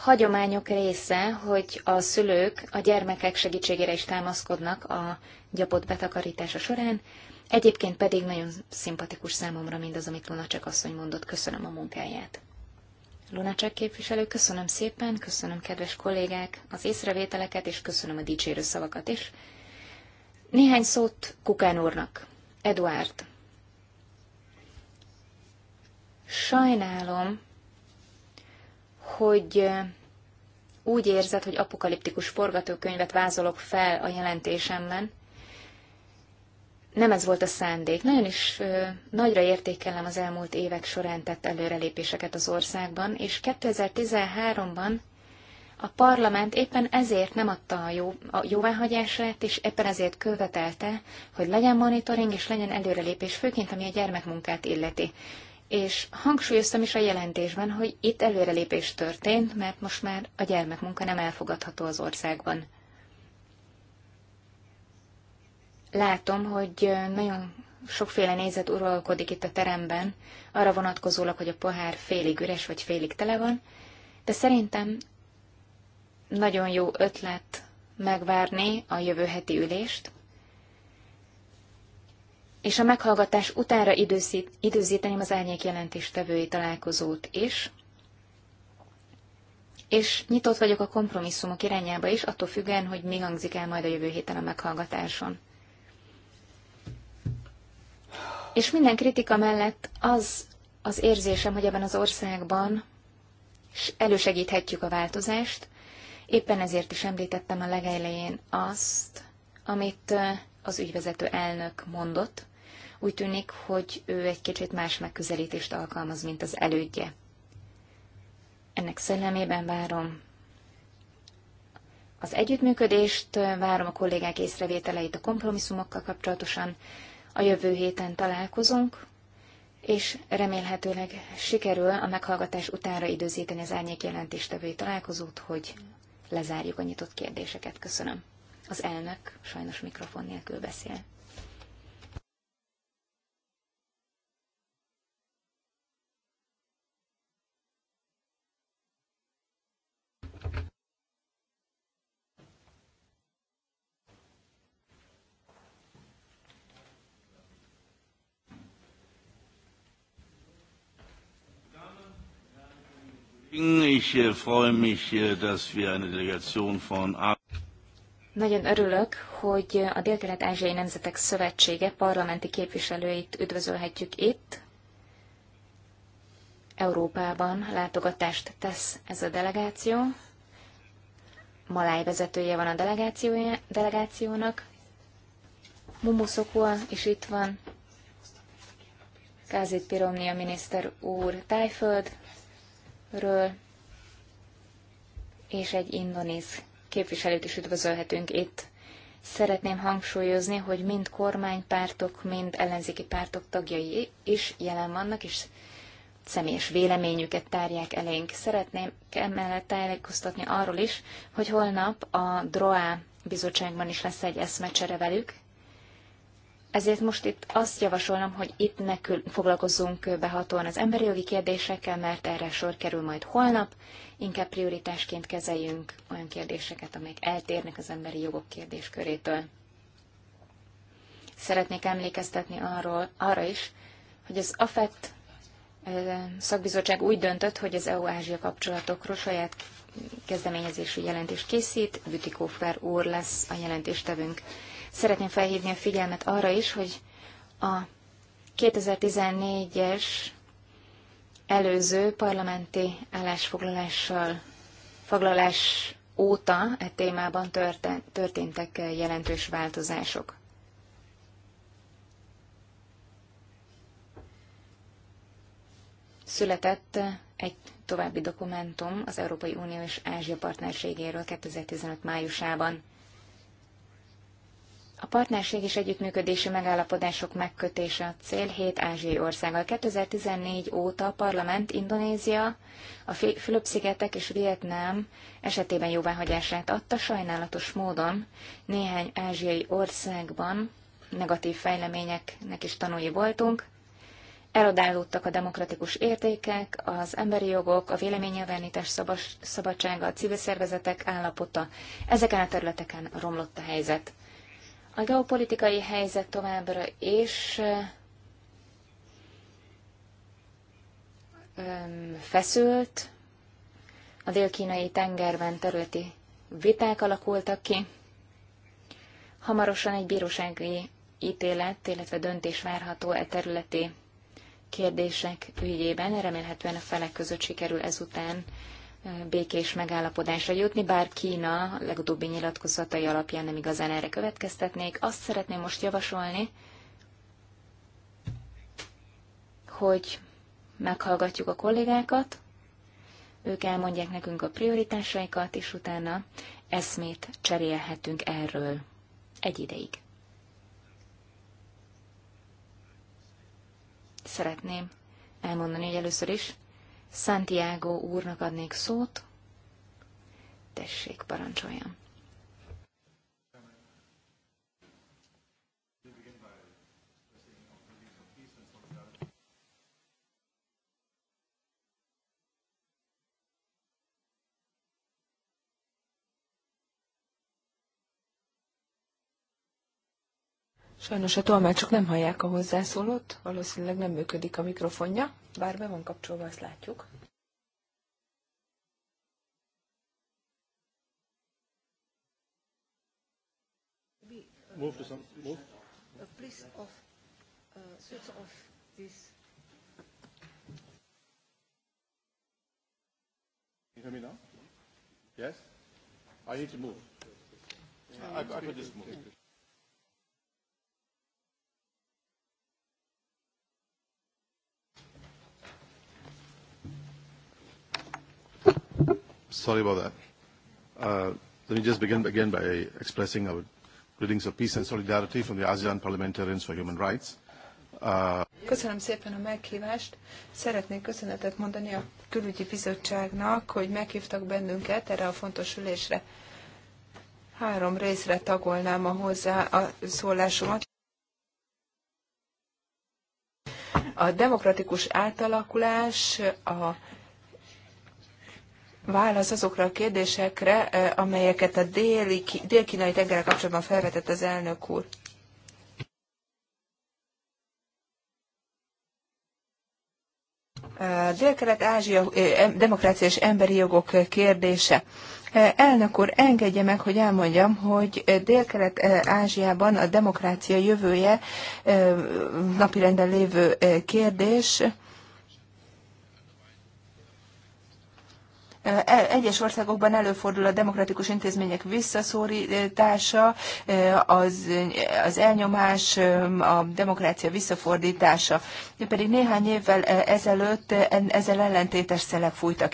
hagyományok része, hogy a szülők a gyermekek segítségére is támaszkodnak a gyapott betakarítása során, egyébként pedig nagyon szimpatikus számomra mindaz, amit Lunacek asszony mondott. Köszönöm a munkáját. Lunacek képviselő, köszönöm szépen, köszönöm kedves kollégák az észrevételeket, és köszönöm a dicsérő szavakat is. Néhány szót Kukán úrnak. Eduard. Sajnálom, hogy úgy érzed, hogy apokaliptikus forgatókönyvet vázolok fel a jelentésemben. Nem ez volt a szándék. Nagyon is ö, nagyra értékelem az elmúlt évek során tett előrelépéseket az országban, és 2013-ban a parlament éppen ezért nem adta a, jó, a jóváhagyását, és éppen ezért követelte, hogy legyen monitoring és legyen előrelépés, főként ami a gyermekmunkát illeti és hangsúlyoztam is a jelentésben, hogy itt előrelépés történt, mert most már a gyermekmunka nem elfogadható az országban. Látom, hogy nagyon sokféle nézet uralkodik itt a teremben, arra vonatkozólag, hogy a pohár félig üres vagy félig tele van, de szerintem nagyon jó ötlet megvárni a jövő heti ülést, és a meghallgatás utánra időszít, időzíteném az árnyék jelentéstevői találkozót is, és nyitott vagyok a kompromisszumok irányába is, attól függően, hogy mi hangzik el majd a jövő héten a meghallgatáson. És minden kritika mellett az az érzésem, hogy ebben az országban elősegíthetjük a változást, éppen ezért is említettem a legelején azt, amit az ügyvezető elnök mondott, úgy tűnik, hogy ő egy kicsit más megközelítést alkalmaz, mint az elődje. Ennek szellemében várom az együttműködést, várom a kollégák észrevételeit a kompromisszumokkal kapcsolatosan. A jövő héten találkozunk, és remélhetőleg sikerül a meghallgatás utára időzíteni az árnyék jelentéstevői találkozót, hogy lezárjuk a nyitott kérdéseket. Köszönöm. Az elnök sajnos mikrofon nélkül beszél. Ich äh, freue mich, äh, dass wir eine Delegation von nagyon örülök, hogy äh, a Dél-Kelet-Ázsiai Nemzetek Szövetsége parlamenti képviselőit üdvözölhetjük itt. Európában látogatást tesz ez a delegáció. Maláj vezetője van a delegációja, delegációnak. Mumuszokua is itt van. Kázit Piromnia miniszter úr Tájföld ről, és egy indonéz képviselőt is üdvözölhetünk itt. Szeretném hangsúlyozni, hogy mind kormánypártok, mind ellenzéki pártok tagjai is jelen vannak, és személyes véleményüket tárják elénk. Szeretném emellett tájékoztatni arról is, hogy holnap a DROA bizottságban is lesz egy eszmecsere velük, ezért most itt azt javasolnám, hogy itt ne foglalkozzunk behatóan az emberi jogi kérdésekkel, mert erre sor kerül majd holnap. Inkább prioritásként kezeljünk olyan kérdéseket, amelyek eltérnek az emberi jogok kérdéskörétől. Szeretnék emlékeztetni arról, arra is, hogy az AFET szakbizottság úgy döntött, hogy az EU-Ázsia kapcsolatokról saját kezdeményezésű jelentést készít, Bütikófer úr lesz a jelentéstevünk. Szeretném felhívni a figyelmet arra is, hogy a 2014-es előző parlamenti állásfoglalással foglalás óta e témában történtek e, jelentős változások. Született e, egy további dokumentum az Európai Unió és Ázsia partnerségéről 2015 májusában. A partnerség és együttműködési megállapodások megkötése a cél hét ázsiai országgal. 2014 óta a parlament Indonézia, a Fülöp-szigetek és Vietnám esetében jóváhagyását adta, sajnálatos módon néhány ázsiai országban negatív fejleményeknek is tanúi voltunk. Elodállódtak a demokratikus értékek, az emberi jogok, a véleménynyilvánítás szabadsága, a civil szervezetek állapota. Ezeken a területeken romlott a helyzet. A geopolitikai helyzet továbbra is feszült, a dél-kínai tengerben területi viták alakultak ki. Hamarosan egy bírósági ítélet, illetve döntés várható e területi kérdések ügyében. Remélhetően a felek között sikerül ezután békés megállapodásra jutni, bár Kína legutóbbi nyilatkozatai alapján nem igazán erre következtetnék. Azt szeretném most javasolni, hogy meghallgatjuk a kollégákat, ők elmondják nekünk a prioritásaikat, és utána eszmét cserélhetünk erről egy ideig. Szeretném elmondani, hogy először is Santiago úrnak adnék szót. Tessék, parancsoljam. Sajnos a tolmácsok nem hallják a hozzászólót, valószínűleg nem működik a mikrofonja. Bár be van kapcsolva, azt látjuk. Move to some, move. Uh, please off, uh, switch off this. You hear me now? Yes? I need to move. I, I could just move. Sorry about that. Uh, let me just begin again by expressing our greetings of peace and solidarity from the ASEAN Parliamentarians for Human Rights. Uh... Köszönöm szépen a meghívást. Szeretnék köszönetet mondani a külügyi bizottságnak, hogy meghívtak bennünket erre a fontos ülésre. Három részre tagolnám a hozzá a szólásomat. A demokratikus átalakulás, a válasz azokra a kérdésekre, eh, amelyeket a déli, dél-kínai tengerrel kapcsolatban felvetett az elnök úr. Eh, Dél-Kelet-Ázsia eh, demokrácia és emberi jogok kérdése. Elnök úr, engedje meg, hogy elmondjam, hogy Dél-Kelet-Ázsiában a demokrácia jövője napirenden lévő kérdés, E, egyes országokban előfordul a demokratikus intézmények visszaszorítása, e, az, az elnyomás, e, a demokrácia visszafordítása. Pedig néhány évvel ezelőtt ezzel ellentétes szelek fújtak.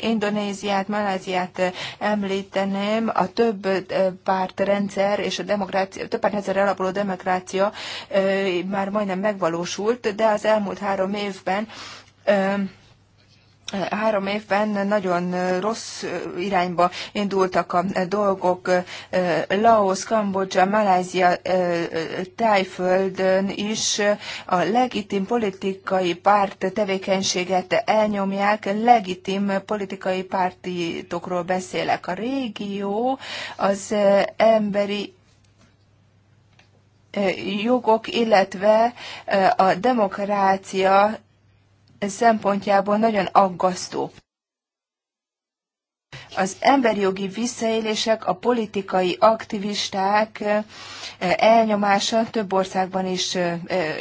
Indonéziát, Maláziát említeném, a több pártrendszer és a demokrácia, több pártrendszer alapuló demokrácia már majdnem megvalósult, de az elmúlt három évben három évben nagyon rossz irányba indultak a dolgok. Laos, Kambodzsa, Malázia, Tájföldön is a legitim politikai párt tevékenységet elnyomják. Legitim politikai pártitokról beszélek. A régió az emberi jogok, illetve a demokrácia szempontjából nagyon aggasztó. Az emberi jogi visszaélések, a politikai aktivisták elnyomása több országban is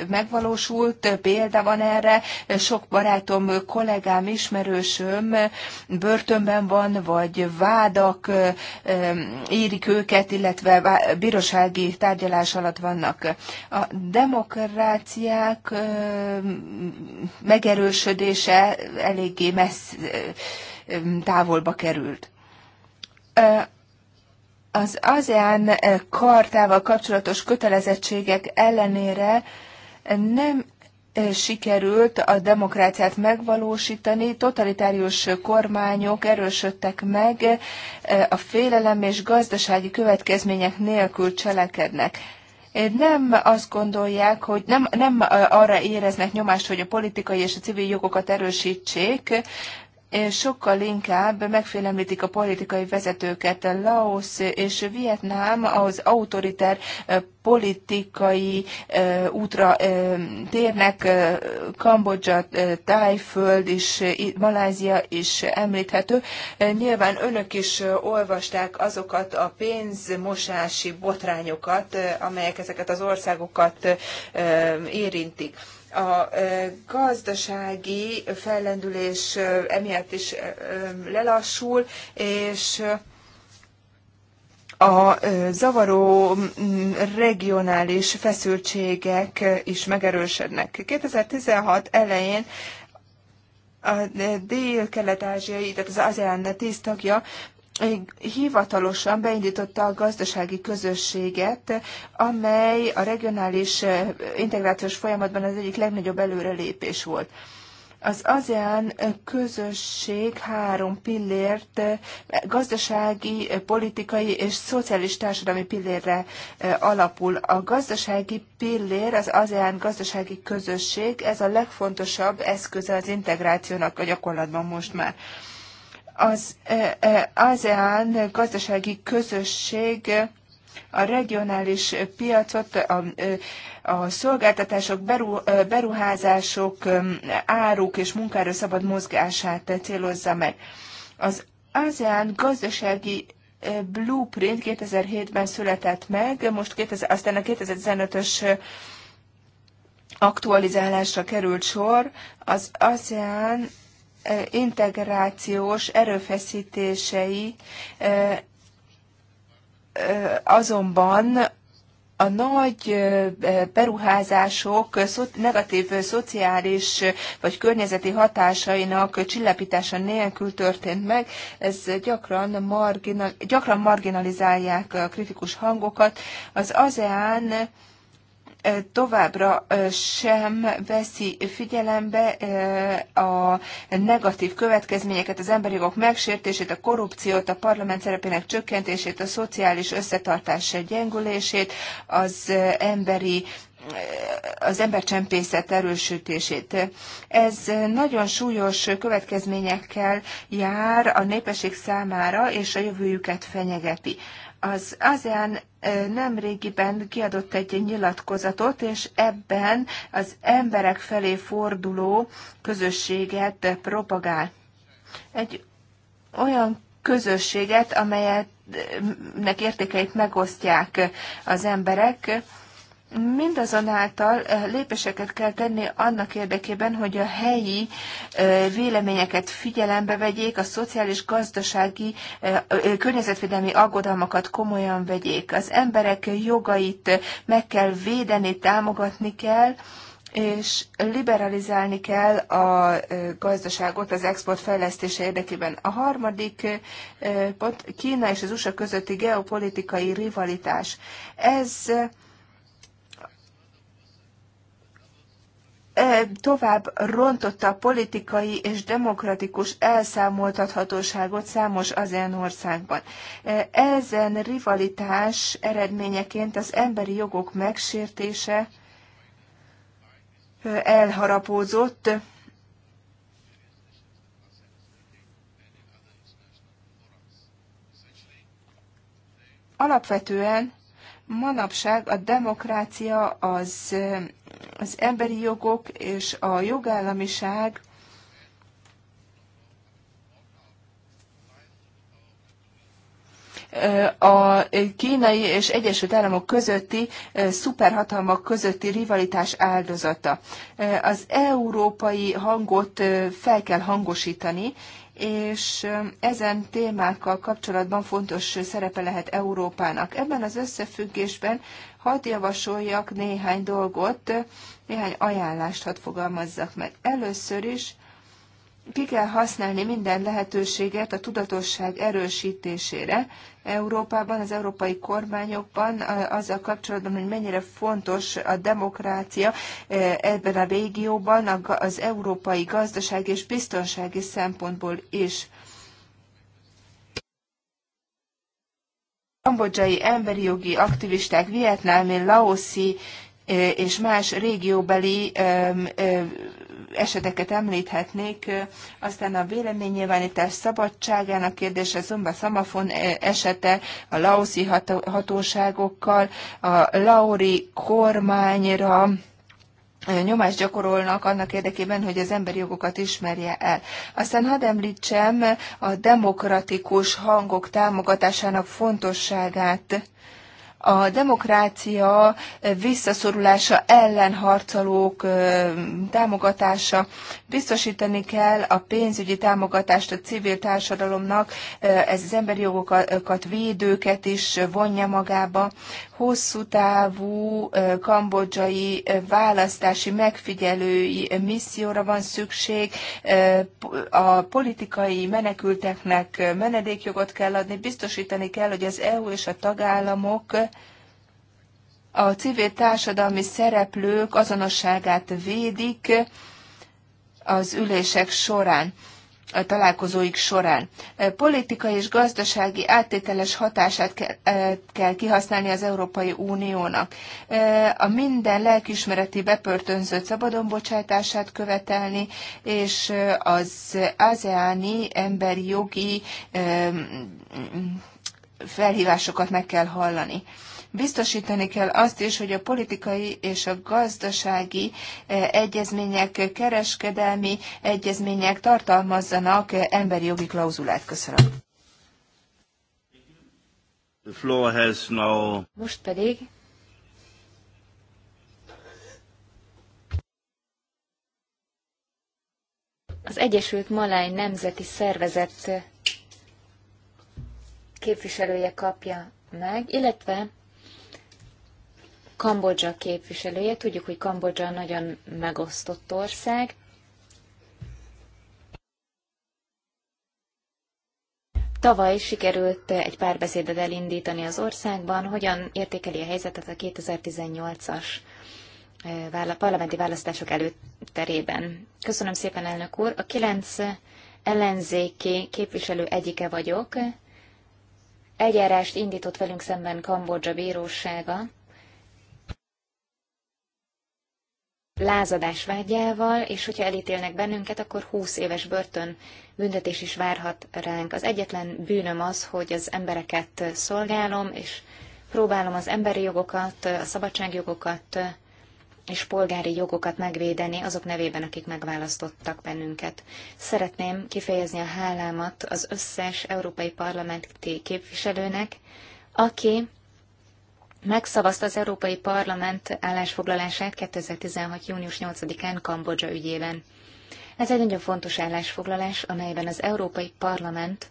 megvalósult, példa van erre, sok barátom, kollégám, ismerősöm börtönben van, vagy vádak írik őket, illetve bírósági tárgyalás alatt vannak. A demokráciák megerősödése eléggé messze távolba került. Az ASEAN kartával kapcsolatos kötelezettségek ellenére nem sikerült a demokráciát megvalósítani, totalitárius kormányok erősödtek meg, a félelem és gazdasági következmények nélkül cselekednek. Nem azt gondolják, hogy nem, nem arra éreznek nyomást, hogy a politikai és a civil jogokat erősítsék, Eh, sokkal inkább megfélemlítik a politikai vezetőket. Laos és Vietnám az autoriter eh, politikai eh, útra térnek, Kambodzsa, Tájföld és Malázia is említhető. Nyilván önök is olvasták azokat a pénzmosási botrányokat, amelyek ezeket az országokat érintik a gazdasági fellendülés emiatt is lelassul, és a zavaró regionális feszültségek is megerősödnek. 2016 elején a dél-kelet-ázsiai, tehát az ASEAN 10 tagja hivatalosan beindította a gazdasági közösséget, amely a regionális eh, integrációs folyamatban az egyik legnagyobb előrelépés volt. Az ASEAN eh, közösség három pillért, eh, gazdasági, politikai és szociális társadalmi pillérre alapul. A gazdasági pillér, az ASEAN gazdasági közösség, ez a legfontosabb eszköze az integrációnak a gyakorlatban most már. Az ASEAN gazdasági közösség a regionális piacot, a, a szolgáltatások, beru, beruházások, áruk és munkára szabad mozgását célozza meg. Az ASEAN gazdasági blueprint 2007-ben született meg, most 2000, aztán a 2015-ös aktualizálásra került sor. Az ASEAN integrációs erőfeszítései azonban a nagy beruházások negatív szociális vagy környezeti hatásainak csillapítása nélkül történt meg. Ez gyakran, marginal, gyakran marginalizálják a kritikus hangokat. Az ASEAN továbbra sem veszi figyelembe a negatív következményeket, az emberi jogok megsértését, a korrupciót, a parlament szerepének csökkentését, a szociális összetartás gyengülését, az emberi az embercsempészet erősítését. Ez nagyon súlyos következményekkel jár a népesség számára, és a jövőjüket fenyegeti. Az ASEAN nemrégiben kiadott egy nyilatkozatot, és ebben az emberek felé forduló közösséget propagál. Egy olyan közösséget, amelyet nek értékeit megosztják az emberek, Mindazonáltal eh, lépéseket kell tenni annak érdekében, hogy a helyi eh, véleményeket figyelembe vegyék, a szociális, gazdasági, eh, környezetvédelmi aggodalmakat komolyan vegyék. Az emberek jogait meg kell védeni, támogatni kell, és liberalizálni kell a gazdaságot az export fejlesztése érdekében. A harmadik pont Kína és az USA közötti geopolitikai rivalitás. Ez E, tovább rontotta a politikai és demokratikus elszámoltathatóságot számos ASEAN országban. E, ezen rivalitás eredményeként az emberi jogok megsértése e, elharapózott, Alapvetően manapság a demokrácia, az az emberi jogok és a jogállamiság a kínai és Egyesült Államok közötti szuperhatalmak közötti rivalitás áldozata. Az európai hangot fel kell hangosítani, és ezen témákkal kapcsolatban fontos szerepe lehet Európának. Ebben az összefüggésben Hadd javasoljak néhány dolgot, néhány ajánlást hadd fogalmazzak meg. Először is ki kell használni minden lehetőséget a tudatosság erősítésére Európában, az európai kormányokban, azzal kapcsolatban, hogy mennyire fontos a demokrácia e, ebben a régióban, az európai gazdaság és biztonsági szempontból is. kambodzsai emberi jogi aktivisták, vietnámi, laoszi és más régióbeli eseteket említhetnék, aztán a véleménynyilvánítás szabadságának kérdése, Zumba Szamafon esete, a laoszi hatóságokkal, a laori kormányra, nyomást gyakorolnak annak érdekében, hogy az emberi jogokat ismerje el. Aztán hadd említsem a demokratikus hangok támogatásának fontosságát a demokrácia eh, visszaszorulása ellen harcolók eh, támogatása. Biztosítani kell a pénzügyi támogatást a civil társadalomnak, eh, ez az emberi jogokat védőket is vonja magába. Hosszú távú kambodzsai választási megfigyelői misszióra van szükség, a politikai menekülteknek menedékjogot kell adni, biztosítani kell, hogy az EU és a tagállamok a civil társadalmi szereplők azonosságát védik az ülések során a találkozóik során. Politikai és gazdasági áttételes hatását e, kell kihasználni az Európai Uniónak. E, a minden lelkismereti bepörtönzött szabadonbocsátását követelni, és az azeáni emberi jogi e, felhívásokat meg kell hallani. Biztosítani kell azt is, hogy a politikai és a gazdasági eh, egyezmények, kereskedelmi egyezmények tartalmazzanak eh, emberi jogi klauzulát. Köszönöm. The floor has Most pedig az Egyesült Maláj Nemzeti Szervezet eh, képviselője kapja meg, illetve Kambodzsa képviselője. Tudjuk, hogy Kambodzsa nagyon megosztott ország. Tavaly sikerült egy párbeszédet elindítani az országban. Hogyan értékeli a helyzetet a 2018-as eh, parlamenti választások előterében? Köszönöm szépen, elnök úr. A kilenc ellenzéki képviselő egyike vagyok. Eljárást indított velünk szemben Kambodzsa bírósága, lázadás vágyával, és hogyha elítélnek bennünket, akkor 20 éves börtön büntetés is várhat ránk. Az egyetlen bűnöm az, hogy az embereket szolgálom, és próbálom az emberi jogokat, a szabadságjogokat és polgári jogokat megvédeni azok nevében, akik megválasztottak bennünket. Szeretném kifejezni a hálámat az összes európai parlamenti képviselőnek, aki megszavazta az Európai Parlament állásfoglalását 2016. június 8-án Kambodzsa ügyében. Ez egy nagyon fontos állásfoglalás, amelyben az Európai Parlament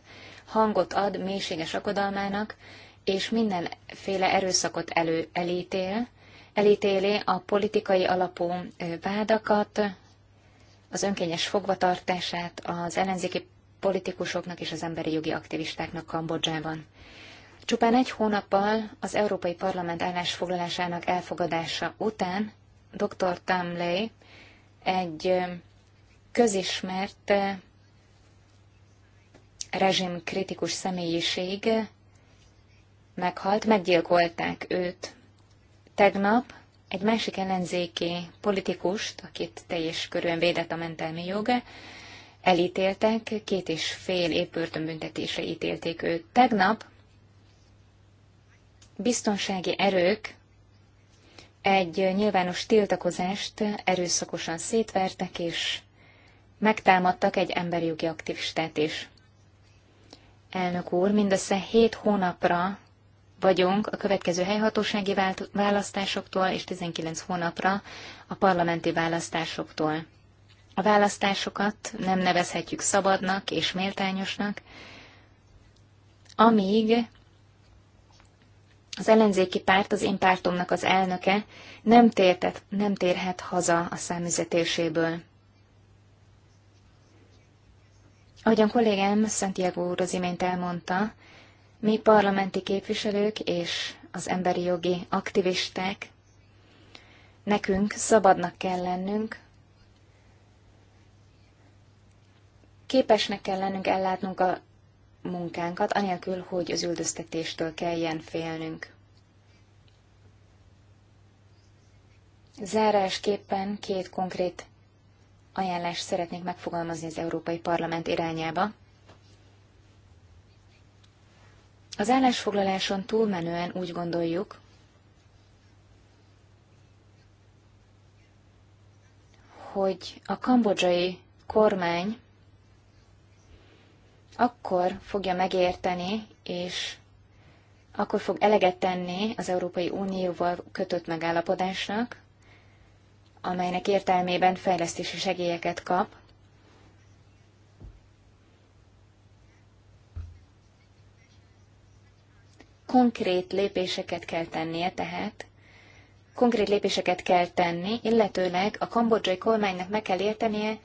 hangot ad mélységes akadalmának, és mindenféle erőszakot elő elítél, elítéli a politikai alapú vádakat, az önkényes fogvatartását az ellenzéki politikusoknak és az emberi jogi aktivistáknak Kambodzsában. Csupán egy hónappal az Európai Parlament állásfoglalásának elfogadása után dr. Tamley egy közismert rezsimkritikus személyiség meghalt, meggyilkolták őt. Tegnap egy másik ellenzéki politikust, akit teljes körülön védett a mentelmi joga, elítéltek, két és fél év börtönbüntetésre ítélték őt. Tegnap biztonsági erők egy nyilvános tiltakozást erőszakosan szétvertek, és megtámadtak egy emberi jogi aktivistát is. Elnök úr, mindössze hét hónapra vagyunk a következő helyhatósági választásoktól és 19 hónapra a parlamenti választásoktól. A választásokat nem nevezhetjük szabadnak és méltányosnak, amíg az ellenzéki párt, az én pártomnak az elnöke nem, tértet, nem térhet haza a számüzetéséből. Ahogyan kollégám Santiago úr az imént elmondta, mi parlamenti képviselők és az emberi jogi aktivisták, nekünk szabadnak kell lennünk, képesnek kell lennünk ellátnunk a munkánkat, anélkül, hogy az üldöztetéstől kelljen félnünk. Zárásképpen két konkrét ajánlást szeretnék megfogalmazni az Európai Parlament irányába. Az állásfoglaláson túlmenően úgy gondoljuk, hogy a kambodzsai kormány akkor fogja megérteni, és akkor fog eleget tenni az Európai Unióval kötött megállapodásnak, amelynek értelmében fejlesztési segélyeket kap, konkrét lépéseket kell tennie tehát, konkrét lépéseket kell tenni, illetőleg a kambodzsai kormánynak meg kell értenie,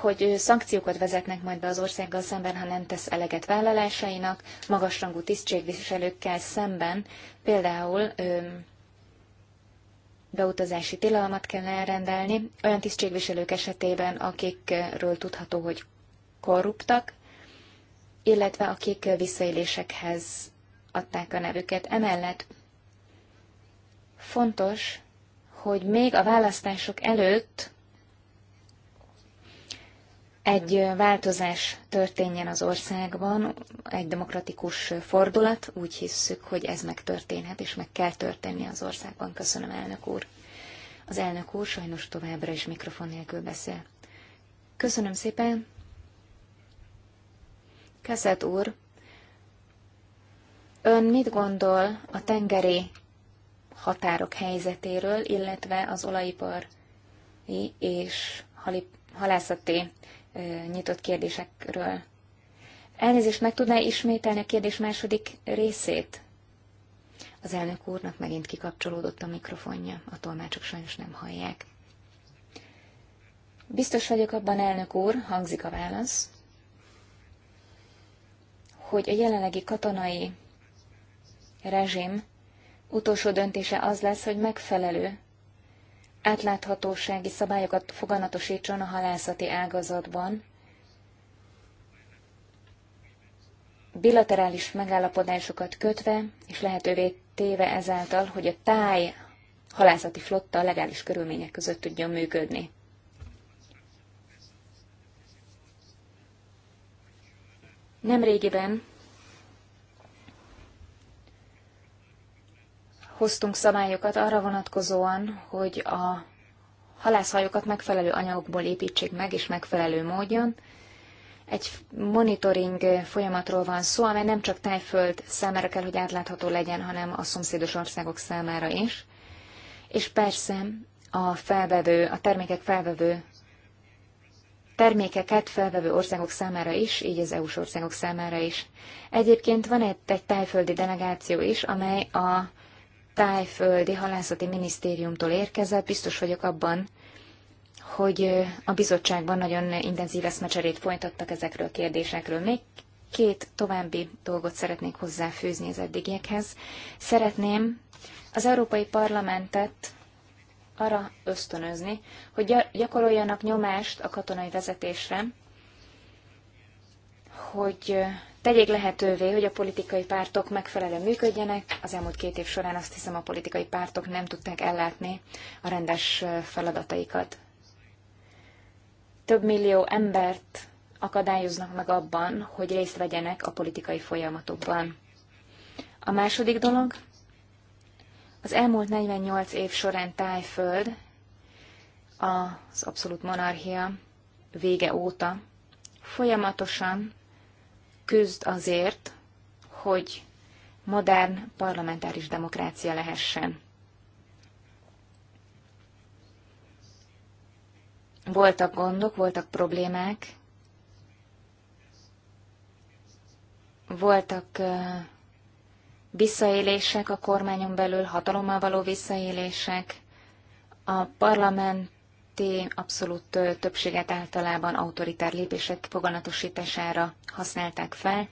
hogy szankciókat vezetnek majd be az országgal szemben, ha nem tesz eleget vállalásainak, magasrangú tisztségviselőkkel szemben, például beutazási tilalmat kell elrendelni, olyan tisztségviselők esetében, akikről tudható, hogy korruptak, illetve akik visszaélésekhez adták a nevüket. Emellett fontos, hogy még a választások előtt egy változás történjen az országban, egy demokratikus fordulat, úgy hisszük, hogy ez megtörténhet, és meg kell történni az országban. Köszönöm, elnök úr. Az elnök úr sajnos továbbra is mikrofon nélkül beszél. Köszönöm szépen. Keszet úr, ön mit gondol a tengeri határok helyzetéről, illetve az olajipari és halip halászati nyitott kérdésekről. Elnézést meg tudná ismételni a kérdés második részét? Az elnök úrnak megint kikapcsolódott a mikrofonja, a tolmácsok sajnos nem hallják. Biztos vagyok abban, elnök úr, hangzik a válasz, hogy a jelenlegi katonai rezsim utolsó döntése az lesz, hogy megfelelő átláthatósági szabályokat foganatosítson a halászati ágazatban, bilaterális megállapodásokat kötve, és lehetővé téve ezáltal, hogy a táj halászati flotta legális körülmények között tudjon működni. Nemrégiben hoztunk szabályokat arra vonatkozóan, hogy a halászhajókat megfelelő anyagokból építsék meg, és megfelelő módon. Egy monitoring folyamatról van szó, amely nem csak tájföld számára kell, hogy átlátható legyen, hanem a szomszédos országok számára is. És persze a felvevő, a termékek felvevő termékeket felvevő országok számára is, így az EU-s országok számára is. Egyébként van egy, egy tájföldi delegáció is, amely a tájföldi halászati minisztériumtól érkezett. Biztos vagyok abban, hogy a bizottságban nagyon intenzív eszmecserét folytattak ezekről a kérdésekről. Még két további dolgot szeretnék hozzáfűzni az eddigiekhez. Szeretném az Európai Parlamentet arra ösztönözni, hogy gyakoroljanak nyomást a katonai vezetésre, hogy tegyék lehetővé, hogy a politikai pártok megfelelően működjenek. Az elmúlt két év során azt hiszem a politikai pártok nem tudták ellátni a rendes feladataikat. Több millió embert akadályoznak meg abban, hogy részt vegyenek a politikai folyamatokban. A második dolog, az elmúlt 48 év során Tájföld, az abszolút monarchia vége óta folyamatosan küzd azért, hogy modern parlamentáris demokrácia lehessen. Voltak gondok, voltak problémák, voltak visszaélések a kormányon belül, hatalommal való visszaélések, a parlament alatti abszolút többséget általában autoritár lépések foganatosítására használták fel,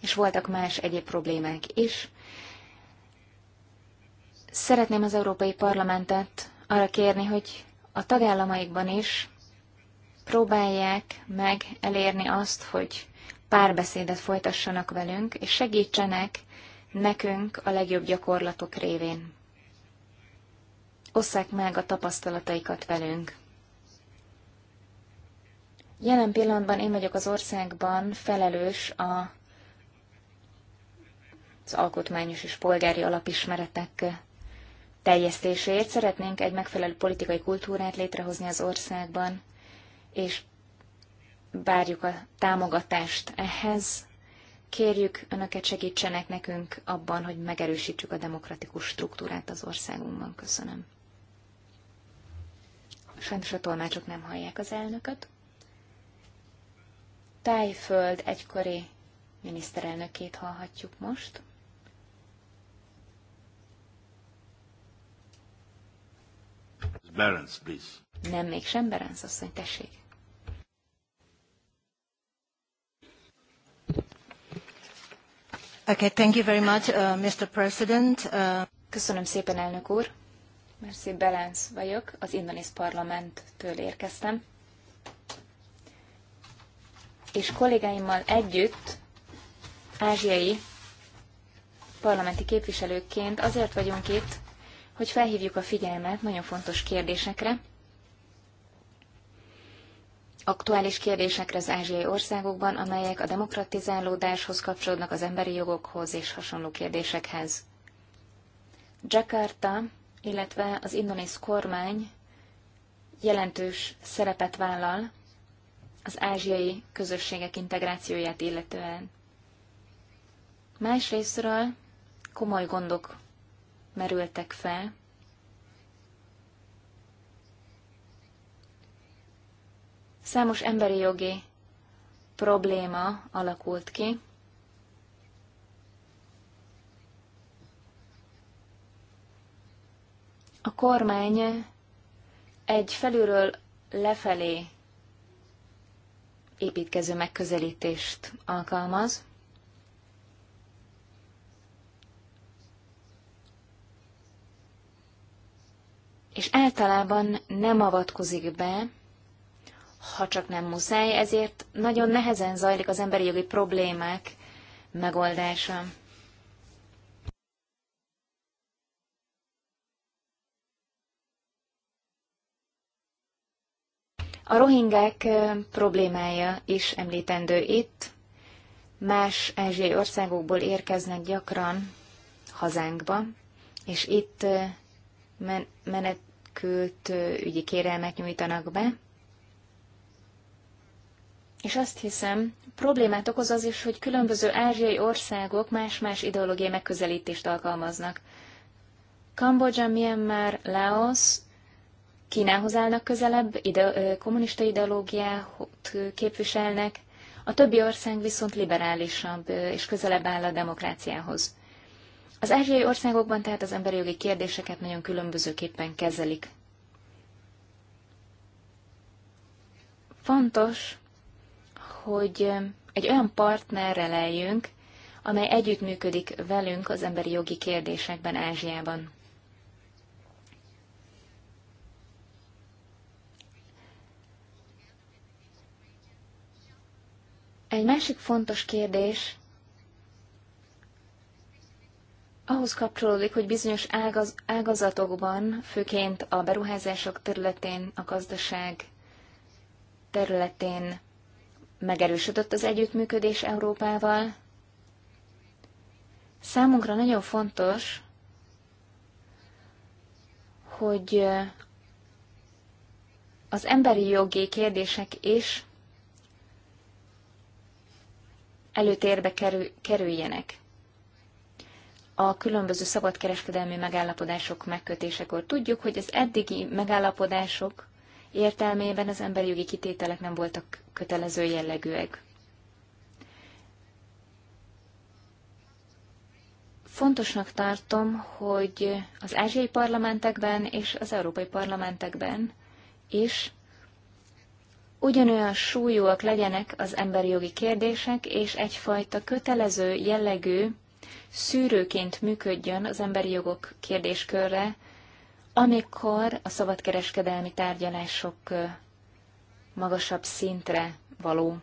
és voltak más egyéb problémák is. Szeretném az Európai Parlamentet arra kérni, hogy a tagállamaikban is próbálják meg elérni azt, hogy párbeszédet folytassanak velünk, és segítsenek nekünk a legjobb gyakorlatok révén osszák meg a tapasztalataikat velünk. Jelen pillanatban én vagyok az országban felelős a, az alkotmányos és polgári alapismeretek teljesztéséért. Szeretnénk egy megfelelő politikai kultúrát létrehozni az országban, és várjuk a támogatást ehhez. Kérjük Önöket segítsenek nekünk abban, hogy megerősítsük a demokratikus struktúrát az országunkban. Köszönöm. Sajnos a tolmácsok nem hallják az elnököt. Tájföld egykori miniszterelnökét hallhatjuk most. Berenc, please. Nem, mégsem Berens asszony, tessék. Okay, thank you very much, uh, Mr. President. Uh... Köszönöm szépen, elnök úr. Merci Belenc vagyok, az Indonész Parlamenttől érkeztem. És kollégáimmal együtt, ázsiai parlamenti képviselőként azért vagyunk itt, hogy felhívjuk a figyelmet nagyon fontos kérdésekre, aktuális kérdésekre az ázsiai országokban, amelyek a demokratizálódáshoz kapcsolódnak az emberi jogokhoz és hasonló kérdésekhez. Jakarta illetve az indonéz kormány jelentős szerepet vállal az ázsiai közösségek integrációját illetően. Másrésztről komoly gondok merültek fel, Számos emberi jogi probléma alakult ki, a kormány egy felülről lefelé építkező megközelítést alkalmaz. És általában nem avatkozik be, ha csak nem muszáj, ezért nagyon nehezen zajlik az emberi jogi problémák megoldása. A rohingák problémája is említendő itt. Más ázsiai országokból érkeznek gyakran hazánkba, és itt men- menekült ügyi kérelmet nyújtanak be. És azt hiszem, problémát okoz az is, hogy különböző ázsiai országok más-más ideológiai megközelítést alkalmaznak. Kambodzsa, Myanmar, Laos Kínához állnak közelebb, ide, kommunista ideológiát képviselnek, a többi ország viszont liberálisabb és közelebb áll a demokráciához. Az ázsiai országokban tehát az emberi jogi kérdéseket nagyon különbözőképpen kezelik. Fontos, hogy egy olyan partnerre leljünk, amely együttműködik velünk az emberi jogi kérdésekben Ázsiában. Egy másik fontos kérdés ahhoz kapcsolódik, hogy bizonyos ágaz, ágazatokban, főként a beruházások területén, a gazdaság területén megerősödött az együttműködés Európával. Számunkra nagyon fontos, hogy az emberi jogi kérdések is előtérbe kerüljenek a különböző szabadkereskedelmi megállapodások megkötésekor. Tudjuk, hogy az eddigi megállapodások értelmében az emberi jogi kitételek nem voltak kötelező jellegűek. Fontosnak tartom, hogy az ázsiai parlamentekben és az európai parlamentekben is ugyanolyan súlyúak legyenek az emberi jogi kérdések, és egyfajta kötelező jellegű szűrőként működjön az emberi jogok kérdéskörre, amikor a szabadkereskedelmi tárgyalások magasabb szintre való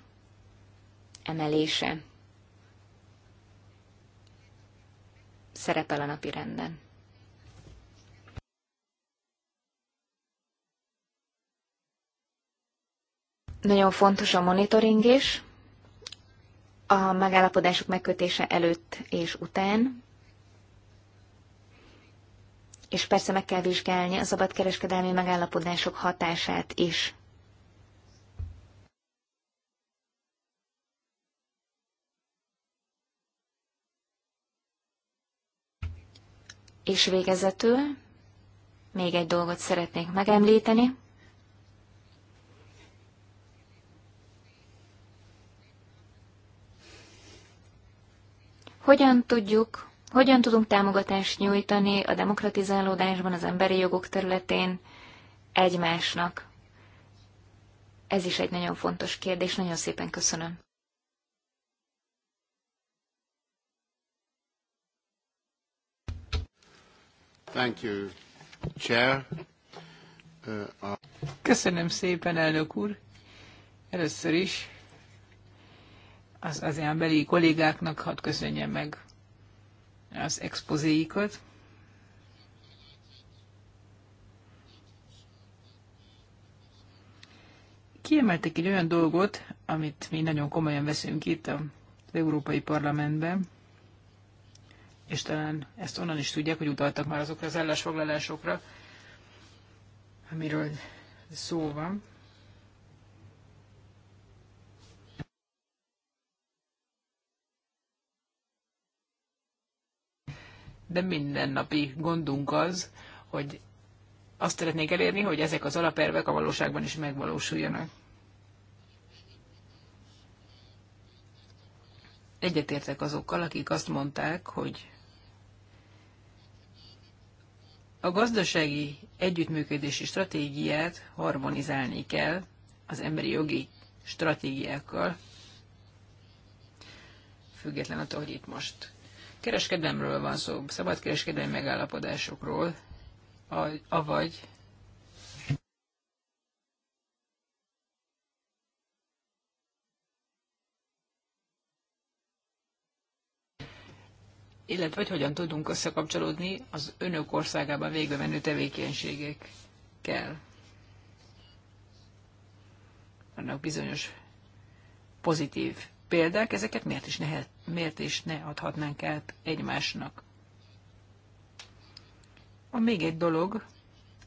emelése szerepel a napirenden. Nagyon fontos a monitoring is, a megállapodások megkötése előtt és után, és persze meg kell vizsgálni a szabadkereskedelmi megállapodások hatását is. És végezetül még egy dolgot szeretnék megemlíteni. Hogyan tudjuk, hogyan tudunk támogatást nyújtani a demokratizálódásban, az emberi jogok területén egymásnak? Ez is egy nagyon fontos kérdés, nagyon szépen köszönöm. Thank you, Chair. Uh, uh, köszönöm szépen, elnök úr. Először is az az emberi kollégáknak hadd köszönjem meg az expozéikat. Kiemeltek egy olyan dolgot, amit mi nagyon komolyan veszünk itt az Európai Parlamentben, és talán ezt onnan is tudják, hogy utaltak már azokra az állásfoglalásokra, amiről szó van. de mindennapi gondunk az, hogy azt szeretnék elérni, hogy ezek az alapelvek a valóságban is megvalósuljanak. Egyetértek azokkal, akik azt mondták, hogy a gazdasági együttműködési stratégiát harmonizálni kell az emberi jogi stratégiákkal, független attól, hogy itt most kereskedelemről van szó, szabadkereskedelmi megállapodásokról, avagy illetve hogy hogyan tudunk összekapcsolódni az önök országában végbe menő tevékenységekkel. Vannak bizonyos pozitív példák, ezeket miért is ne, miért is ne adhatnánk el egymásnak? Van még egy dolog,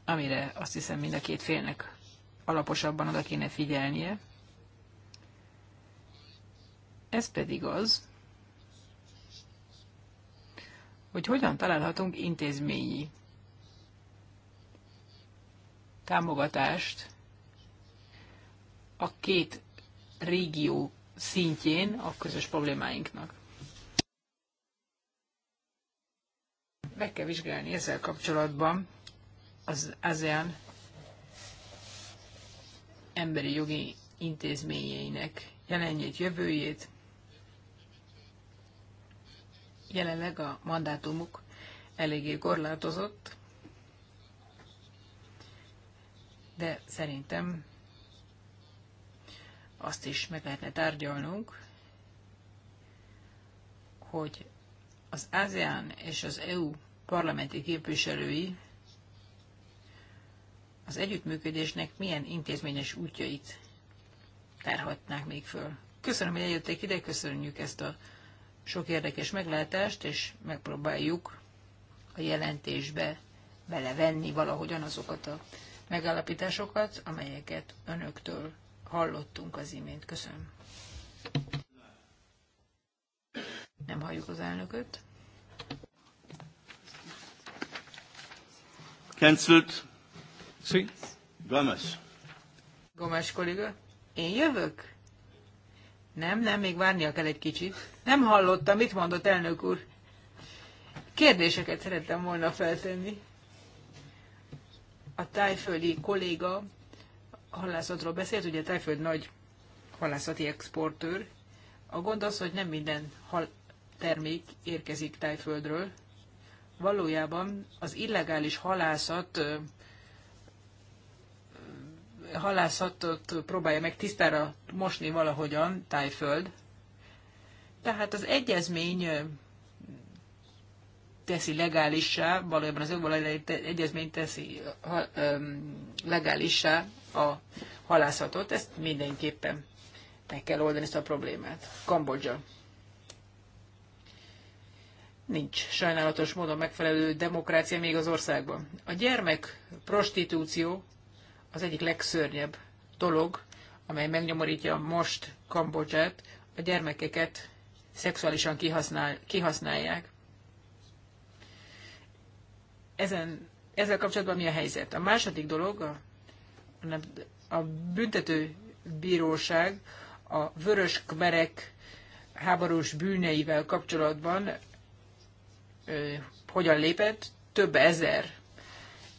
amire azt hiszem mind a két félnek alaposabban oda kéne figyelnie. Ez pedig az, hogy hogyan találhatunk intézményi támogatást a két régió szintjén a közös problémáinknak. Meg kell vizsgálni ezzel kapcsolatban az ASEAN emberi jogi intézményeinek jelenjét, jövőjét. Jelenleg a mandátumuk eléggé korlátozott, de szerintem azt is meg lehetne tárgyalnunk, hogy az ASEAN és az EU parlamenti képviselői az együttműködésnek milyen intézményes útjait tárhatnák még föl. Köszönöm, hogy eljöttek ide, köszönjük ezt a sok érdekes meglátást, és megpróbáljuk a jelentésbe belevenni valahogyan azokat a megállapításokat, amelyeket önöktől hallottunk az imént. Köszönöm. Nem halljuk az elnököt. Cancelled. Sí. Gomes. Gomes kolléga. Én jövök? Nem, nem, még várnia kell egy kicsit. Nem hallottam, mit mondott elnök úr. Kérdéseket szerettem volna feltenni. A tájföldi kolléga halászatról beszélt, ugye Tájföld nagy halászati exportőr. A gond az, hogy nem minden hal termék érkezik Tájföldről. Valójában az illegális halászat halászatot próbálja meg tisztára mosni valahogyan Tájföld. Tehát az egyezmény teszi legálissá, valójában az ökolai egyezmény teszi ha, öm, legálissá a halászatot. Ezt mindenképpen meg kell oldani ezt a problémát. Kambodzsa. Nincs sajnálatos módon megfelelő demokrácia még az országban. A gyermek prostitúció az egyik legszörnyebb dolog, amely megnyomorítja most Kambodzsát, a gyermekeket szexuálisan kihasznál, kihasználják ezen, ezzel kapcsolatban mi a helyzet? A második dolog, a, a büntető bíróság a vörös kmerek háborús bűneivel kapcsolatban ö, hogyan lépett? Több ezer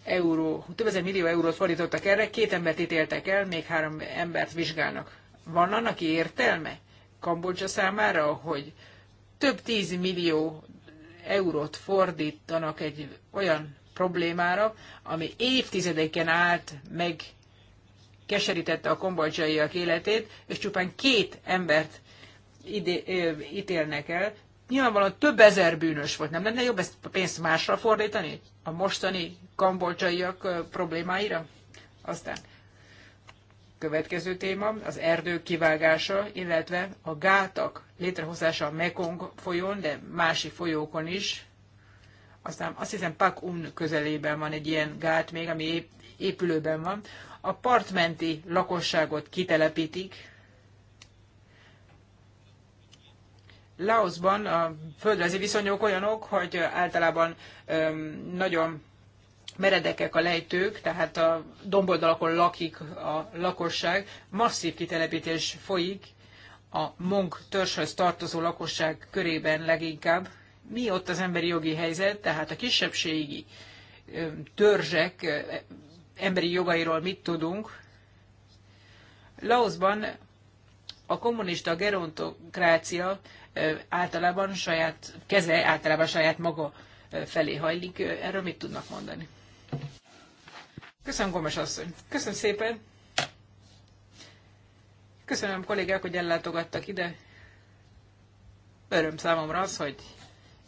euró, több ezer millió eurót fordítottak erre, két embert ítéltek el, még három embert vizsgálnak. Van annak értelme Kambodzsa számára, hogy több tíz millió eurót fordítanak egy olyan problémára, ami évtizedeken át meg keserítette a kombolcsaiak életét, és csupán két embert ide, ö, ítélnek el. Nyilvánvalóan több ezer bűnös volt. Nem lenne jobb ezt a pénzt másra fordítani? A mostani kambolcsaiak problémáira? Aztán Következő téma az erdők kivágása, illetve a gátak létrehozása a Mekong folyón, de másik folyókon is. Aztán azt hiszem Pak Un közelében van egy ilyen gát még, ami épülőben van. A partmenti lakosságot kitelepítik. Laosban a földrajzi viszonyok olyanok, hogy általában öm, nagyon meredekek a lejtők, tehát a domboldalakon lakik a lakosság, masszív kitelepítés folyik, a monk törzshöz tartozó lakosság körében leginkább. Mi ott az emberi jogi helyzet, tehát a kisebbségi törzsek emberi jogairól mit tudunk? Laosban a kommunista gerontokrácia általában saját keze, általában saját maga felé hajlik. Erről mit tudnak mondani? Köszönöm, Gomes asszony. Köszönöm szépen. Köszönöm kollégák, hogy ellátogattak ide. Öröm számomra az, hogy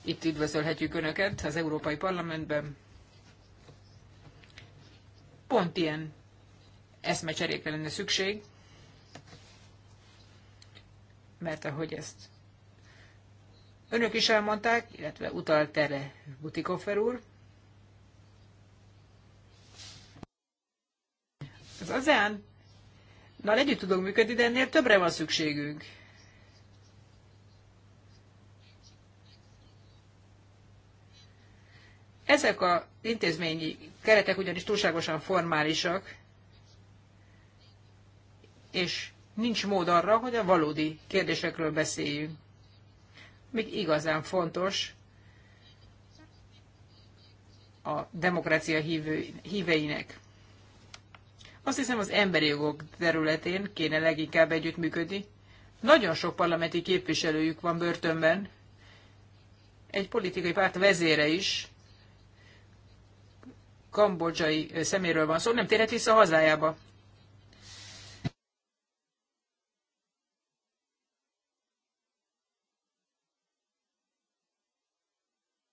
itt üdvözölhetjük Önöket az Európai Parlamentben. Pont ilyen eszmecserékre lenne szükség, mert ahogy ezt Önök is elmondták, illetve utalt erre Butikoffer úr, Az azán. Na, együtt tudunk működni, de ennél többre van szükségünk. Ezek az intézményi keretek ugyanis túlságosan formálisak, és nincs mód arra, hogy a valódi kérdésekről beszéljünk. Még igazán fontos a demokrácia hívő, híveinek. Azt hiszem az emberi jogok területén kéne leginkább együttműködni. Nagyon sok parlamenti képviselőjük van börtönben. Egy politikai párt vezére is kambodzsai szeméről van szó, nem térhet vissza hazájába.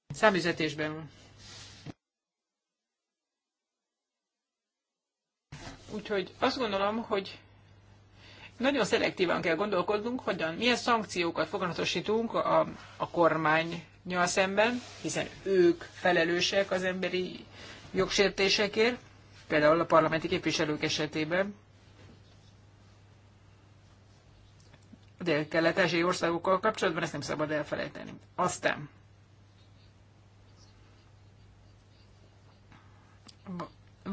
Számüzetésben Úgyhogy azt gondolom, hogy nagyon szelektívan kell gondolkodnunk, hogyan, milyen szankciókat foganatosítunk a, a nyal szemben, hiszen ők felelősek az emberi jogsértésekért, például a parlamenti képviselők esetében. A dél-kelet-ázsiai országokkal kapcsolatban ezt nem szabad elfelejteni. Aztán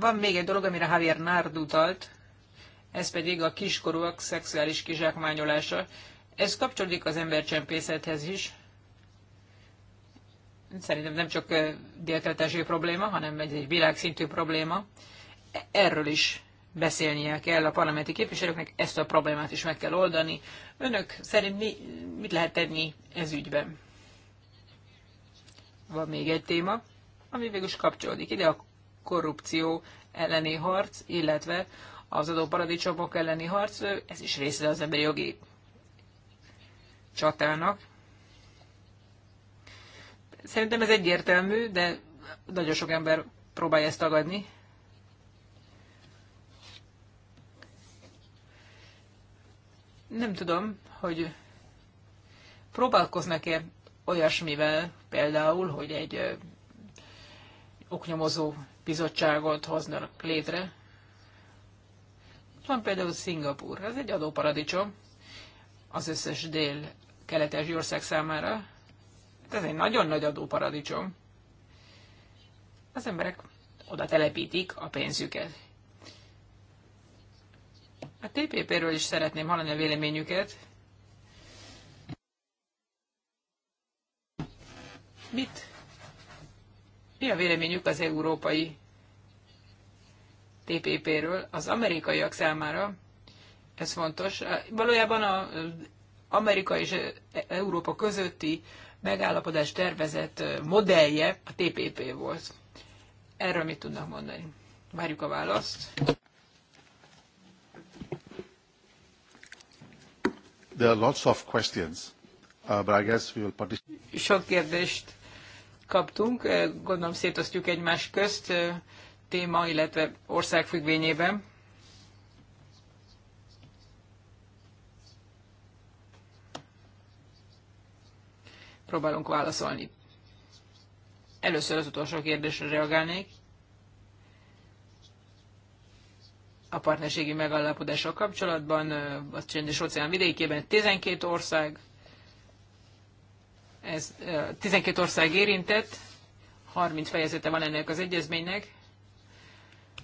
van még egy dolog, amire Javier Nárd utalt, ez pedig a kiskorúak szexuális kizsákmányolása. Ez kapcsolódik az embercsempészethez is. Szerintem nem csak délkeletesi probléma, hanem ez egy világszintű probléma. Erről is beszélnie kell a parlamenti képviselőknek, ezt a problémát is meg kell oldani. Önök szerint mi, mit lehet tenni ez ügyben? Van még egy téma, ami végül is kapcsolódik ide, a korrupció elleni harc, illetve az adóparadicsomok elleni harc, ez is része az emberi jogi csatának. Szerintem ez egyértelmű, de nagyon sok ember próbálja ezt tagadni. Nem tudom, hogy próbálkoznak-e olyasmivel, például, hogy egy oknyomozó bizottságot hoznak létre. Van például Szingapur, ez egy adóparadicsom az összes dél kelet ország számára. Hát ez egy nagyon nagy adóparadicsom. Az emberek oda telepítik a pénzüket. A TPP-ről is szeretném hallani a véleményüket. Mit mi a véleményük az európai TPP-ről az amerikaiak számára? Ez fontos. Valójában az Amerika és Európa közötti megállapodás tervezett modellje a TPP volt. Erről mit tudnak mondani? Várjuk a választ. There are lots of questions, uh, but I guess we will participate. Sok kérdést kaptunk, gondolom szétosztjuk egymás közt téma, illetve ország függvényében. Próbálunk válaszolni. Először az utolsó kérdésre reagálnék. A partnerségi megállapodással kapcsolatban a csendes óceán vidékében 12 ország ez 12 ország érintett, 30 fejezete van ennek az egyezménynek.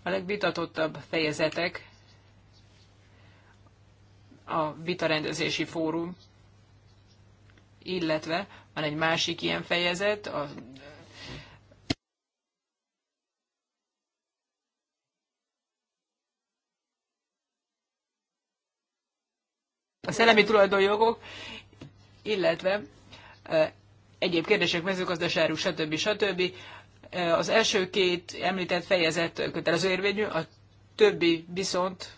A legvitatottabb fejezetek a vitarendezési fórum, illetve van egy másik ilyen fejezet, a a szellemi tulajdonjogok, illetve egyéb kérdések, mezőgazdaságú, stb. stb. Az első két említett fejezet kötelező érvényű, a többi viszont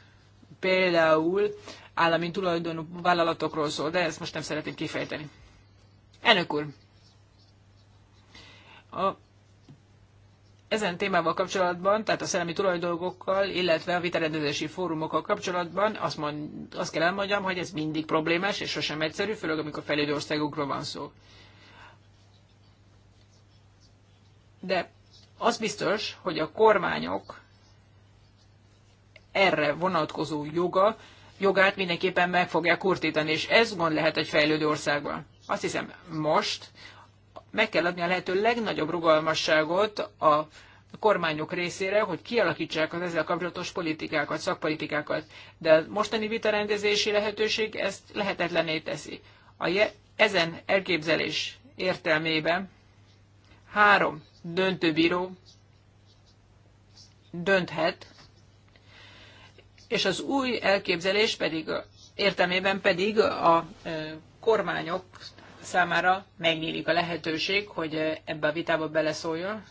például állami tulajdonú vállalatokról szól, de ezt most nem szeretném kifejteni. Elnök úr, a ezen témával kapcsolatban, tehát a szellemi tulajdolgokkal, illetve a vitarendezési fórumokkal kapcsolatban azt, mond, azt kell elmondjam, hogy ez mindig problémás és sosem egyszerű, főleg amikor fejlődő országokról van szó. De az biztos, hogy a kormányok erre vonatkozó joga, jogát mindenképpen meg fogják kurtítani, és ez gond lehet egy fejlődő országban. Azt hiszem, most meg kell adni a lehető legnagyobb rugalmasságot a kormányok részére, hogy kialakítsák az ezzel kapcsolatos politikákat, szakpolitikákat. De a mostani vitarendezési lehetőség ezt lehetetlené teszi. A je, ezen elképzelés értelmében három döntőbíró dönthet, és az új elképzelés pedig értelmében pedig a kormányok számára megnyílik a lehetőség, hogy ebbe a vitába beleszóljon.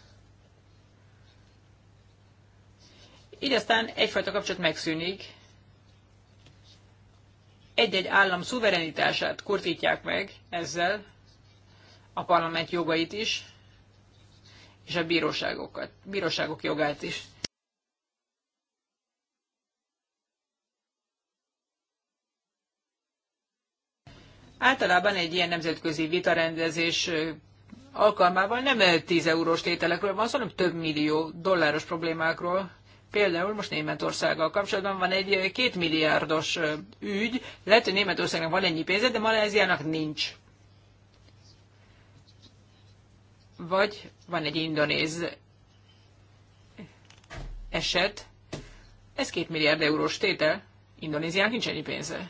Így aztán egyfajta kapcsolat megszűnik. Egy-egy állam szuverenitását kurtítják meg ezzel, a parlament jogait is, és a bíróságokat, bíróságok jogát is. Általában egy ilyen nemzetközi vitarendezés alkalmával nem 10 eurós tételekről van szó, hanem több millió dolláros problémákról. Például most Németországgal kapcsolatban van egy két milliárdos ügy, lehet, hogy Németországnak van ennyi pénze, de Maláziának nincs. Vagy van egy indonéz eset, ez két milliárd eurós tétel, Indonéziának nincs ennyi pénze.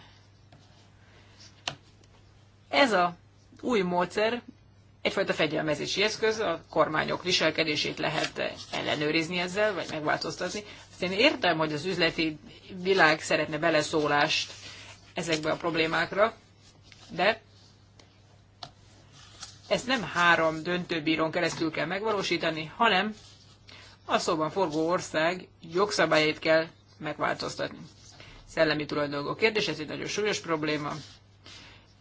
Ez a új módszer egyfajta fegyelmezési eszköz, a kormányok viselkedését lehet ellenőrizni ezzel, vagy megváltoztatni. Azt én értem, hogy az üzleti világ szeretne beleszólást ezekbe a problémákra, de ezt nem három döntőbíron keresztül kell megvalósítani, hanem a szóban forgó ország jogszabályait kell megváltoztatni. Szellemi tulajdonok kérdés, ez egy nagyon súlyos probléma.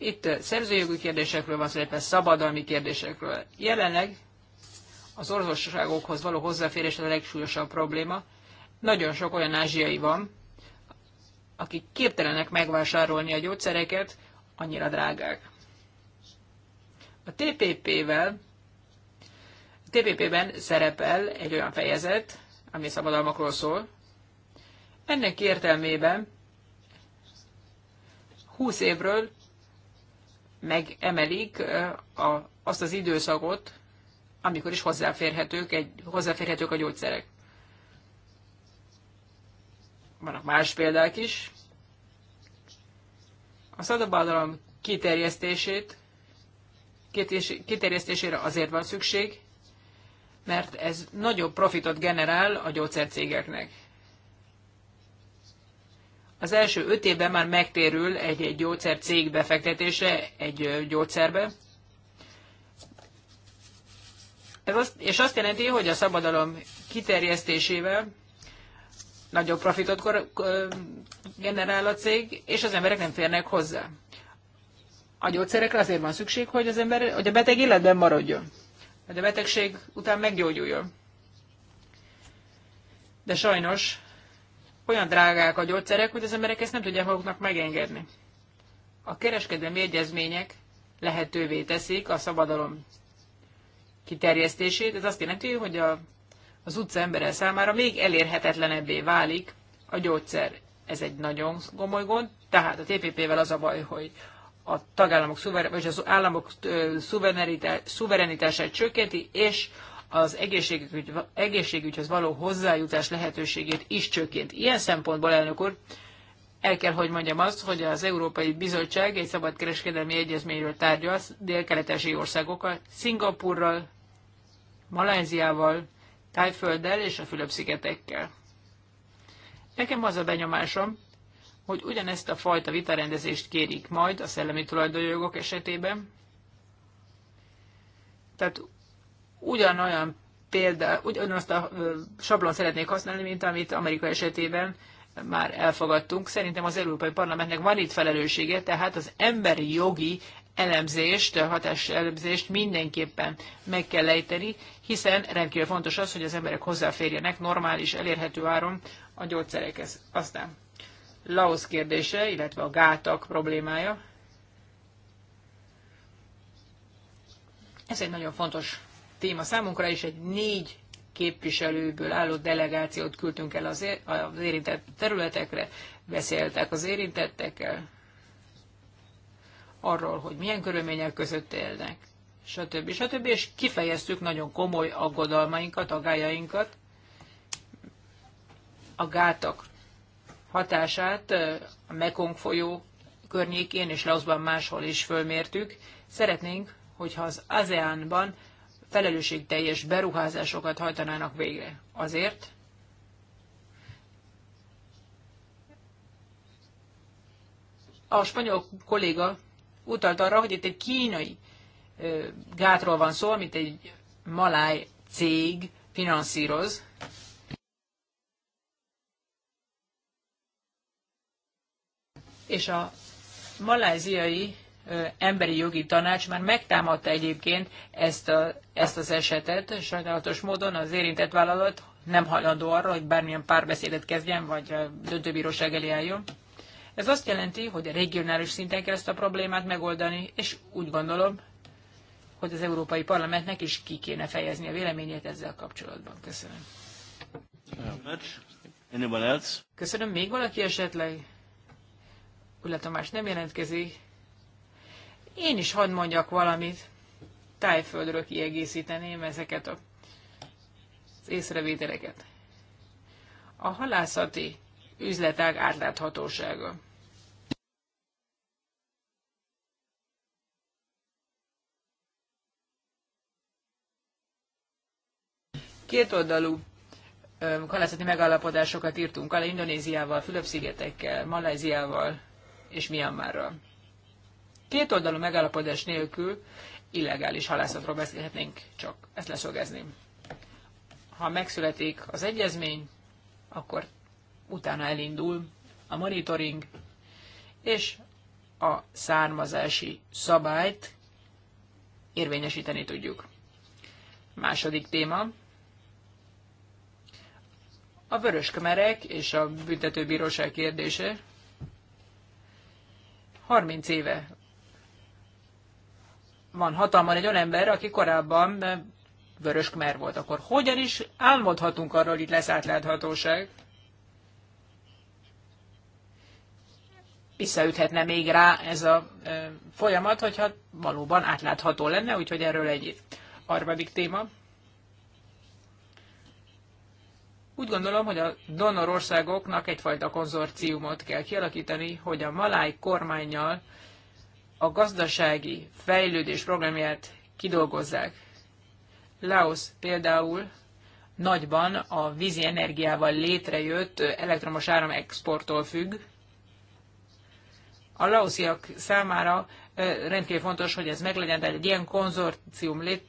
Itt eh, szerzőjogi kérdésekről van szó, illetve szabadalmi kérdésekről. Jelenleg az orvosságokhoz való hozzáférés a legsúlyosabb probléma. Nagyon sok olyan ázsiai van, akik képtelenek megvásárolni a gyógyszereket, annyira drágák. A TPP-vel, a TPP-ben szerepel egy olyan fejezet, ami szabadalmakról szól. Ennek értelmében 20 évről megemelik a, azt az időszakot, amikor is hozzáférhetők, egy, hozzáférhetők a gyógyszerek. Vannak más példák is. A szabadalom kiterjesztését, kiterjesztésére azért van szükség, mert ez nagyobb profitot generál a gyógyszercégeknek az első öt évben már megtérül egy, egy gyógyszer cég befektetése egy gyógyszerbe. Ez azt, és azt jelenti, hogy a szabadalom kiterjesztésével nagyobb profitot kor, generál a cég, és az emberek nem férnek hozzá. A gyógyszerekre azért van szükség, hogy, az ember, hogy a beteg életben maradjon, hogy a betegség után meggyógyuljon. De sajnos olyan drágák a gyógyszerek, hogy az emberek ezt nem tudják maguknak megengedni. A kereskedelmi egyezmények lehetővé teszik a szabadalom kiterjesztését. Ez azt jelenti, hogy a, az utca embere számára még elérhetetlenebbé válik a gyógyszer. Ez egy nagyon gomoly gond, tehát a TPP-vel az a baj, hogy a tagállamok szuver- vagy az államok szuverenitását csökkenti, és az egészségügy, egészségügyhöz való hozzájutás lehetőségét is csökkent. Ilyen szempontból, elnök úr, el kell, hogy mondjam azt, hogy az Európai Bizottság egy szabadkereskedelmi egyezményről tárgyal dél kelet országokkal, Szingapurral, Malajziával, Tájfölddel és a Fülöp-szigetekkel. Nekem az a benyomásom, hogy ugyanezt a fajta vitarendezést kérik majd a szellemi tulajdonjogok esetében. Tehát ugyanolyan példa, ugyanazt a sablon szeretnék használni, mint amit Amerika esetében már elfogadtunk. Szerintem az Európai Parlamentnek van itt felelőssége, tehát az emberi jogi elemzést, hatás elemzést mindenképpen meg kell ejteni, hiszen rendkívül fontos az, hogy az emberek hozzáférjenek normális, elérhető áron a gyógyszerekhez. Aztán Laos kérdése, illetve a gátak problémája. Ez egy nagyon fontos téma számunkra, és egy négy képviselőből álló delegációt küldtünk el az, az érintett területekre, beszéltek az érintettekkel arról, hogy milyen körülmények között élnek, stb. stb. És kifejeztük nagyon komoly aggodalmainkat, agályainkat, a gátak hatását a Mekong folyó környékén és Laosban máshol is fölmértük. Szeretnénk, hogyha az ASEAN-ban felelősségteljes beruházásokat hajtanának végre. Azért, a spanyol kolléga utalt arra, hogy itt egy kínai gátról van szó, amit egy maláj cég finanszíroz. És a maláziai emberi jogi tanács már megtámadta egyébként ezt, a, ezt az esetet. Sajnálatos módon az érintett vállalat nem hajlandó arra, hogy bármilyen párbeszédet kezdjen, vagy a döntőbíróság elé álljon. Ez azt jelenti, hogy a regionális szinten kell ezt a problémát megoldani, és úgy gondolom, hogy az Európai Parlamentnek is ki kéne fejezni a véleményét ezzel kapcsolatban. Köszönöm. Köszönöm. Még valaki esetleg? Ulla Tamás nem jelentkezik. Én is hadd mondjak valamit. Tájföldről kiegészíteném ezeket a, az észrevételeket. A halászati üzletág átláthatósága. kétoldalú halászati megállapodásokat írtunk alá Indonéziával, Fülöp-szigetekkel, Malajziával és Myanmarral kétoldalú megállapodás nélkül illegális halászatról beszélhetnénk, csak ezt leszögezném. Ha megszületik az egyezmény, akkor utána elindul a monitoring, és a származási szabályt érvényesíteni tudjuk. Második téma. A vörös vöröskemerek és a büntetőbíróság kérdése. 30 éve van hatalma egy olyan ember, aki korábban vörös kmer volt. Akkor hogyan is álmodhatunk arról, hogy itt lesz átláthatóság? Visszaüthetne még rá ez a folyamat, hogyha valóban átlátható lenne, úgyhogy erről egy harmadik téma. Úgy gondolom, hogy a országoknak egyfajta konzorciumot kell kialakítani, hogy a maláj kormányjal a gazdasági fejlődés programját kidolgozzák. Laos például nagyban a vízi energiával létrejött elektromos áram exporttól függ. A laosziak számára rendkívül fontos, hogy ez meglegyen, tehát egy ilyen konzorcium lét,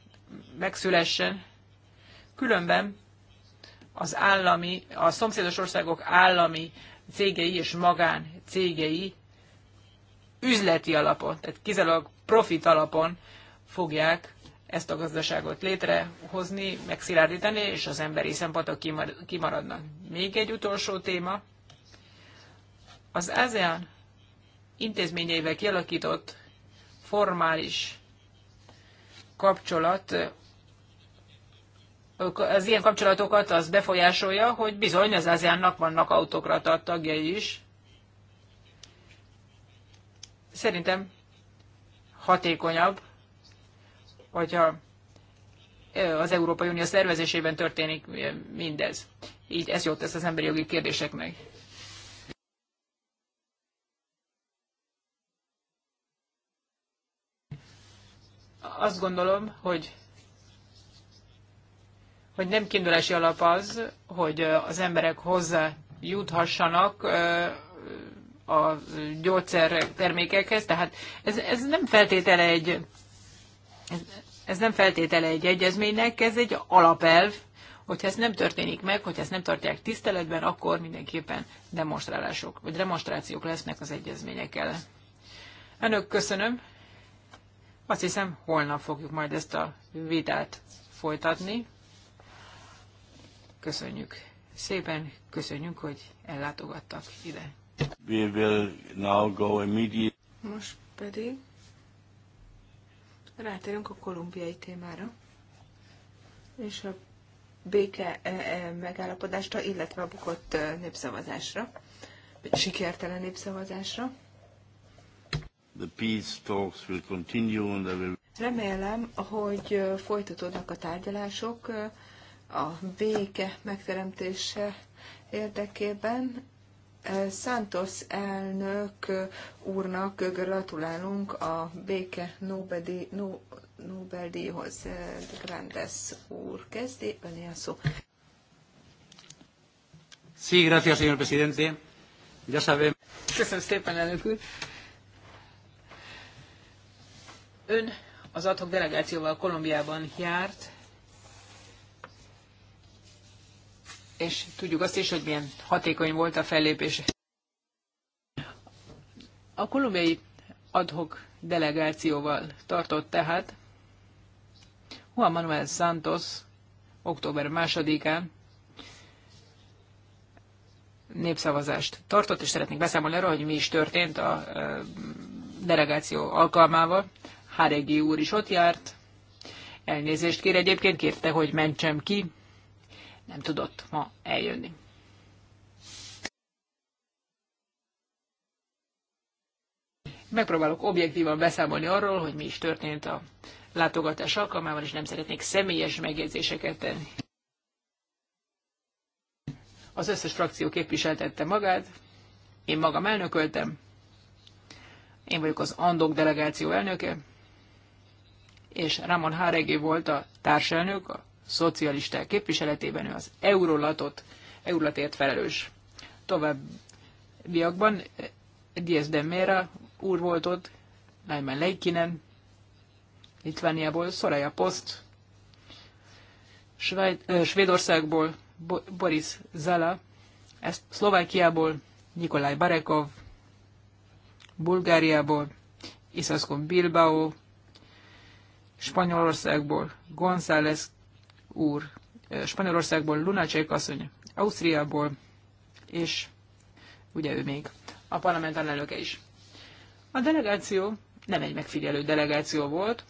megszülessen. Különben az állami, a szomszédos országok állami cégei és magán cégei üzleti alapon, tehát kizárólag profit alapon fogják ezt a gazdaságot létrehozni, megszilárdítani, és az emberi szempontok kimaradnak. Még egy utolsó téma. Az ASEAN intézményeivel kialakított formális kapcsolat az ilyen kapcsolatokat az befolyásolja, hogy bizony az ASEAN-nak vannak autokrata tagjai is, Szerintem hatékonyabb, hogyha az Európai Unió szervezésében történik mindez. Így ez jót tesz az emberi jogi kérdéseknek. Azt gondolom, hogy hogy nem kiindulási alap az, hogy az emberek hozzá juthassanak a gyógyszertermékekhez, tehát ez, ez nem feltétele egy ez, ez nem feltétele egy egyezménynek, ez egy alapelv, hogyha ez nem történik meg, hogyha ezt nem tartják tiszteletben, akkor mindenképpen demonstrálások, vagy demonstrációk lesznek az egyezményekkel. Önök köszönöm. Azt hiszem, holnap fogjuk majd ezt a vitát folytatni. Köszönjük szépen, köszönjük, hogy ellátogattak ide. We will now go immediately. Most pedig rátérünk a kolumbiai témára, és a béke e, e, megállapodásra, illetve a bukott e, népszavazásra, vagy sikertelen népszavazásra. The peace talks will continue and there will... Remélem, hogy folytatódnak a tárgyalások a béke megteremtése érdekében, Santos elnök úrnak gratulálunk a béke Nobel-díjhoz. No, Nobel Grandes úr kezdi, öné a szó. Sí, gracias, señor presidente. Ya sabem. Köszönöm szépen, elnök úr. Ön az adhok delegációval Kolumbiában járt, és tudjuk azt is, hogy milyen hatékony volt a fellépés. A kolumbiai adhok delegációval tartott tehát Juan Manuel Santos október másodikán án népszavazást tartott, és szeretnék beszámolni arra, hogy mi is történt a delegáció alkalmával. Háregi úr is ott járt, elnézést kér egyébként, kérte, hogy mentsem ki, nem tudott ma eljönni. Megpróbálok objektívan beszámolni arról, hogy mi is történt a látogatás alkalmával, és nem szeretnék személyes megjegyzéseket tenni. Az összes frakció képviseltette magát, én magam elnököltem, én vagyok az Andok delegáció elnöke, és Ramon Háregé volt a társelnök, a szocialisták képviseletében ő az Eurolatot, Eurolatért felelős. Továbbiakban eh, Diaz de Mera úr volt ott, Naiman Leikinen, Litvániából, Soraya Post, Svájt, eh, Svédországból Bo- Boris Zala, ezt Szlovákiából Nikolaj Barekov, Bulgáriából Iszaszkon Bilbao, Spanyolországból González úr, Spanyolországból Lunácsék asszony, Ausztriából, és ugye ő még a parlament elnöke is. A delegáció nem egy megfigyelő delegáció volt,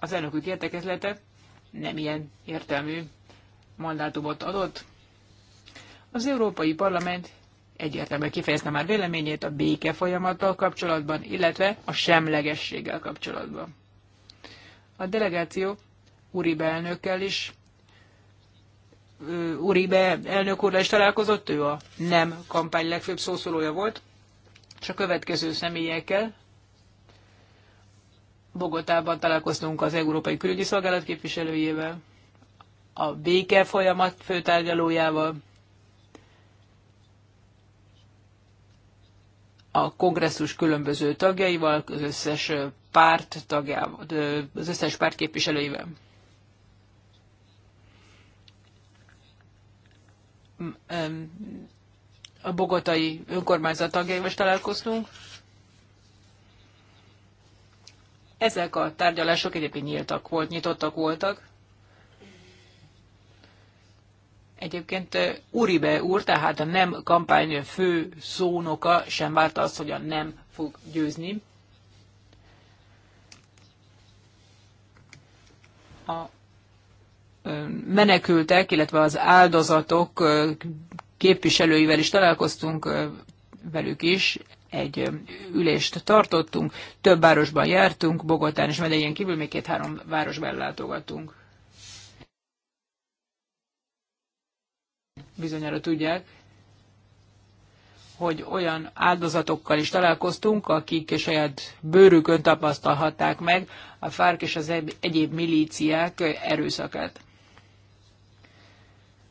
az elnökük értekezlete nem ilyen értelmű mandátumot adott. Az Európai Parlament egyértelműen kifejezte már véleményét a béke folyamattal kapcsolatban, illetve a semlegességgel kapcsolatban. A delegáció Uribe elnökkel is, Uribe elnök úrral is találkozott, ő a nem kampány legfőbb szószólója volt, és a következő személyekkel Bogotában találkoztunk az Európai Külügyi Szolgálat képviselőjével, a béke folyamat főtárgyalójával, a kongresszus különböző tagjaival, az összes párt tagjával, az összes párt képviselőivel. a bogotai önkormányzat tagjaival is találkoztunk. Ezek a tárgyalások egyébként nyíltak volt, nyitottak voltak. Egyébként eh, Uribe úr, tehát a nem kampány fő szónoka sem várta azt, hogy a nem fog győzni. A menekültek, illetve az áldozatok képviselőivel is találkoztunk, velük is egy ülést tartottunk, több városban jártunk, Bogotán és Medellín kívül még két-három városban látogatunk. Bizonyára tudják, hogy olyan áldozatokkal is találkoztunk, akik saját bőrükön tapasztalhatták meg a FARC és az egyéb milíciák erőszakát.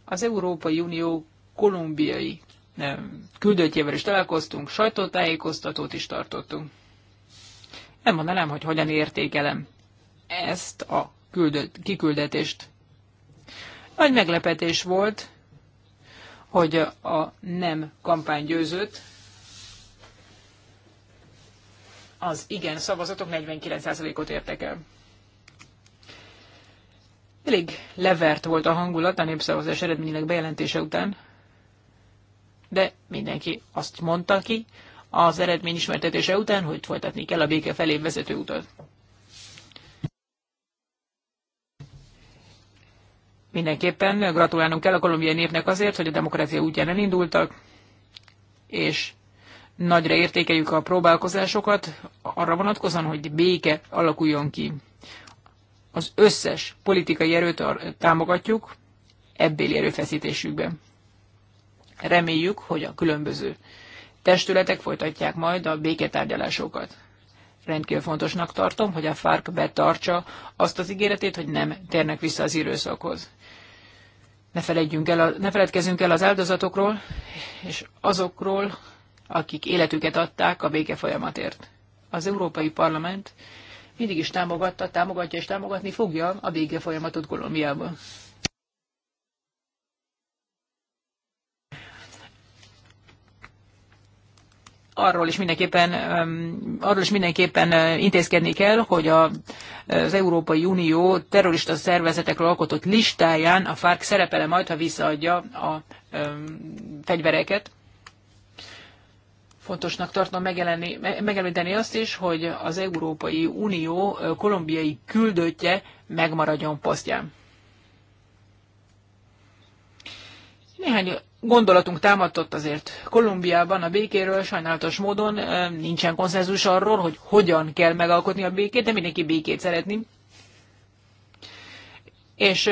Az Európai Unió kolumbiai nem, küldöttjével is találkoztunk, sajtótájékoztatót is tartottunk. Nem mondanám, hogy hogyan értékelem ezt a küldött, kiküldetést. Nagy meglepetés volt, hogy a nem kampány győzött. Az igen szavazatok 49%-ot értek el. Elég levert volt a hangulat a népszavazás eredményének bejelentése után, de mindenki azt mondta ki az eredmény ismertetése után, hogy folytatni kell a béke felé vezető utat. Mindenképpen gratulálnunk kell a kolumbiai népnek azért, hogy a demokrácia útján elindultak, és nagyra értékeljük a próbálkozásokat arra vonatkozóan, hogy béke alakuljon ki az összes politikai erőt támogatjuk ebbéli erőfeszítésükben. Reméljük, hogy a különböző testületek folytatják majd a béketárgyalásokat. Rendkívül fontosnak tartom, hogy a FARC betartsa azt az ígéretét, hogy nem térnek vissza az időszakhoz. Ne, feledjünk el a, ne feledkezzünk el az áldozatokról, és azokról, akik életüket adták a béke folyamatért. Az Európai Parlament mindig is támogatta, támogatja és támogatni fogja a vége folyamatot Kolumbiában. arról is mindenképpen, arról is mindenképpen intézkedni kell, hogy a, az Európai Unió terrorista szervezetekről alkotott listáján a FARC szerepele majd, ha visszaadja a, a, a fegyvereket fontosnak tartom megemlíteni azt is, hogy az Európai Unió kolumbiai küldöttje megmaradjon posztján. Néhány gondolatunk támadtott azért Kolumbiában a békéről, sajnálatos módon nincsen konszenzus arról, hogy hogyan kell megalkotni a békét, de mindenki békét szeretni. És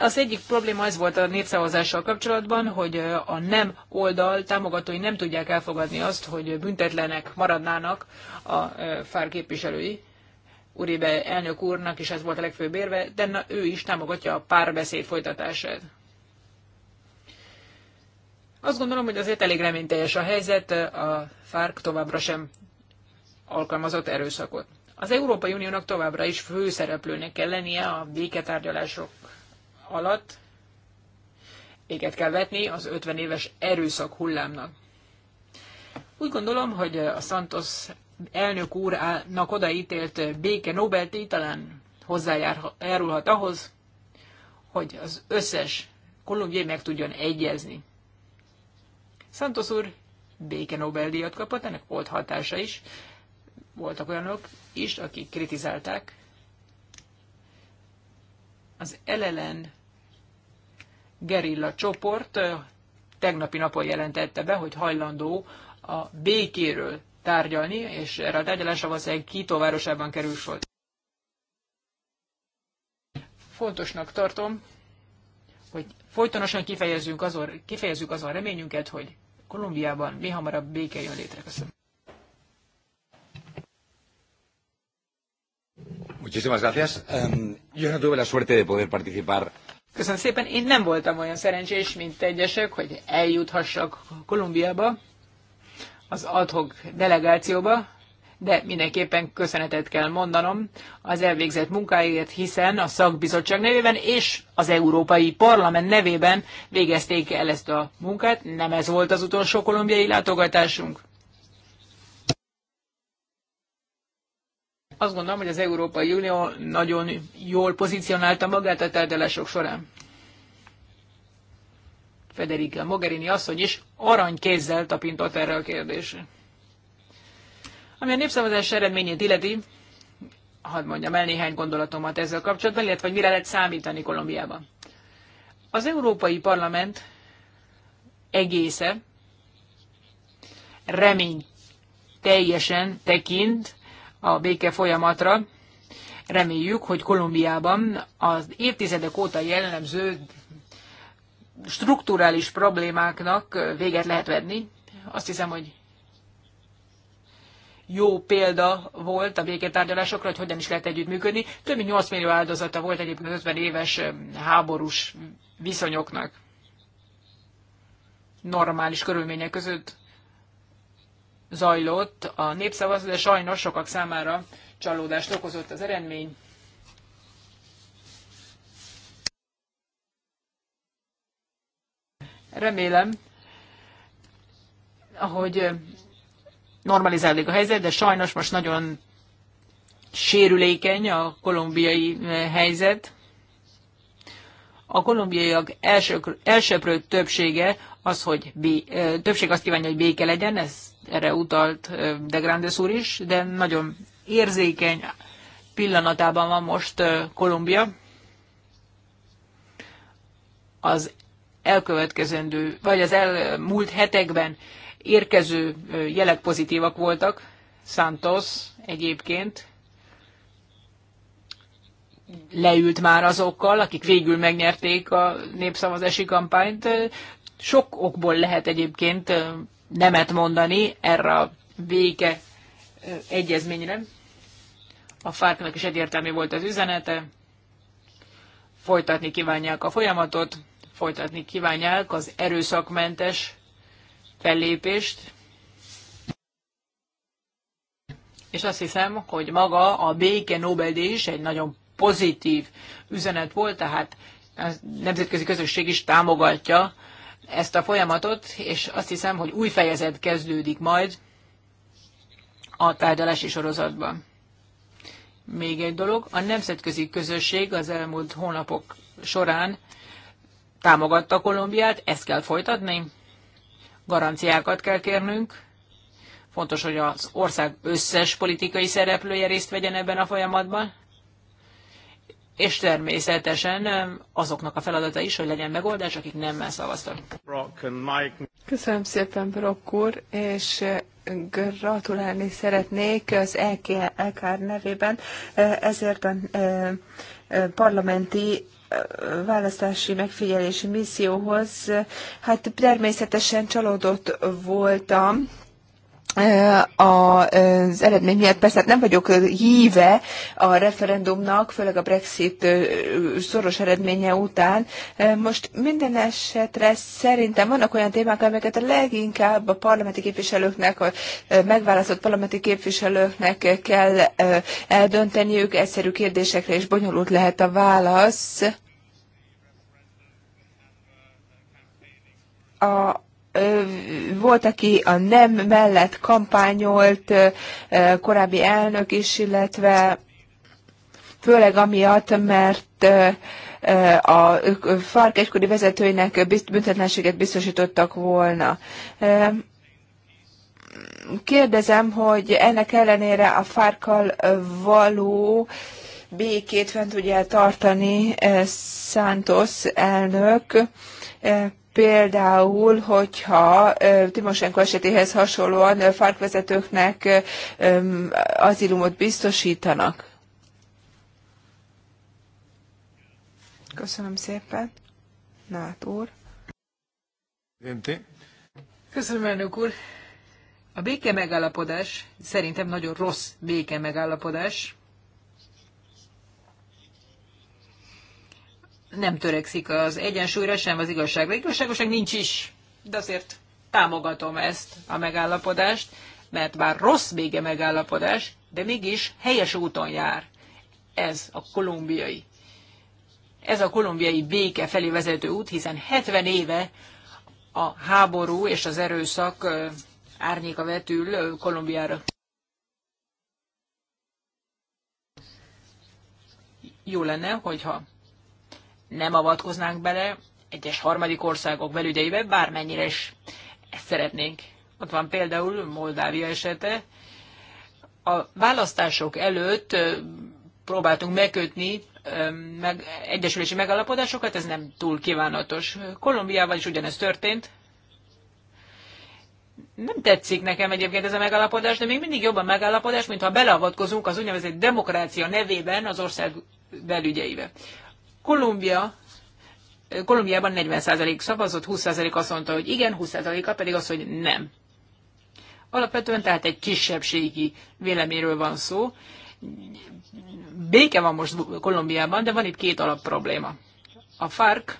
az egyik probléma ez volt a népszavazással kapcsolatban, hogy a nem oldal támogatói nem tudják elfogadni azt, hogy büntetlenek maradnának a FAR képviselői. Uribe elnök úrnak is ez volt a legfőbb érve, de na, ő is támogatja a párbeszéd folytatását. Azt gondolom, hogy azért elég reményteljes a helyzet, a FARC továbbra sem alkalmazott erőszakot. Az Európai Uniónak továbbra is főszereplőnek kell lennie a béketárgyalások alatt éget kell vetni az 50 éves erőszak hullámnak. Úgy gondolom, hogy a Santos elnök úrnak odaítélt béke Nobel-díj talán hozzájárulhat ahhoz, hogy az összes kolumbiai meg tudjon egyezni. Santos úr béke Nobel-díjat kapott, ennek volt hatása is. Voltak olyanok is, akik kritizálták az LLN gerilla csoport tegnapi napon jelentette be, hogy hajlandó a békéről tárgyalni, és erre a tárgyalásra valószínűleg Kító városában kerül sor. Fontosnak tartom, hogy folytonosan kifejezzünk azon, kifejezzük azon reményünket, hogy Kolumbiában mi hamarabb béke jön létre. Köszönöm. Muchísimas gracias. Um, yo no tuve la suerte de poder participar Köszönöm szépen. Én nem voltam olyan szerencsés, mint egyesek, hogy eljuthassak Kolumbiába, az adhok delegációba, de mindenképpen köszönetet kell mondanom az elvégzett munkáért, hiszen a szakbizottság nevében és az Európai Parlament nevében végezték el ezt a munkát. Nem ez volt az utolsó kolumbiai látogatásunk. Azt gondolom, hogy az Európai Unió nagyon jól pozícionálta magát a tárgyalások során. Federica Mogherini asszony is aranykézzel tapintott erre a kérdésre. Ami a népszavazás eredményét illeti, hadd mondjam el néhány gondolatomat ezzel kapcsolatban, illetve hogy mire lehet számítani Kolumbiában. Az Európai Parlament egésze remény teljesen tekint a béke folyamatra. Reméljük, hogy Kolumbiában az évtizedek óta jellemző strukturális problémáknak véget lehet venni. Azt hiszem, hogy jó példa volt a béketárgyalásokra, hogy hogyan is lehet együttműködni. Több mint 8 millió áldozata volt egyébként 50 éves háborús viszonyoknak normális körülmények között zajlott a népszavazás, de sajnos sokak számára csalódást okozott az eredmény. Remélem, hogy normalizálódik a helyzet, de sajnos most nagyon sérülékeny a kolumbiai eh, helyzet. A kolumbiaiak első, elsőprő többsége az, hogy eh, többség azt kívánja, hogy béke legyen, ez erre utalt De Grandes úr is, de nagyon érzékeny pillanatában van most Kolumbia. Az elkövetkezendő, vagy az elmúlt hetekben érkező jelek pozitívak voltak. Santos egyébként leült már azokkal, akik végül megnyerték a népszavazási kampányt. Sok okból lehet egyébként nemet mondani erre a béke egyezményre. A fárknak is egyértelmű volt az üzenete. Folytatni kívánják a folyamatot, folytatni kívánják az erőszakmentes fellépést. És azt hiszem, hogy maga a béke nobel is egy nagyon pozitív üzenet volt, tehát a nemzetközi közösség is támogatja ezt a folyamatot, és azt hiszem, hogy új fejezet kezdődik majd a tárgyalási sorozatban. Még egy dolog, a nemzetközi közösség az elmúlt hónapok során támogatta Kolumbiát, ezt kell folytatni, garanciákat kell kérnünk, fontos, hogy az ország összes politikai szereplője részt vegyen ebben a folyamatban, és természetesen azoknak a feladata is, hogy legyen megoldás, akik nem már szavaztak. Köszönöm szépen, Brock úr, és gratulálni szeretnék az EKR e nevében ezért a parlamenti választási megfigyelési misszióhoz. Hát természetesen csalódott voltam, az eredmény miatt persze nem vagyok híve a referendumnak, főleg a Brexit szoros eredménye után. Most minden esetre szerintem vannak olyan témák, amelyeket a leginkább a parlamenti képviselőknek, a megválasztott parlamenti képviselőknek kell eldönteniük. Egyszerű kérdésekre és bonyolult lehet a válasz. A, volt, aki a nem mellett kampányolt, korábbi elnök is, illetve főleg amiatt, mert a FARC egykori vezetőinek büntetlenséget biztosítottak volna. Kérdezem, hogy ennek ellenére a fárkal való békét fent tudja tartani Santos elnök Például, hogyha Timosenko esetéhez hasonlóan farkvezetőknek azilumot biztosítanak. Köszönöm szépen. Nát úr. Köszönöm, elnök úr. A béke megállapodás szerintem nagyon rossz béke megállapodás. nem törekszik az egyensúlyra, sem az igazságra. Igazságoság nincs is, de azért támogatom ezt a megállapodást, mert bár rossz vége megállapodás, de mégis helyes úton jár. Ez a kolumbiai. Ez a kolumbiai béke felé vezető út, hiszen 70 éve a háború és az erőszak árnyéka vetül Kolumbiára. Jó lenne, hogyha nem avatkoznánk bele egyes harmadik országok belügyeibe, bármennyire is ezt szeretnénk. Ott van például Moldávia esete. A választások előtt próbáltunk megkötni meg, egyesülési megalapodásokat. ez nem túl kívánatos. Kolumbiával is ugyanez történt. Nem tetszik nekem egyébként ez a megalapodás, de még mindig jobban megalapodás, mint ha beleavatkozunk az úgynevezett demokrácia nevében az ország belügyeibe. Kolumbia Kolumbiában 40% szavazott, 20% azt mondta, hogy igen, 20%-a pedig azt, hogy nem. Alapvetően tehát egy kisebbségi véleményről van szó. Béke van most Kolumbiában, de van itt két alapprobléma. A FARC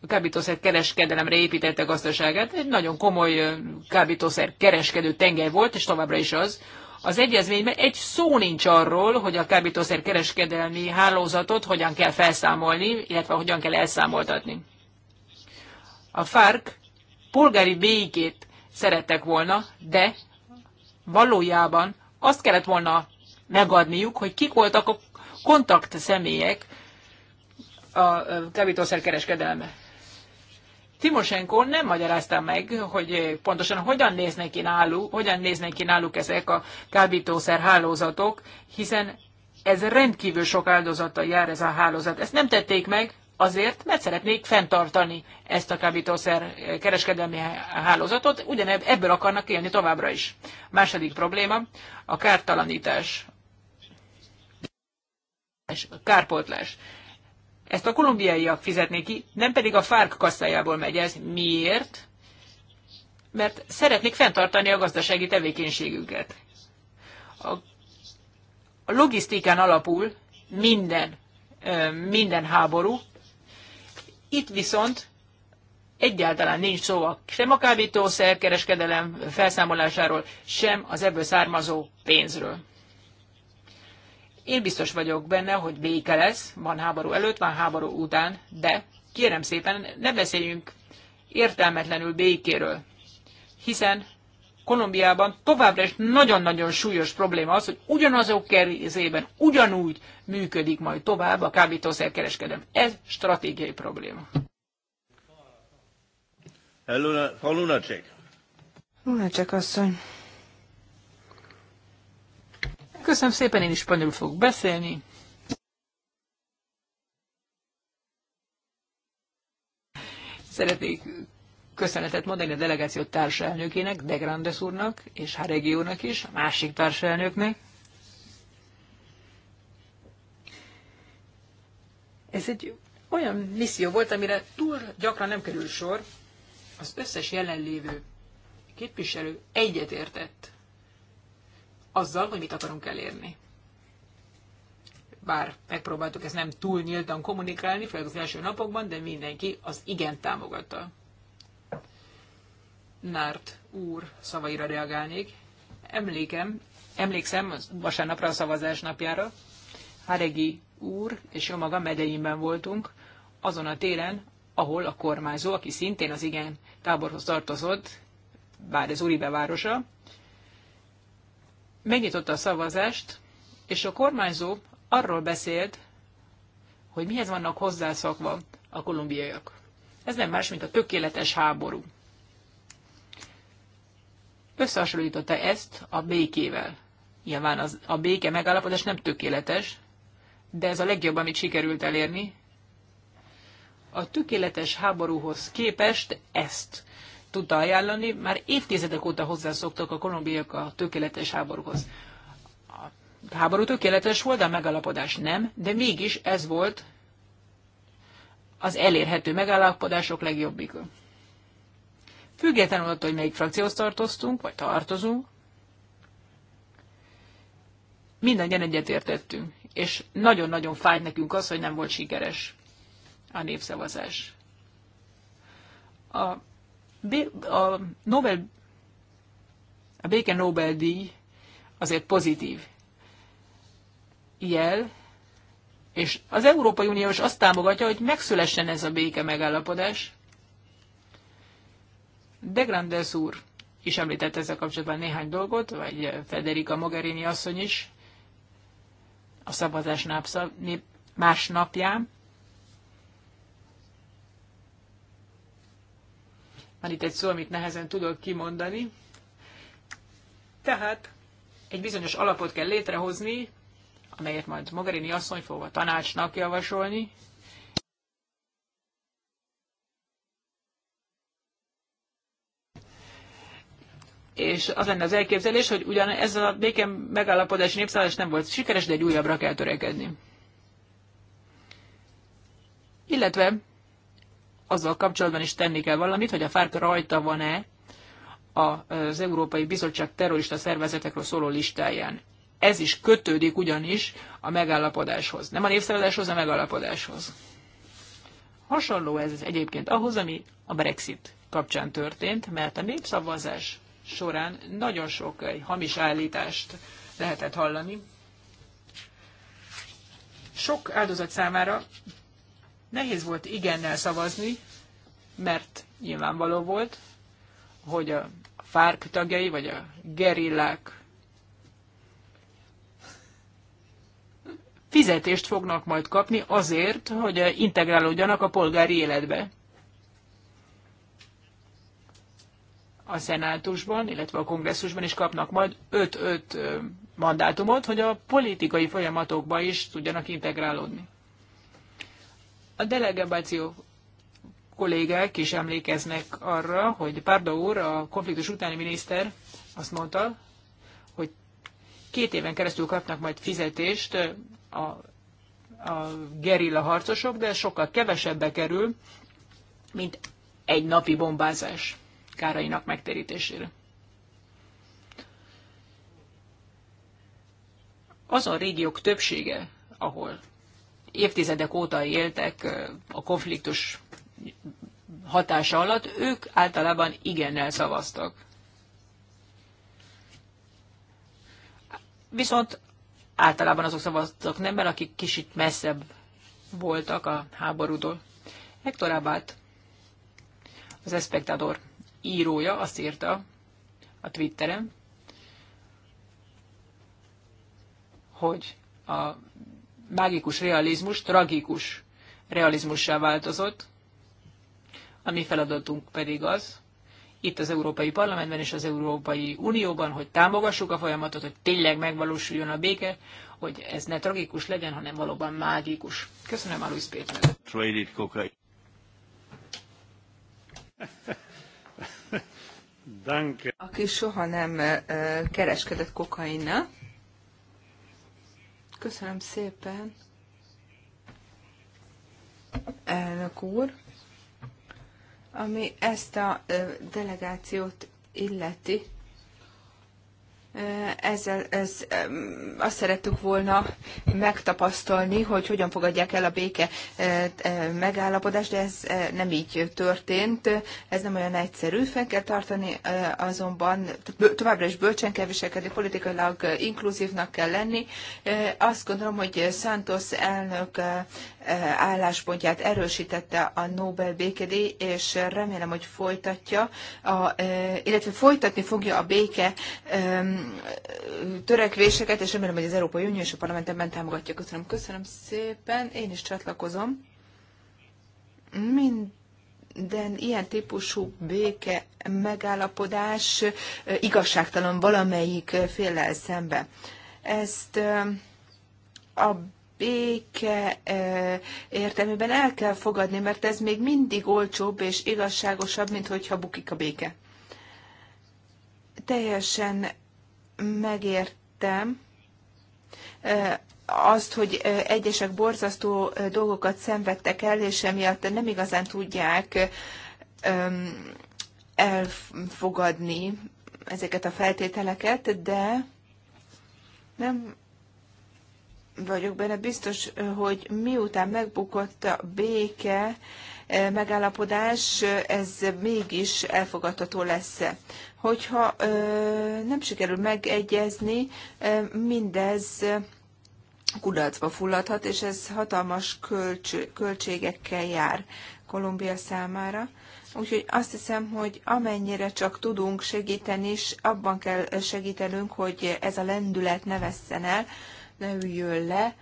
a kábítószer kereskedelemre építette gazdaságát. Egy nagyon komoly kábítószer kereskedő tengely volt, és továbbra is az. Az egyezményben egy szó nincs arról, hogy a kábítószer kereskedelmi hálózatot hogyan kell felszámolni, illetve hogyan kell elszámoltatni. A FARC polgári békét szerettek volna, de valójában azt kellett volna megadniuk, hogy kik voltak a kontakt személyek a kábítószer kereskedelme Timosenko nem magyarázta meg, hogy pontosan hogyan néznek ki náluk, hogyan néznek ki náluk ezek a kábítószer hálózatok, hiszen ez rendkívül sok áldozata jár ez a hálózat. Ezt nem tették meg azért, mert szeretnék fenntartani ezt a kábítószer kereskedelmi hálózatot, ugyanebb ebből akarnak élni továbbra is. A második probléma a kártalanítás. A kárpótlás. Ezt a kolumbiaiak fizetnék ki, nem pedig a fárk kasszájából megy ez. Miért? Mert szeretnék fenntartani a gazdasági tevékenységüket. A, a logisztikán alapul minden, minden háború. Itt viszont egyáltalán nincs szó a sem a kábítószer kereskedelem felszámolásáról, sem az ebből származó pénzről. Én biztos vagyok benne, hogy béke lesz, van háború előtt, van háború után, de kérem szépen, ne beszéljünk értelmetlenül békéről, hiszen Kolumbiában továbbra is nagyon-nagyon súlyos probléma az, hogy ugyanazok kerézében ugyanúgy működik majd tovább a kábítószerkereskedem. Ez stratégiai probléma. Hello, Frau Lunacek. Lunacek asszony. Köszönöm szépen, én is spanyolul fogok beszélni. Szeretnék köszönetet mondani a delegáció társelnökének, De Grandes úrnak és Haregi úrnak is, a másik társelnöknek. Ez egy olyan misszió volt, amire túl gyakran nem kerül sor. Az összes jelenlévő képviselő egyetértett azzal, hogy mit akarunk elérni. Bár megpróbáltuk ezt nem túl nyíltan kommunikálni, főleg az első napokban, de mindenki az igen támogatta. Nárt úr szavaira reagálnék. Emlékem, emlékszem az vasárnapra a szavazás napjára. Haregi úr és jó maga medeinben voltunk, azon a téren, ahol a kormányzó, aki szintén az igen táborhoz tartozott, bár ez Uribe városa, megnyitotta a szavazást, és a kormányzó arról beszélt, hogy mihez vannak hozzászokva a kolumbiaiak. Ez nem más, mint a tökéletes háború. Összehasonlította ezt a békével. Nyilván az, a béke megállapodás nem tökéletes, de ez a legjobb, amit sikerült elérni. A tökéletes háborúhoz képest ezt tudta ajánlani. Már évtizedek óta hozzászoktak a kolumbiak a tökéletes háborúhoz. A háború tökéletes volt, a megalapodás nem, de mégis ez volt az elérhető megállapodások legjobbik. Függetlenül attól, hogy melyik frakcióhoz tartoztunk, vagy tartozunk, mindannyian egyetértettünk, és nagyon-nagyon fájt nekünk az, hogy nem volt sikeres a népszavazás. A a, Nobel, a béke Nobel-díj azért pozitív jel, és az Európai Unió is azt támogatja, hogy megszülessen ez a béke megállapodás. De Grandes úr is említett ezzel kapcsolatban néhány dolgot, vagy Federica Mogherini asszony is a szavazás nép, más napján. Van itt egy szó, amit nehezen tudok kimondani. Tehát egy bizonyos alapot kell létrehozni, amelyet majd Mogherini asszony fog a tanácsnak javasolni, és az lenne az elképzelés, hogy ugyan ez a béke megállapodási népszállás nem volt sikeres, de egy újabbra kell törekedni. Illetve azzal kapcsolatban is tenni kell valamit, hogy a FARC rajta van-e az Európai Bizottság terrorista szervezetekről szóló listáján. Ez is kötődik ugyanis a megállapodáshoz. Nem a népszavazáshoz, a megállapodáshoz. Hasonló ez egyébként ahhoz, ami a Brexit kapcsán történt, mert a népszavazás során nagyon sok egy hamis állítást lehetett hallani. Sok áldozat számára Nehéz volt igennel szavazni, mert nyilvánvaló volt, hogy a fárk tagjai, vagy a gerillák fizetést fognak majd kapni azért, hogy integrálódjanak a polgári életbe. A szenátusban, illetve a kongresszusban is kapnak majd 5-5 mandátumot, hogy a politikai folyamatokba is tudjanak integrálódni. A delegáció kollégák is emlékeznek arra, hogy Párda úr, a konfliktus utáni miniszter azt mondta, hogy két éven keresztül kapnak majd fizetést a, a gerilla harcosok, de sokkal kevesebbe kerül, mint egy napi bombázás kárainak megtérítésére. Azon régiók többsége, ahol évtizedek óta éltek a konfliktus hatása alatt, ők általában igennel szavaztak. Viszont általában azok szavaztak nemben, akik kicsit messzebb voltak a háborútól. Hector Abad, az Espectador írója azt írta a Twitteren, hogy a mágikus realizmus tragikus realizmussá változott. A mi feladatunk pedig az, itt az Európai Parlamentben és az Európai Unióban, hogy támogassuk a folyamatot, hogy tényleg megvalósuljon a béke, hogy ez ne tragikus legyen, hanem valóban mágikus. Köszönöm a Luis Péter. Traded cocaine. Danke. Aki soha nem eh, kereskedett kokainnal. Köszönöm szépen, elnök úr. Ami ezt a delegációt illeti, ezzel ez, azt szerettük volna megtapasztalni, hogy hogyan fogadják el a béke megállapodást, de ez nem így történt. Ez nem olyan egyszerű. Fel kell tartani azonban, továbbra is bölcsen kell viselkedni, politikailag inkluzívnak kell lenni. Azt gondolom, hogy Santos elnök álláspontját erősítette a Nobel békedély, és remélem, hogy folytatja, a, illetve folytatni fogja a béke törekvéseket, és remélem, hogy az Európai Unió és a Parlament ebben támogatja. Köszönöm, köszönöm szépen, én is csatlakozom. Mind minden ilyen típusú béke megállapodás igazságtalan valamelyik féllel szembe. Ezt a béke értelmében el kell fogadni, mert ez még mindig olcsóbb és igazságosabb, mint hogyha bukik a béke. Teljesen megértem azt, hogy egyesek borzasztó dolgokat szenvedtek el, és emiatt nem igazán tudják elfogadni ezeket a feltételeket, de nem vagyok benne biztos, hogy miután megbukott a béke, megállapodás, ez mégis elfogadható lesz. Hogyha nem sikerül megegyezni, mindez kudarcba fulladhat, és ez hatalmas kölcs- költségekkel jár Kolumbia számára. Úgyhogy azt hiszem, hogy amennyire csak tudunk segíteni, és abban kell segítenünk, hogy ez a lendület ne vesszen el, ne üljön le,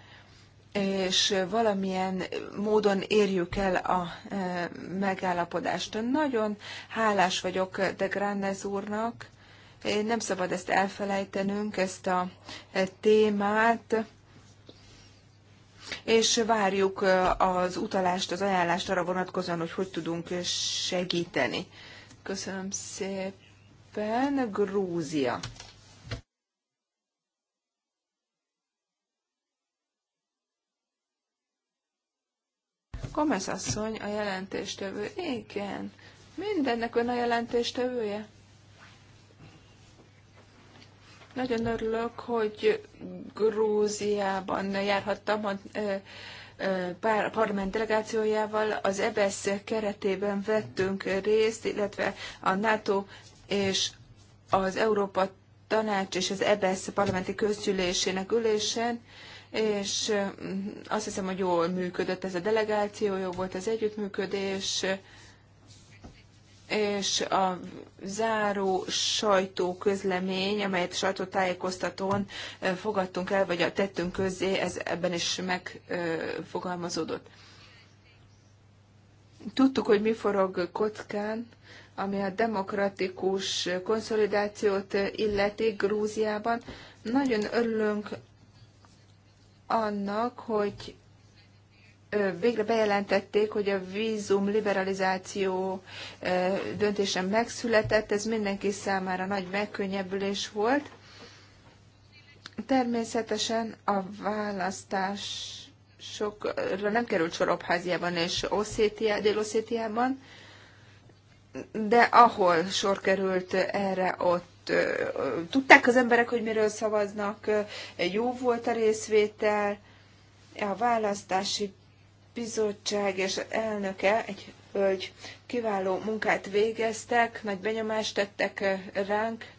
és valamilyen módon érjük el a e, megállapodást. Nagyon hálás vagyok de Grandes úrnak, nem szabad ezt elfelejtenünk, ezt a e, témát, és várjuk e, az utalást, az ajánlást arra vonatkozóan, hogy hogy tudunk segíteni. Köszönöm szépen. Grúzia. Gomez asszony a jelentéstevő. Igen, mindennek ön a jelentéstevője. Nagyon örülök, hogy Grúziában járhattam a parlament delegációjával. Az EBSZ e keretében vettünk részt, illetve a NATO és az Európa Tanács és az EBSZ e parlamenti közgyűlésének ülésen és azt hiszem, hogy jól működött ez a delegáció, jó volt az együttműködés, és a záró sajtóközlemény, amelyet sajtótájékoztatón fogadtunk el, vagy tettünk közzé, ez ebben is megfogalmazódott. Tudtuk, hogy mi forog kockán, ami a demokratikus konszolidációt illeti Grúziában. Nagyon örülünk annak, hogy végre bejelentették, hogy a vízum liberalizáció döntése megszületett, ez mindenki számára nagy megkönnyebbülés volt. Természetesen a választás sokra nem került sor Abháziában és Oszétia, Dél-Oszétiában, de ahol sor került erre, ott tudták az emberek, hogy miről szavaznak, jó volt a részvétel, a választási bizottság és elnöke, egy hölgy kiváló munkát végeztek, nagy benyomást tettek ránk.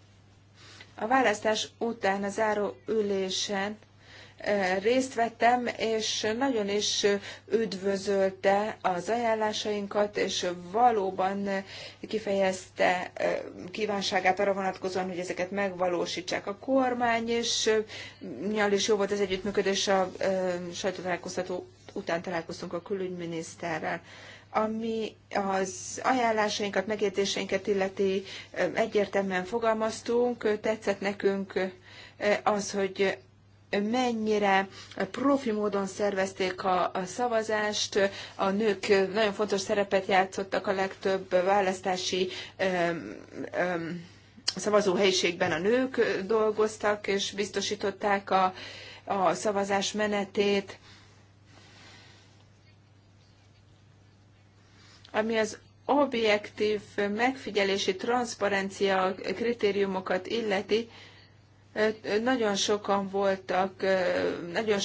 A választás után a záró ülésen részt vettem, és nagyon is üdvözölte az ajánlásainkat, és valóban kifejezte kívánságát arra vonatkozóan, hogy ezeket megvalósítsák. A kormány és nyal is jó volt az együttműködés a sajtótalálkoztató után találkoztunk a külügyminiszterrel ami az ajánlásainkat, megértéseinket illeti egyértelműen fogalmaztunk, tetszett nekünk az, hogy mennyire profi módon szervezték a, a szavazást, a nők nagyon fontos szerepet játszottak a legtöbb választási öm, öm, szavazóhelyiségben a nők dolgoztak, és biztosították a, a szavazás menetét. Ami az objektív megfigyelési transzparencia kritériumokat illeti, nagyon sokan voltak, nagyon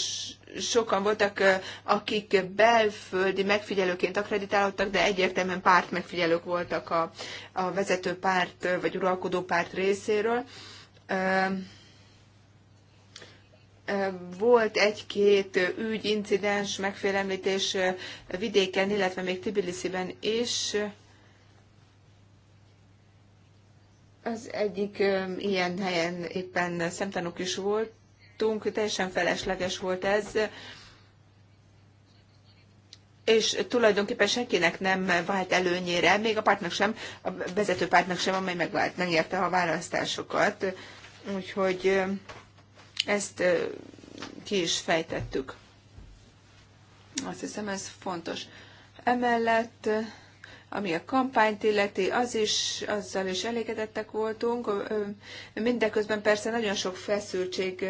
sokan voltak, akik belföldi megfigyelőként akreditálódtak, de egyértelműen párt megfigyelők voltak a, a vezető párt vagy uralkodó párt részéről. Volt egy-két ügy, incidens, megfélemlítés vidéken, illetve még Tbilisi-ben is. Az egyik ilyen helyen éppen szemtanúk is voltunk, teljesen felesleges volt ez, és tulajdonképpen senkinek nem vált előnyére, még a pártnak sem, a vezető pártnak sem, amely megvált, megérte a választásokat. Úgyhogy ezt ki is fejtettük. Azt hiszem, ez fontos. Emellett ami a kampányt illeti, az is, azzal is elégedettek voltunk. Mindeközben persze nagyon sok feszültség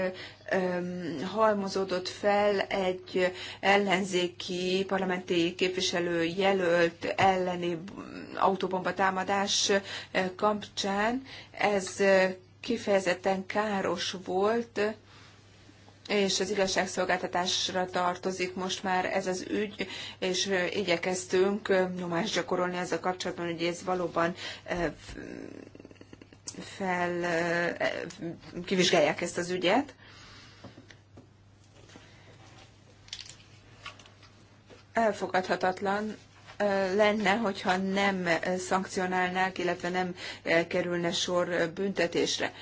halmozódott fel egy ellenzéki parlamenti képviselő jelölt elleni autóbomba támadás kapcsán. Ez kifejezetten káros volt és az igazságszolgáltatásra tartozik most már ez az ügy, és igyekeztünk nyomást gyakorolni ezzel kapcsolatban, hogy ez valóban fel, kivizsgálják ezt az ügyet. Elfogadhatatlan lenne, hogyha nem szankcionálnák, illetve nem kerülne sor büntetésre.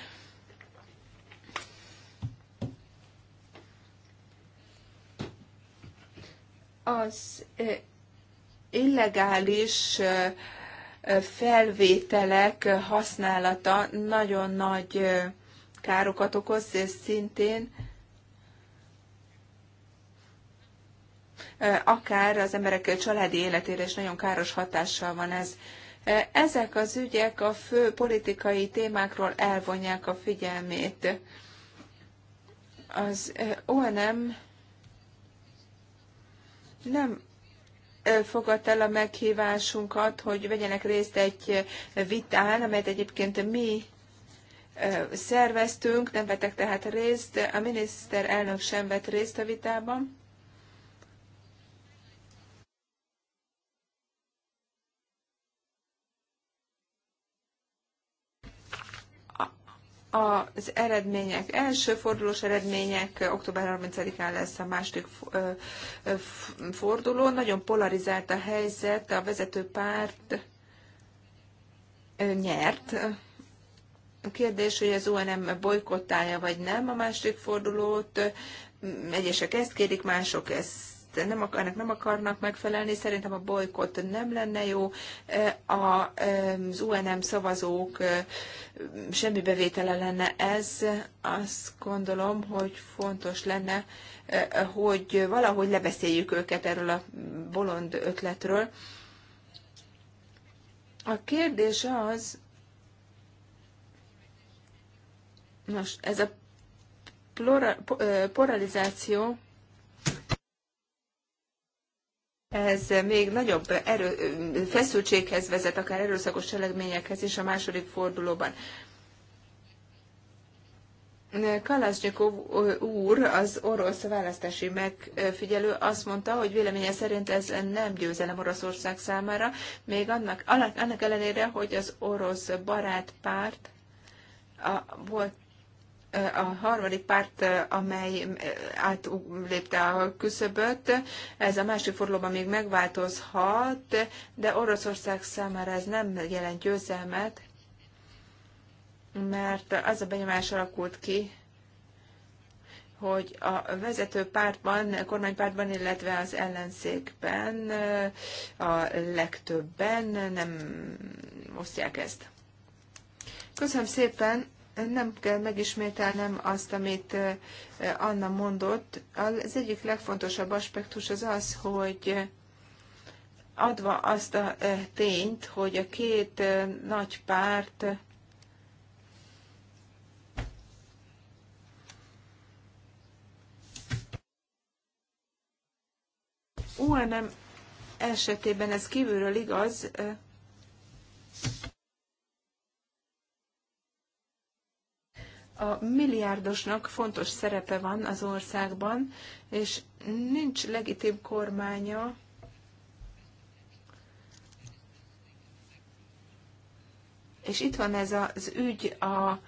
az illegális felvételek használata nagyon nagy károkat okoz, és szintén akár az emberek családi életére is nagyon káros hatással van ez. Ezek az ügyek a fő politikai témákról elvonják a figyelmét. Az ONM nem fogadta el a meghívásunkat, hogy vegyenek részt egy vitán, amelyet egyébként mi szerveztünk, nem vettek tehát részt, a miniszterelnök sem vett részt a vitában. az eredmények, első fordulós eredmények október 30-án lesz a második forduló. Nagyon polarizált a helyzet, a vezető párt nyert. A kérdés, hogy az UNM bolykottálja vagy nem a második fordulót. Egyesek ezt kérik, mások ezt nem, ennek nem akarnak megfelelni, szerintem a bolykott nem lenne jó, e, a e, az UNM szavazók e, semmi bevétele lenne ez, azt gondolom, hogy fontos lenne, hogy valahogy lebeszéljük őket erről a bolond ötletről. A kérdés az, nos, ez a pluralizáció ez még nagyobb erő, feszültséghez vezet, akár erőszakos cselekményekhez is a második fordulóban. Kalasnyikov úr, az orosz választási megfigyelő azt mondta, hogy véleménye szerint ez nem győzelem Oroszország számára, még annak, annak ellenére, hogy az orosz barát párt a, volt a harmadik párt, amely eh, átlépte a küszöböt, ez a másik fordulóban még megváltozhat, de Oroszország számára ez nem jelent győzelmet, mert az a benyomás alakult ki, hogy a vezető pártban, a kormánypártban, illetve az ellenszékben eh, a legtöbben nem osztják ezt. Köszönöm szépen! nem kell megismételnem azt, amit eh, Anna mondott. Az egyik legfontosabb aspektus az az, hogy adva azt a eh, tényt, hogy a két eh, nagy párt UNM esetében ez kívülről igaz, a milliárdosnak fontos szerepe van az országban, és nincs legitim kormánya, és itt van ez az ügy a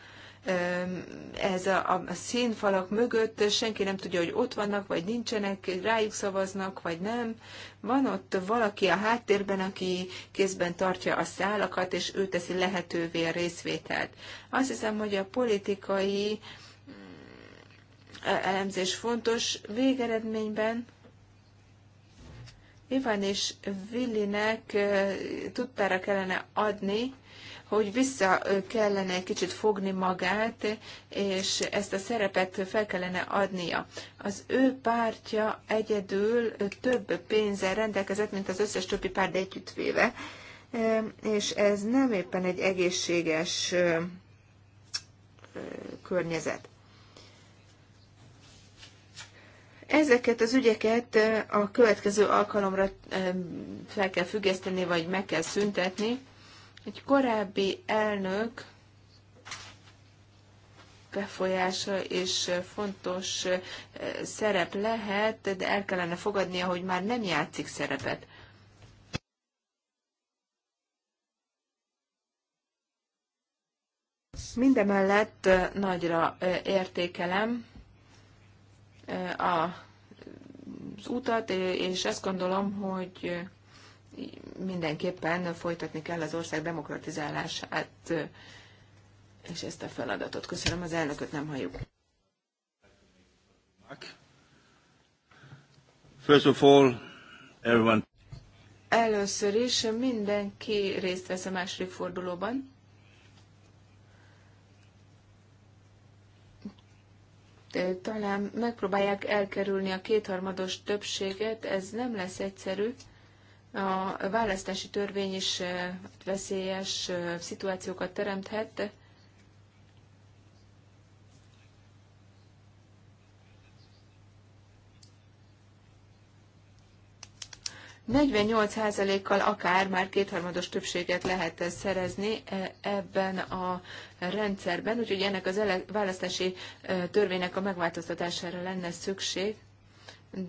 ez a, a színfalak mögött senki nem tudja, hogy ott vannak, vagy nincsenek, rájuk szavaznak, vagy nem. Van ott valaki a háttérben, aki kézben tartja a szálakat, és ő teszi lehetővé a részvételt. Azt hiszem, hogy a politikai elemzés fontos végeredményben. Ivan és Villinek tudtára kellene adni, hogy vissza kellene egy kicsit fogni magát, és ezt a szerepet fel kellene adnia. Az ő pártja egyedül több pénzzel rendelkezett, mint az összes többi párt együttvéve, és ez nem éppen egy egészséges környezet. Ezeket az ügyeket a következő alkalomra fel kell függeszteni, vagy meg kell szüntetni, egy korábbi elnök befolyása és fontos eh, szerep lehet, de el kellene fogadnia, hogy már nem játszik szerepet. Mindemellett eh, nagyra eh, értékelem a az utat, és azt gondolom, hogy mindenképpen folytatni kell az ország demokratizálását, és ezt a feladatot. Köszönöm, az elnököt nem halljuk. First of all, everyone. Először is mindenki részt vesz a második fordulóban. talán megpróbálják elkerülni a kétharmados többséget, ez nem lesz egyszerű, a választási törvény is veszélyes szituációkat teremthet. kal akár már kétharmados többséget lehet szerezni e, ebben a rendszerben, úgyhogy ennek az választási törvénynek a megváltoztatására lenne szükség,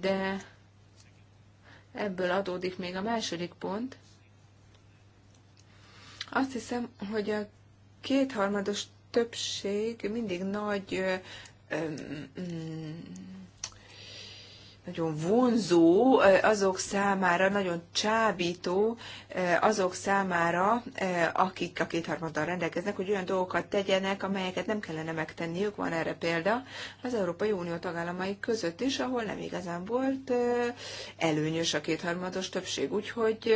de Ebből adódik még a második pont. Azt hiszem, hogy a kétharmados többség mindig nagy ö, ö, nagyon vonzó azok számára, nagyon csábító azok számára, akik a kétharmaddal rendelkeznek, hogy olyan dolgokat tegyenek, amelyeket nem kellene megtenniük. Van erre példa az Európai Unió tagállamai között is, ahol nem igazán volt előnyös a kétharmados többség. Úgyhogy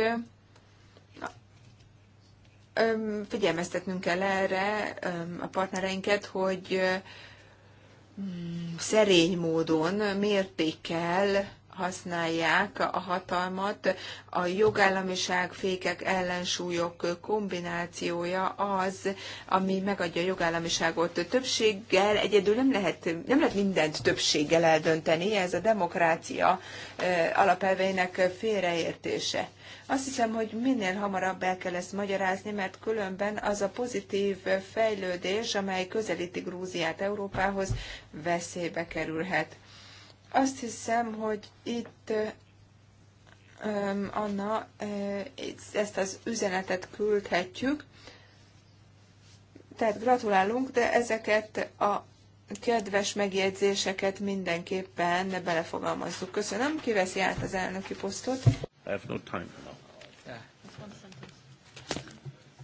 figyelmeztetnünk kell erre a partnereinket, hogy Hmm, szerény módon mértékkel használják a hatalmat. A jogállamiság, fékek, ellensúlyok kombinációja az, ami megadja a jogállamiságot többséggel. Egyedül nem lehet, nem lehet mindent többséggel eldönteni, ez a demokrácia alapelveinek félreértése. Azt hiszem, hogy minél hamarabb el kell ezt magyarázni, mert különben az a pozitív fejlődés, amely közelíti Grúziát Európához, veszélybe kerülhet. Azt hiszem, hogy itt Anna, ezt az üzenetet küldhetjük. Tehát gratulálunk, de ezeket a kedves megjegyzéseket mindenképpen belefogalmazzuk. Köszönöm. Kiveszi át az elnöki posztot? I have no time now. Yeah.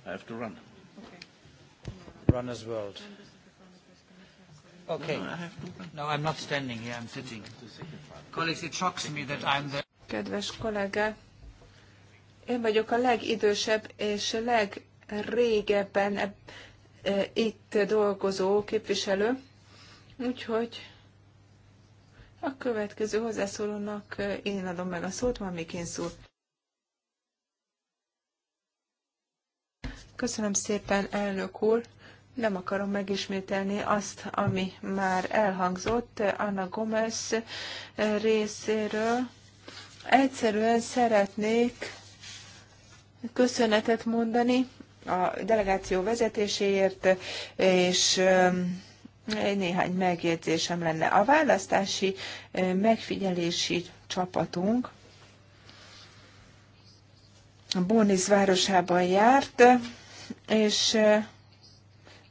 I have to run. Okay. Run as well. Okay. No, I'm not standing here, I'm sitting. Colleagues, it shocks me that I'm the... Kedves kollega, én vagyok a legidősebb és legrégebben e, itt dolgozó képviselő, úgyhogy a következő hozzászólónak e, én adom meg a szót, van még én szót. Köszönöm szépen, elnök úr! Nem akarom megismételni azt, ami már elhangzott Anna Gomez részéről. Egyszerűen szeretnék köszönetet mondani a delegáció vezetéséért, és néhány megjegyzésem lenne. A választási megfigyelési csapatunk Bónisz városában járt, és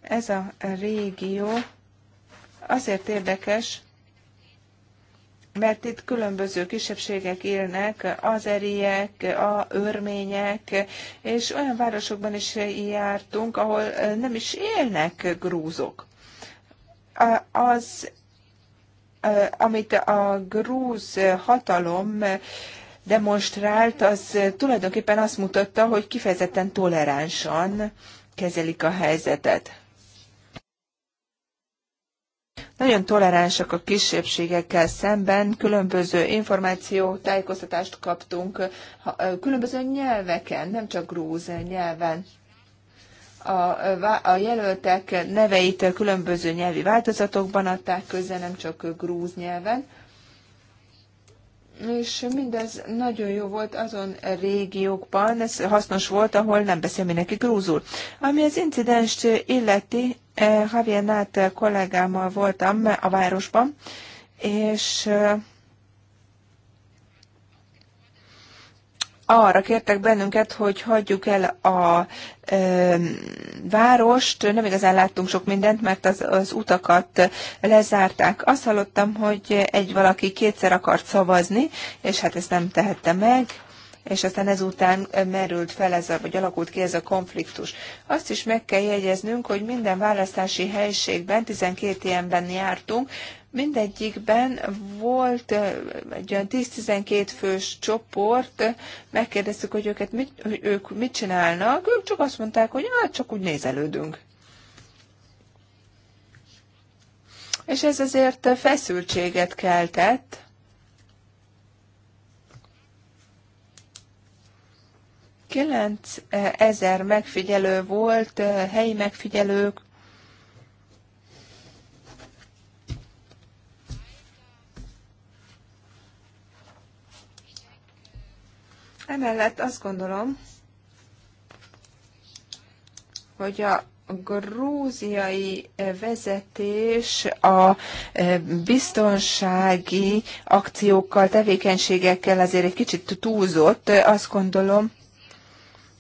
ez a régió azért érdekes, mert itt különböző kisebbségek élnek, az eriek, a örmények, és olyan városokban is jártunk, ahol nem is élnek grúzok. Az, amit a grúz hatalom demonstrált, az tulajdonképpen azt mutatta, hogy kifejezetten toleránsan kezelik a helyzetet. Nagyon toleránsak a kisebbségekkel szemben, különböző információ, tájékoztatást kaptunk különböző nyelveken, nem csak grúz nyelven. A, a jelöltek neveit különböző nyelvi változatokban adták közre, nem csak grúz nyelven. És mindez nagyon jó volt azon régiókban, ez hasznos volt, ahol nem beszél mindenki grúzul. Ami az incidenst illeti, eh, Javier Nát kollégámmal voltam a városban, és eh, arra kértek bennünket, hogy hagyjuk el a ö, várost, nem igazán láttunk sok mindent, mert az, az utakat lezárták. Azt hallottam, hogy egy valaki kétszer akart szavazni, és hát ezt nem tehette meg, és aztán ezután merült fel ez a, vagy alakult ki ez a konfliktus. Azt is meg kell jegyeznünk, hogy minden választási helységben, 12 ilyenben jártunk, Mindegyikben volt egy olyan 10-12 fős csoport, megkérdeztük, hogy, őket mit, hogy ők mit csinálnak, ők csak azt mondták, hogy hát csak úgy nézelődünk. És ez azért feszültséget keltett. Kilenc ezer megfigyelő volt, helyi megfigyelők, Emellett azt gondolom, hogy a grúziai eh, vezetés a eh, biztonsági akciókkal, tevékenységekkel azért egy kicsit túlzott, azt gondolom,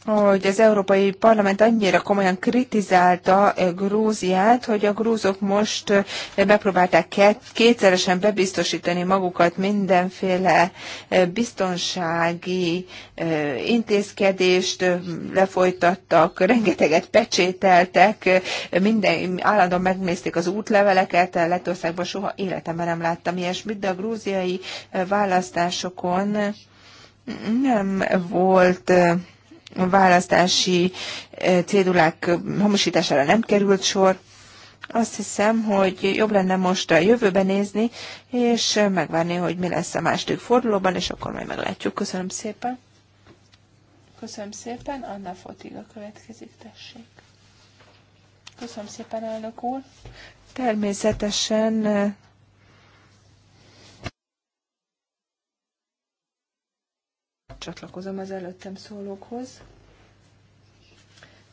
hogy az Európai Parlament annyira komolyan kritizálta eh, Grúziát, hogy a grúzok most eh, megpróbálták kétszeresen bebiztosítani magukat mindenféle eh, biztonsági intézkedést, lefolytattak, rengeteget pecsételtek, minden, állandóan megnézték az útleveleket, Lettországban soha életemben nem láttam ilyesmit, de a grúziai választásokon mm, nem volt választási eh, cédulák hamisítására nem került sor. Azt hiszem, hogy jobb lenne most a jövőben nézni, és megvárni, hogy mi lesz a második fordulóban, és akkor majd meglátjuk. Köszönöm szépen. Köszönöm szépen. Anna Fotiga következik, tessék. Köszönöm szépen, elnök úr. Természetesen eh, csatlakozom az előttem szólókhoz.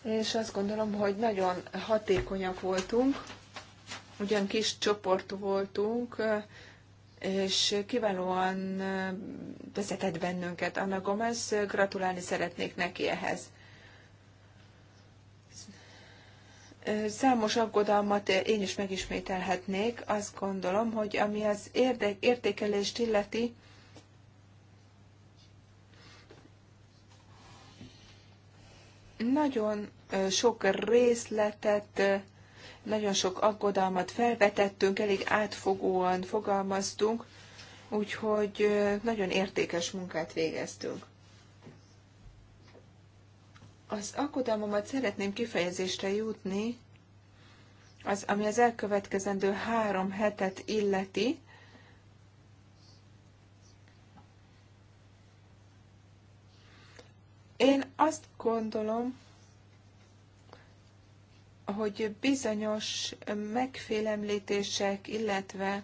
És azt gondolom, hogy nagyon hatékonyak voltunk, ugyan kis csoport voltunk, és kiválóan vezetett bennünket Anna Gomez, gratulálni szeretnék neki ehhez. Számos aggodalmat én is megismételhetnék. Azt gondolom, hogy ami az értékelést illeti, Nagyon sok részletet, nagyon sok aggodalmat felvetettünk, elég átfogóan fogalmaztunk, úgyhogy nagyon értékes munkát végeztünk. Az aggodalmamat szeretném kifejezésre jutni, az, ami az elkövetkezendő három hetet illeti, Én azt gondolom, hogy bizonyos megfélemlítések, illetve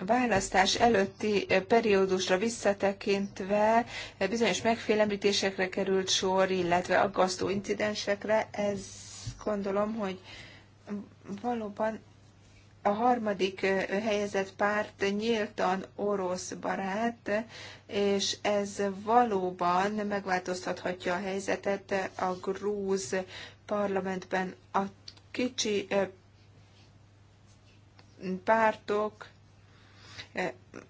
választás előtti periódusra visszatekintve bizonyos megfélemlítésekre került sor, illetve aggasztó incidensekre, ez gondolom, hogy valóban a harmadik helyezett párt nyíltan orosz barát, és ez valóban megváltoztathatja a helyzetet a grúz parlamentben. A kicsi pártok,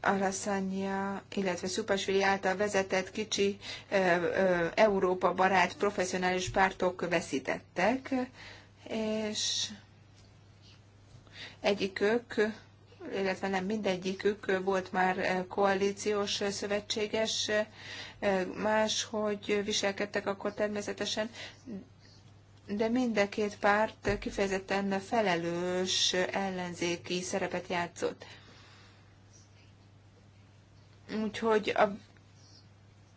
Alassania, illetve Szupasvili által vezetett kicsi Európa barát professzionális pártok veszítettek, és Egyikük, illetve nem mindegyikük volt már koalíciós szövetséges, máshogy viselkedtek akkor természetesen, de mind a két párt kifejezetten felelős ellenzéki szerepet játszott. Úgyhogy a,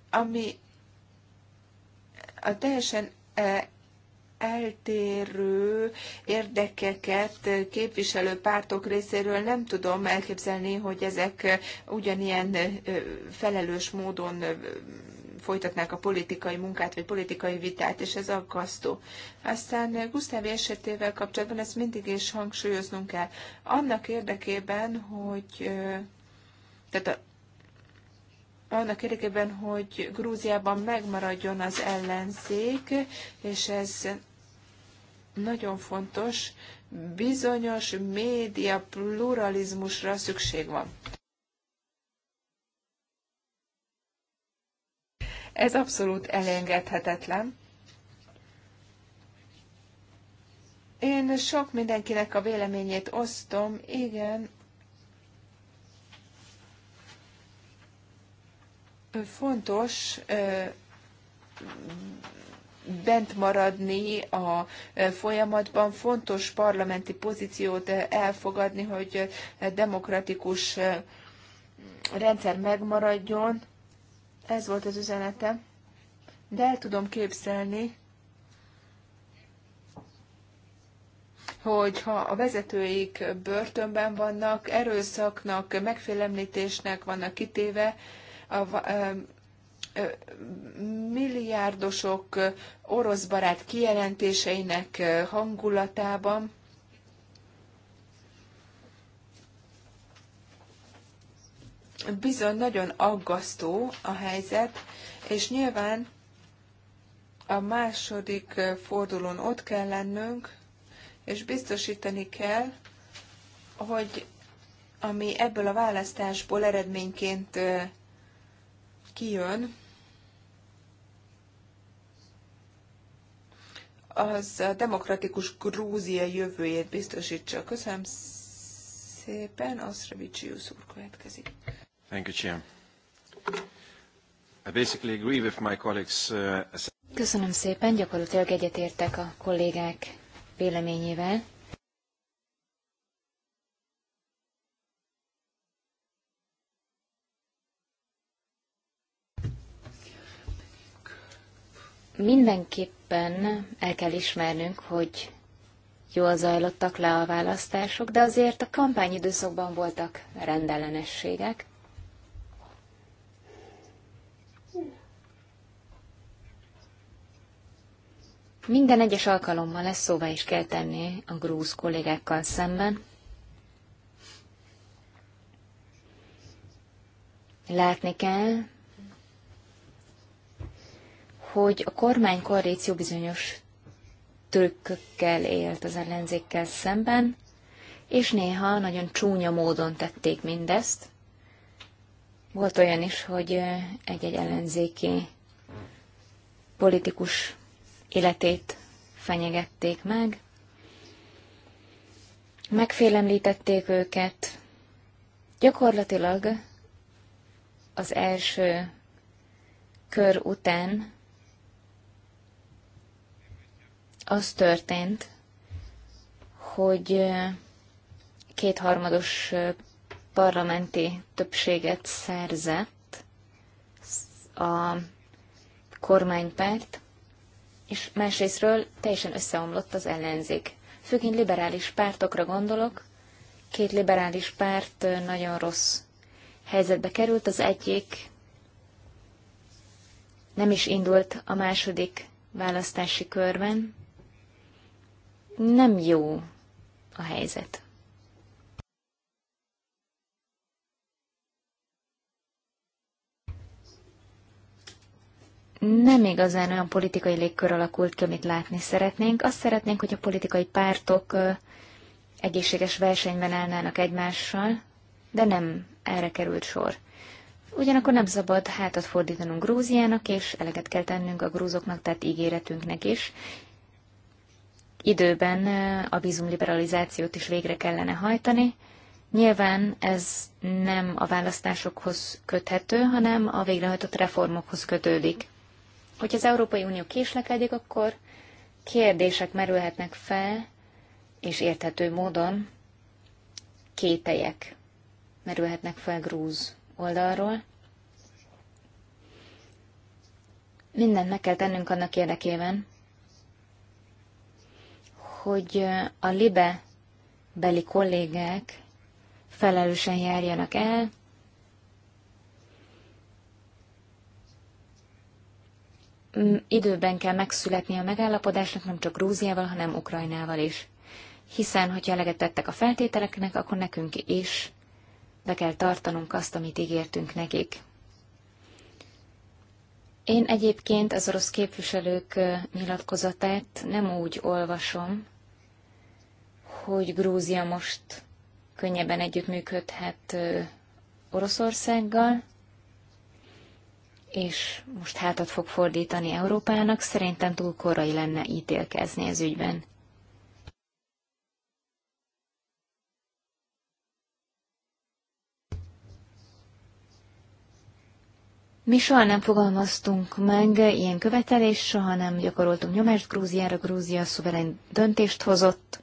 ami a teljesen eh, eltérő érdekeket képviselő pártok részéről nem tudom elképzelni, hogy ezek ugyanilyen felelős módon folytatnák a politikai munkát, vagy politikai vitát, és ez aggasztó. Aztán Gusztáv esetével kapcsolatban ezt mindig is hangsúlyoznunk kell. Annak érdekében, hogy tehát a, annak érdekében, hogy Grúziában megmaradjon az ellenzék, és ez nagyon fontos, bizonyos média pluralizmusra szükség van. Ez abszolút elengedhetetlen. Én sok mindenkinek a véleményét osztom, igen. Fontos bent maradni a e, folyamatban, fontos parlamenti pozíciót e, elfogadni, hogy e, demokratikus rendszer megmaradjon. Ez volt az üzenetem. De el tudom képzelni, hogy ha a vezetőik börtönben vannak, erőszaknak, megfélemlítésnek vannak kitéve, a milliárdosok orosz barát kijelentéseinek hangulatában bizony nagyon aggasztó a helyzet, és nyilván a második fordulón ott kell lennünk, és biztosítani kell, hogy ami ebből a választásból eredményként kijön, az demokratikus Grúzia jövőjét biztosítsa. Köszönöm szépen, Asztravicius úr következik. Thank you, Chair. I basically agree with my colleagues, uh, Köszönöm szépen, gyakorlatilag egyetértek a kollégák véleményével. Mindenképp mindenképpen el kell ismernünk, hogy jól zajlottak le a választások, de azért a kampányidőszakban voltak rendellenességek. Minden egyes alkalommal lesz szóvá is kell tenni a grúz kollégákkal szemben. Látni kell, hogy a kormány koalíció bizonyos trükkökkel élt az ellenzékkel szemben, és néha nagyon csúnya módon tették mindezt. Volt olyan is, hogy egy-egy ellenzéki politikus életét fenyegették meg, megfélemlítették őket. Gyakorlatilag az első kör után az történt, hogy kétharmados parlamenti többséget szerzett a kormánypárt, és másrésztről teljesen összeomlott az ellenzék. Főként liberális pártokra gondolok. Két liberális párt nagyon rossz helyzetbe került. Az egyik nem is indult a második választási körben, nem jó a helyzet. nem igazán olyan politikai légkör alakult ki, amit látni szeretnénk. Azt szeretnénk, hogy a politikai pártok egészséges versenyben állnának egymással, de nem erre került sor. Ugyanakkor nem szabad hátat fordítanunk Grúziának, és eleget kell tennünk a grúzoknak, tehát ígéretünknek is időben a vízumliberalizációt is végre kellene hajtani. Nyilván ez nem a választásokhoz köthető, hanem a végrehajtott reformokhoz kötődik. Hogy az Európai Unió késlekedik, akkor kérdések merülhetnek fel, és érthető módon kételyek merülhetnek fel grúz oldalról. Mindent meg kell tennünk annak érdekében, hogy a libe beli kollégák felelősen járjanak el, időben kell megszületni a megállapodásnak nem csak Grúziával, hanem Ukrajnával is. Hiszen, hogyha eleget tettek a feltételeknek, akkor nekünk is be kell tartanunk azt, amit ígértünk nekik. Én egyébként az orosz képviselők nyilatkozatát nem úgy olvasom, hogy Grúzia most könnyebben együttműködhet Oroszországgal, és most hátat fog fordítani Európának, szerintem túl korai lenne ítélkezni ez ügyben. Mi soha nem fogalmaztunk meg ilyen követelés, soha nem gyakoroltunk nyomást Grúziára, Grúzia szuverén döntést hozott.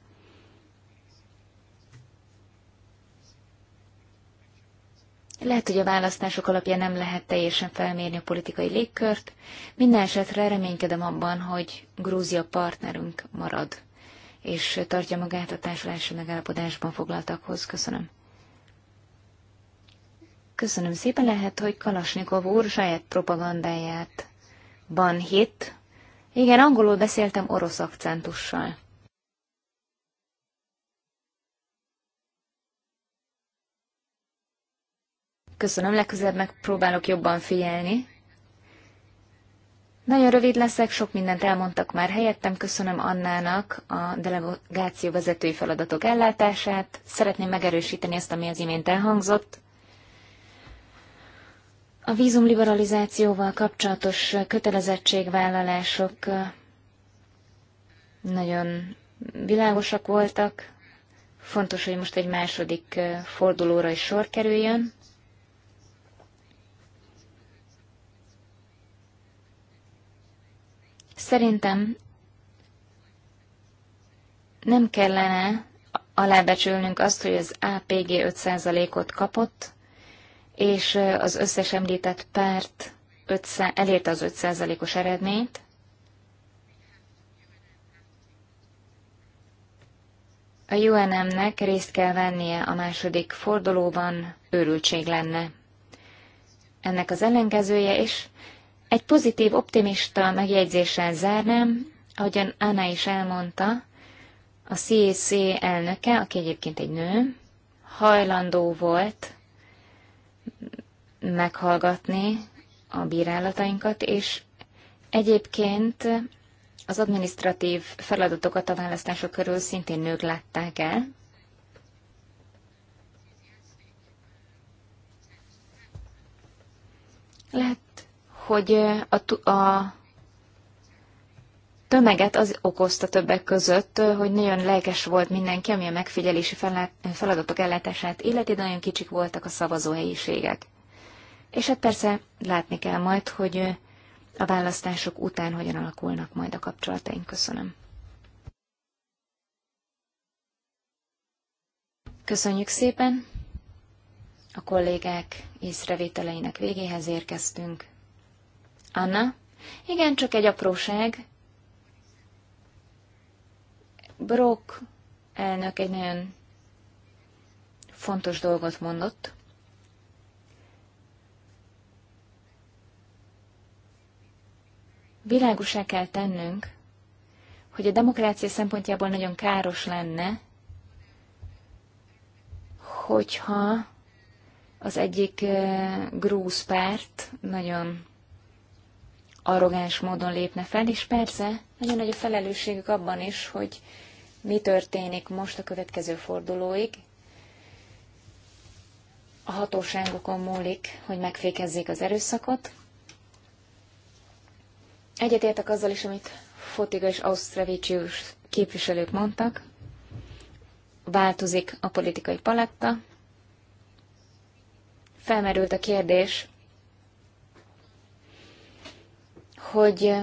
Lehet, hogy a választások alapján nem lehet teljesen felmérni a politikai légkört. Minden esetre reménykedem abban, hogy Grúzia partnerünk marad, és tartja magát a társulási megállapodásban foglaltakhoz. Köszönöm. Köszönöm szépen, lehet, hogy Kalasnikov úr saját propagandáját ban hit. Igen, angolul beszéltem orosz akcentussal. Köszönöm, legközelebb megpróbálok jobban figyelni. Nagyon rövid leszek, sok mindent elmondtak már helyettem. Köszönöm Annának a delegáció vezetői feladatok ellátását. Szeretném megerősíteni ezt, ami az imént elhangzott. A vízumliberalizációval kapcsolatos kötelezettségvállalások nagyon világosak voltak. Fontos, hogy most egy második fordulóra is sor kerüljön. Szerintem nem kellene alábecsülnünk azt, hogy az APG 5%-ot kapott, és az összes említett párt 500, elérte az 5%-os eredményt. A UNM-nek részt kell vennie a második fordulóban, őrültség lenne. Ennek az ellenkezője is. Egy pozitív, optimista megjegyzéssel zárnám, ahogyan Anna is elmondta, a CSC elnöke, aki egyébként egy nő, hajlandó volt meghallgatni a bírálatainkat, és egyébként az adminisztratív feladatokat a választások körül szintén nők látták el. Lehet, hogy a, a tömeget az okozta többek között, hogy nagyon lelkes volt mindenki, ami a megfigyelési feladatok ellátását illeti, de nagyon kicsik voltak a szavazóhelyiségek. És hát persze látni kell majd, hogy a választások után hogyan alakulnak majd a kapcsolataink. Köszönöm. Köszönjük szépen! A kollégák észrevételeinek végéhez érkeztünk. Anna? Igen, csak egy apróság. Brock elnök egy nagyon fontos dolgot mondott. Világosá kell tennünk, hogy a demokrácia szempontjából nagyon káros lenne, hogyha az egyik grúz párt nagyon arrogáns módon lépne fel, és persze nagyon nagy a felelősségük abban is, hogy mi történik most a következő fordulóig. A hatóságokon múlik, hogy megfékezzék az erőszakot. Egyetértek azzal is, amit Fotiga és Ausztravicius képviselők mondtak. Változik a politikai paletta. Felmerült a kérdés, hogy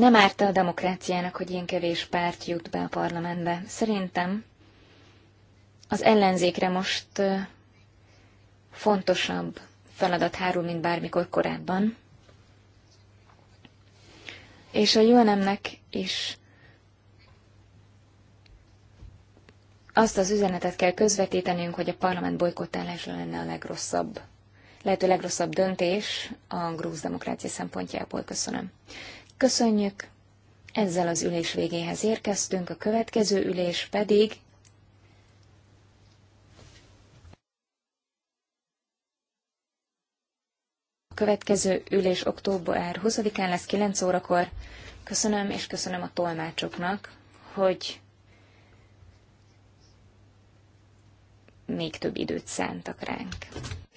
nem árta a demokráciának, hogy ilyen kevés párt jut be a parlamentbe. Szerintem az ellenzékre most fontosabb feladat hárul, mint bármikor korábban. És a UNM-nek is azt az üzenetet kell közvetítenünk, hogy a parlament bolykottálása lenne a legrosszabb, lehető legrosszabb döntés a grúz demokrácia szempontjából. Köszönöm. Köszönjük! Ezzel az ülés végéhez érkeztünk, a következő ülés pedig A következő ülés október 20-án lesz 9 órakor. Köszönöm, és köszönöm a tolmácsoknak, hogy még több időt szántak ránk.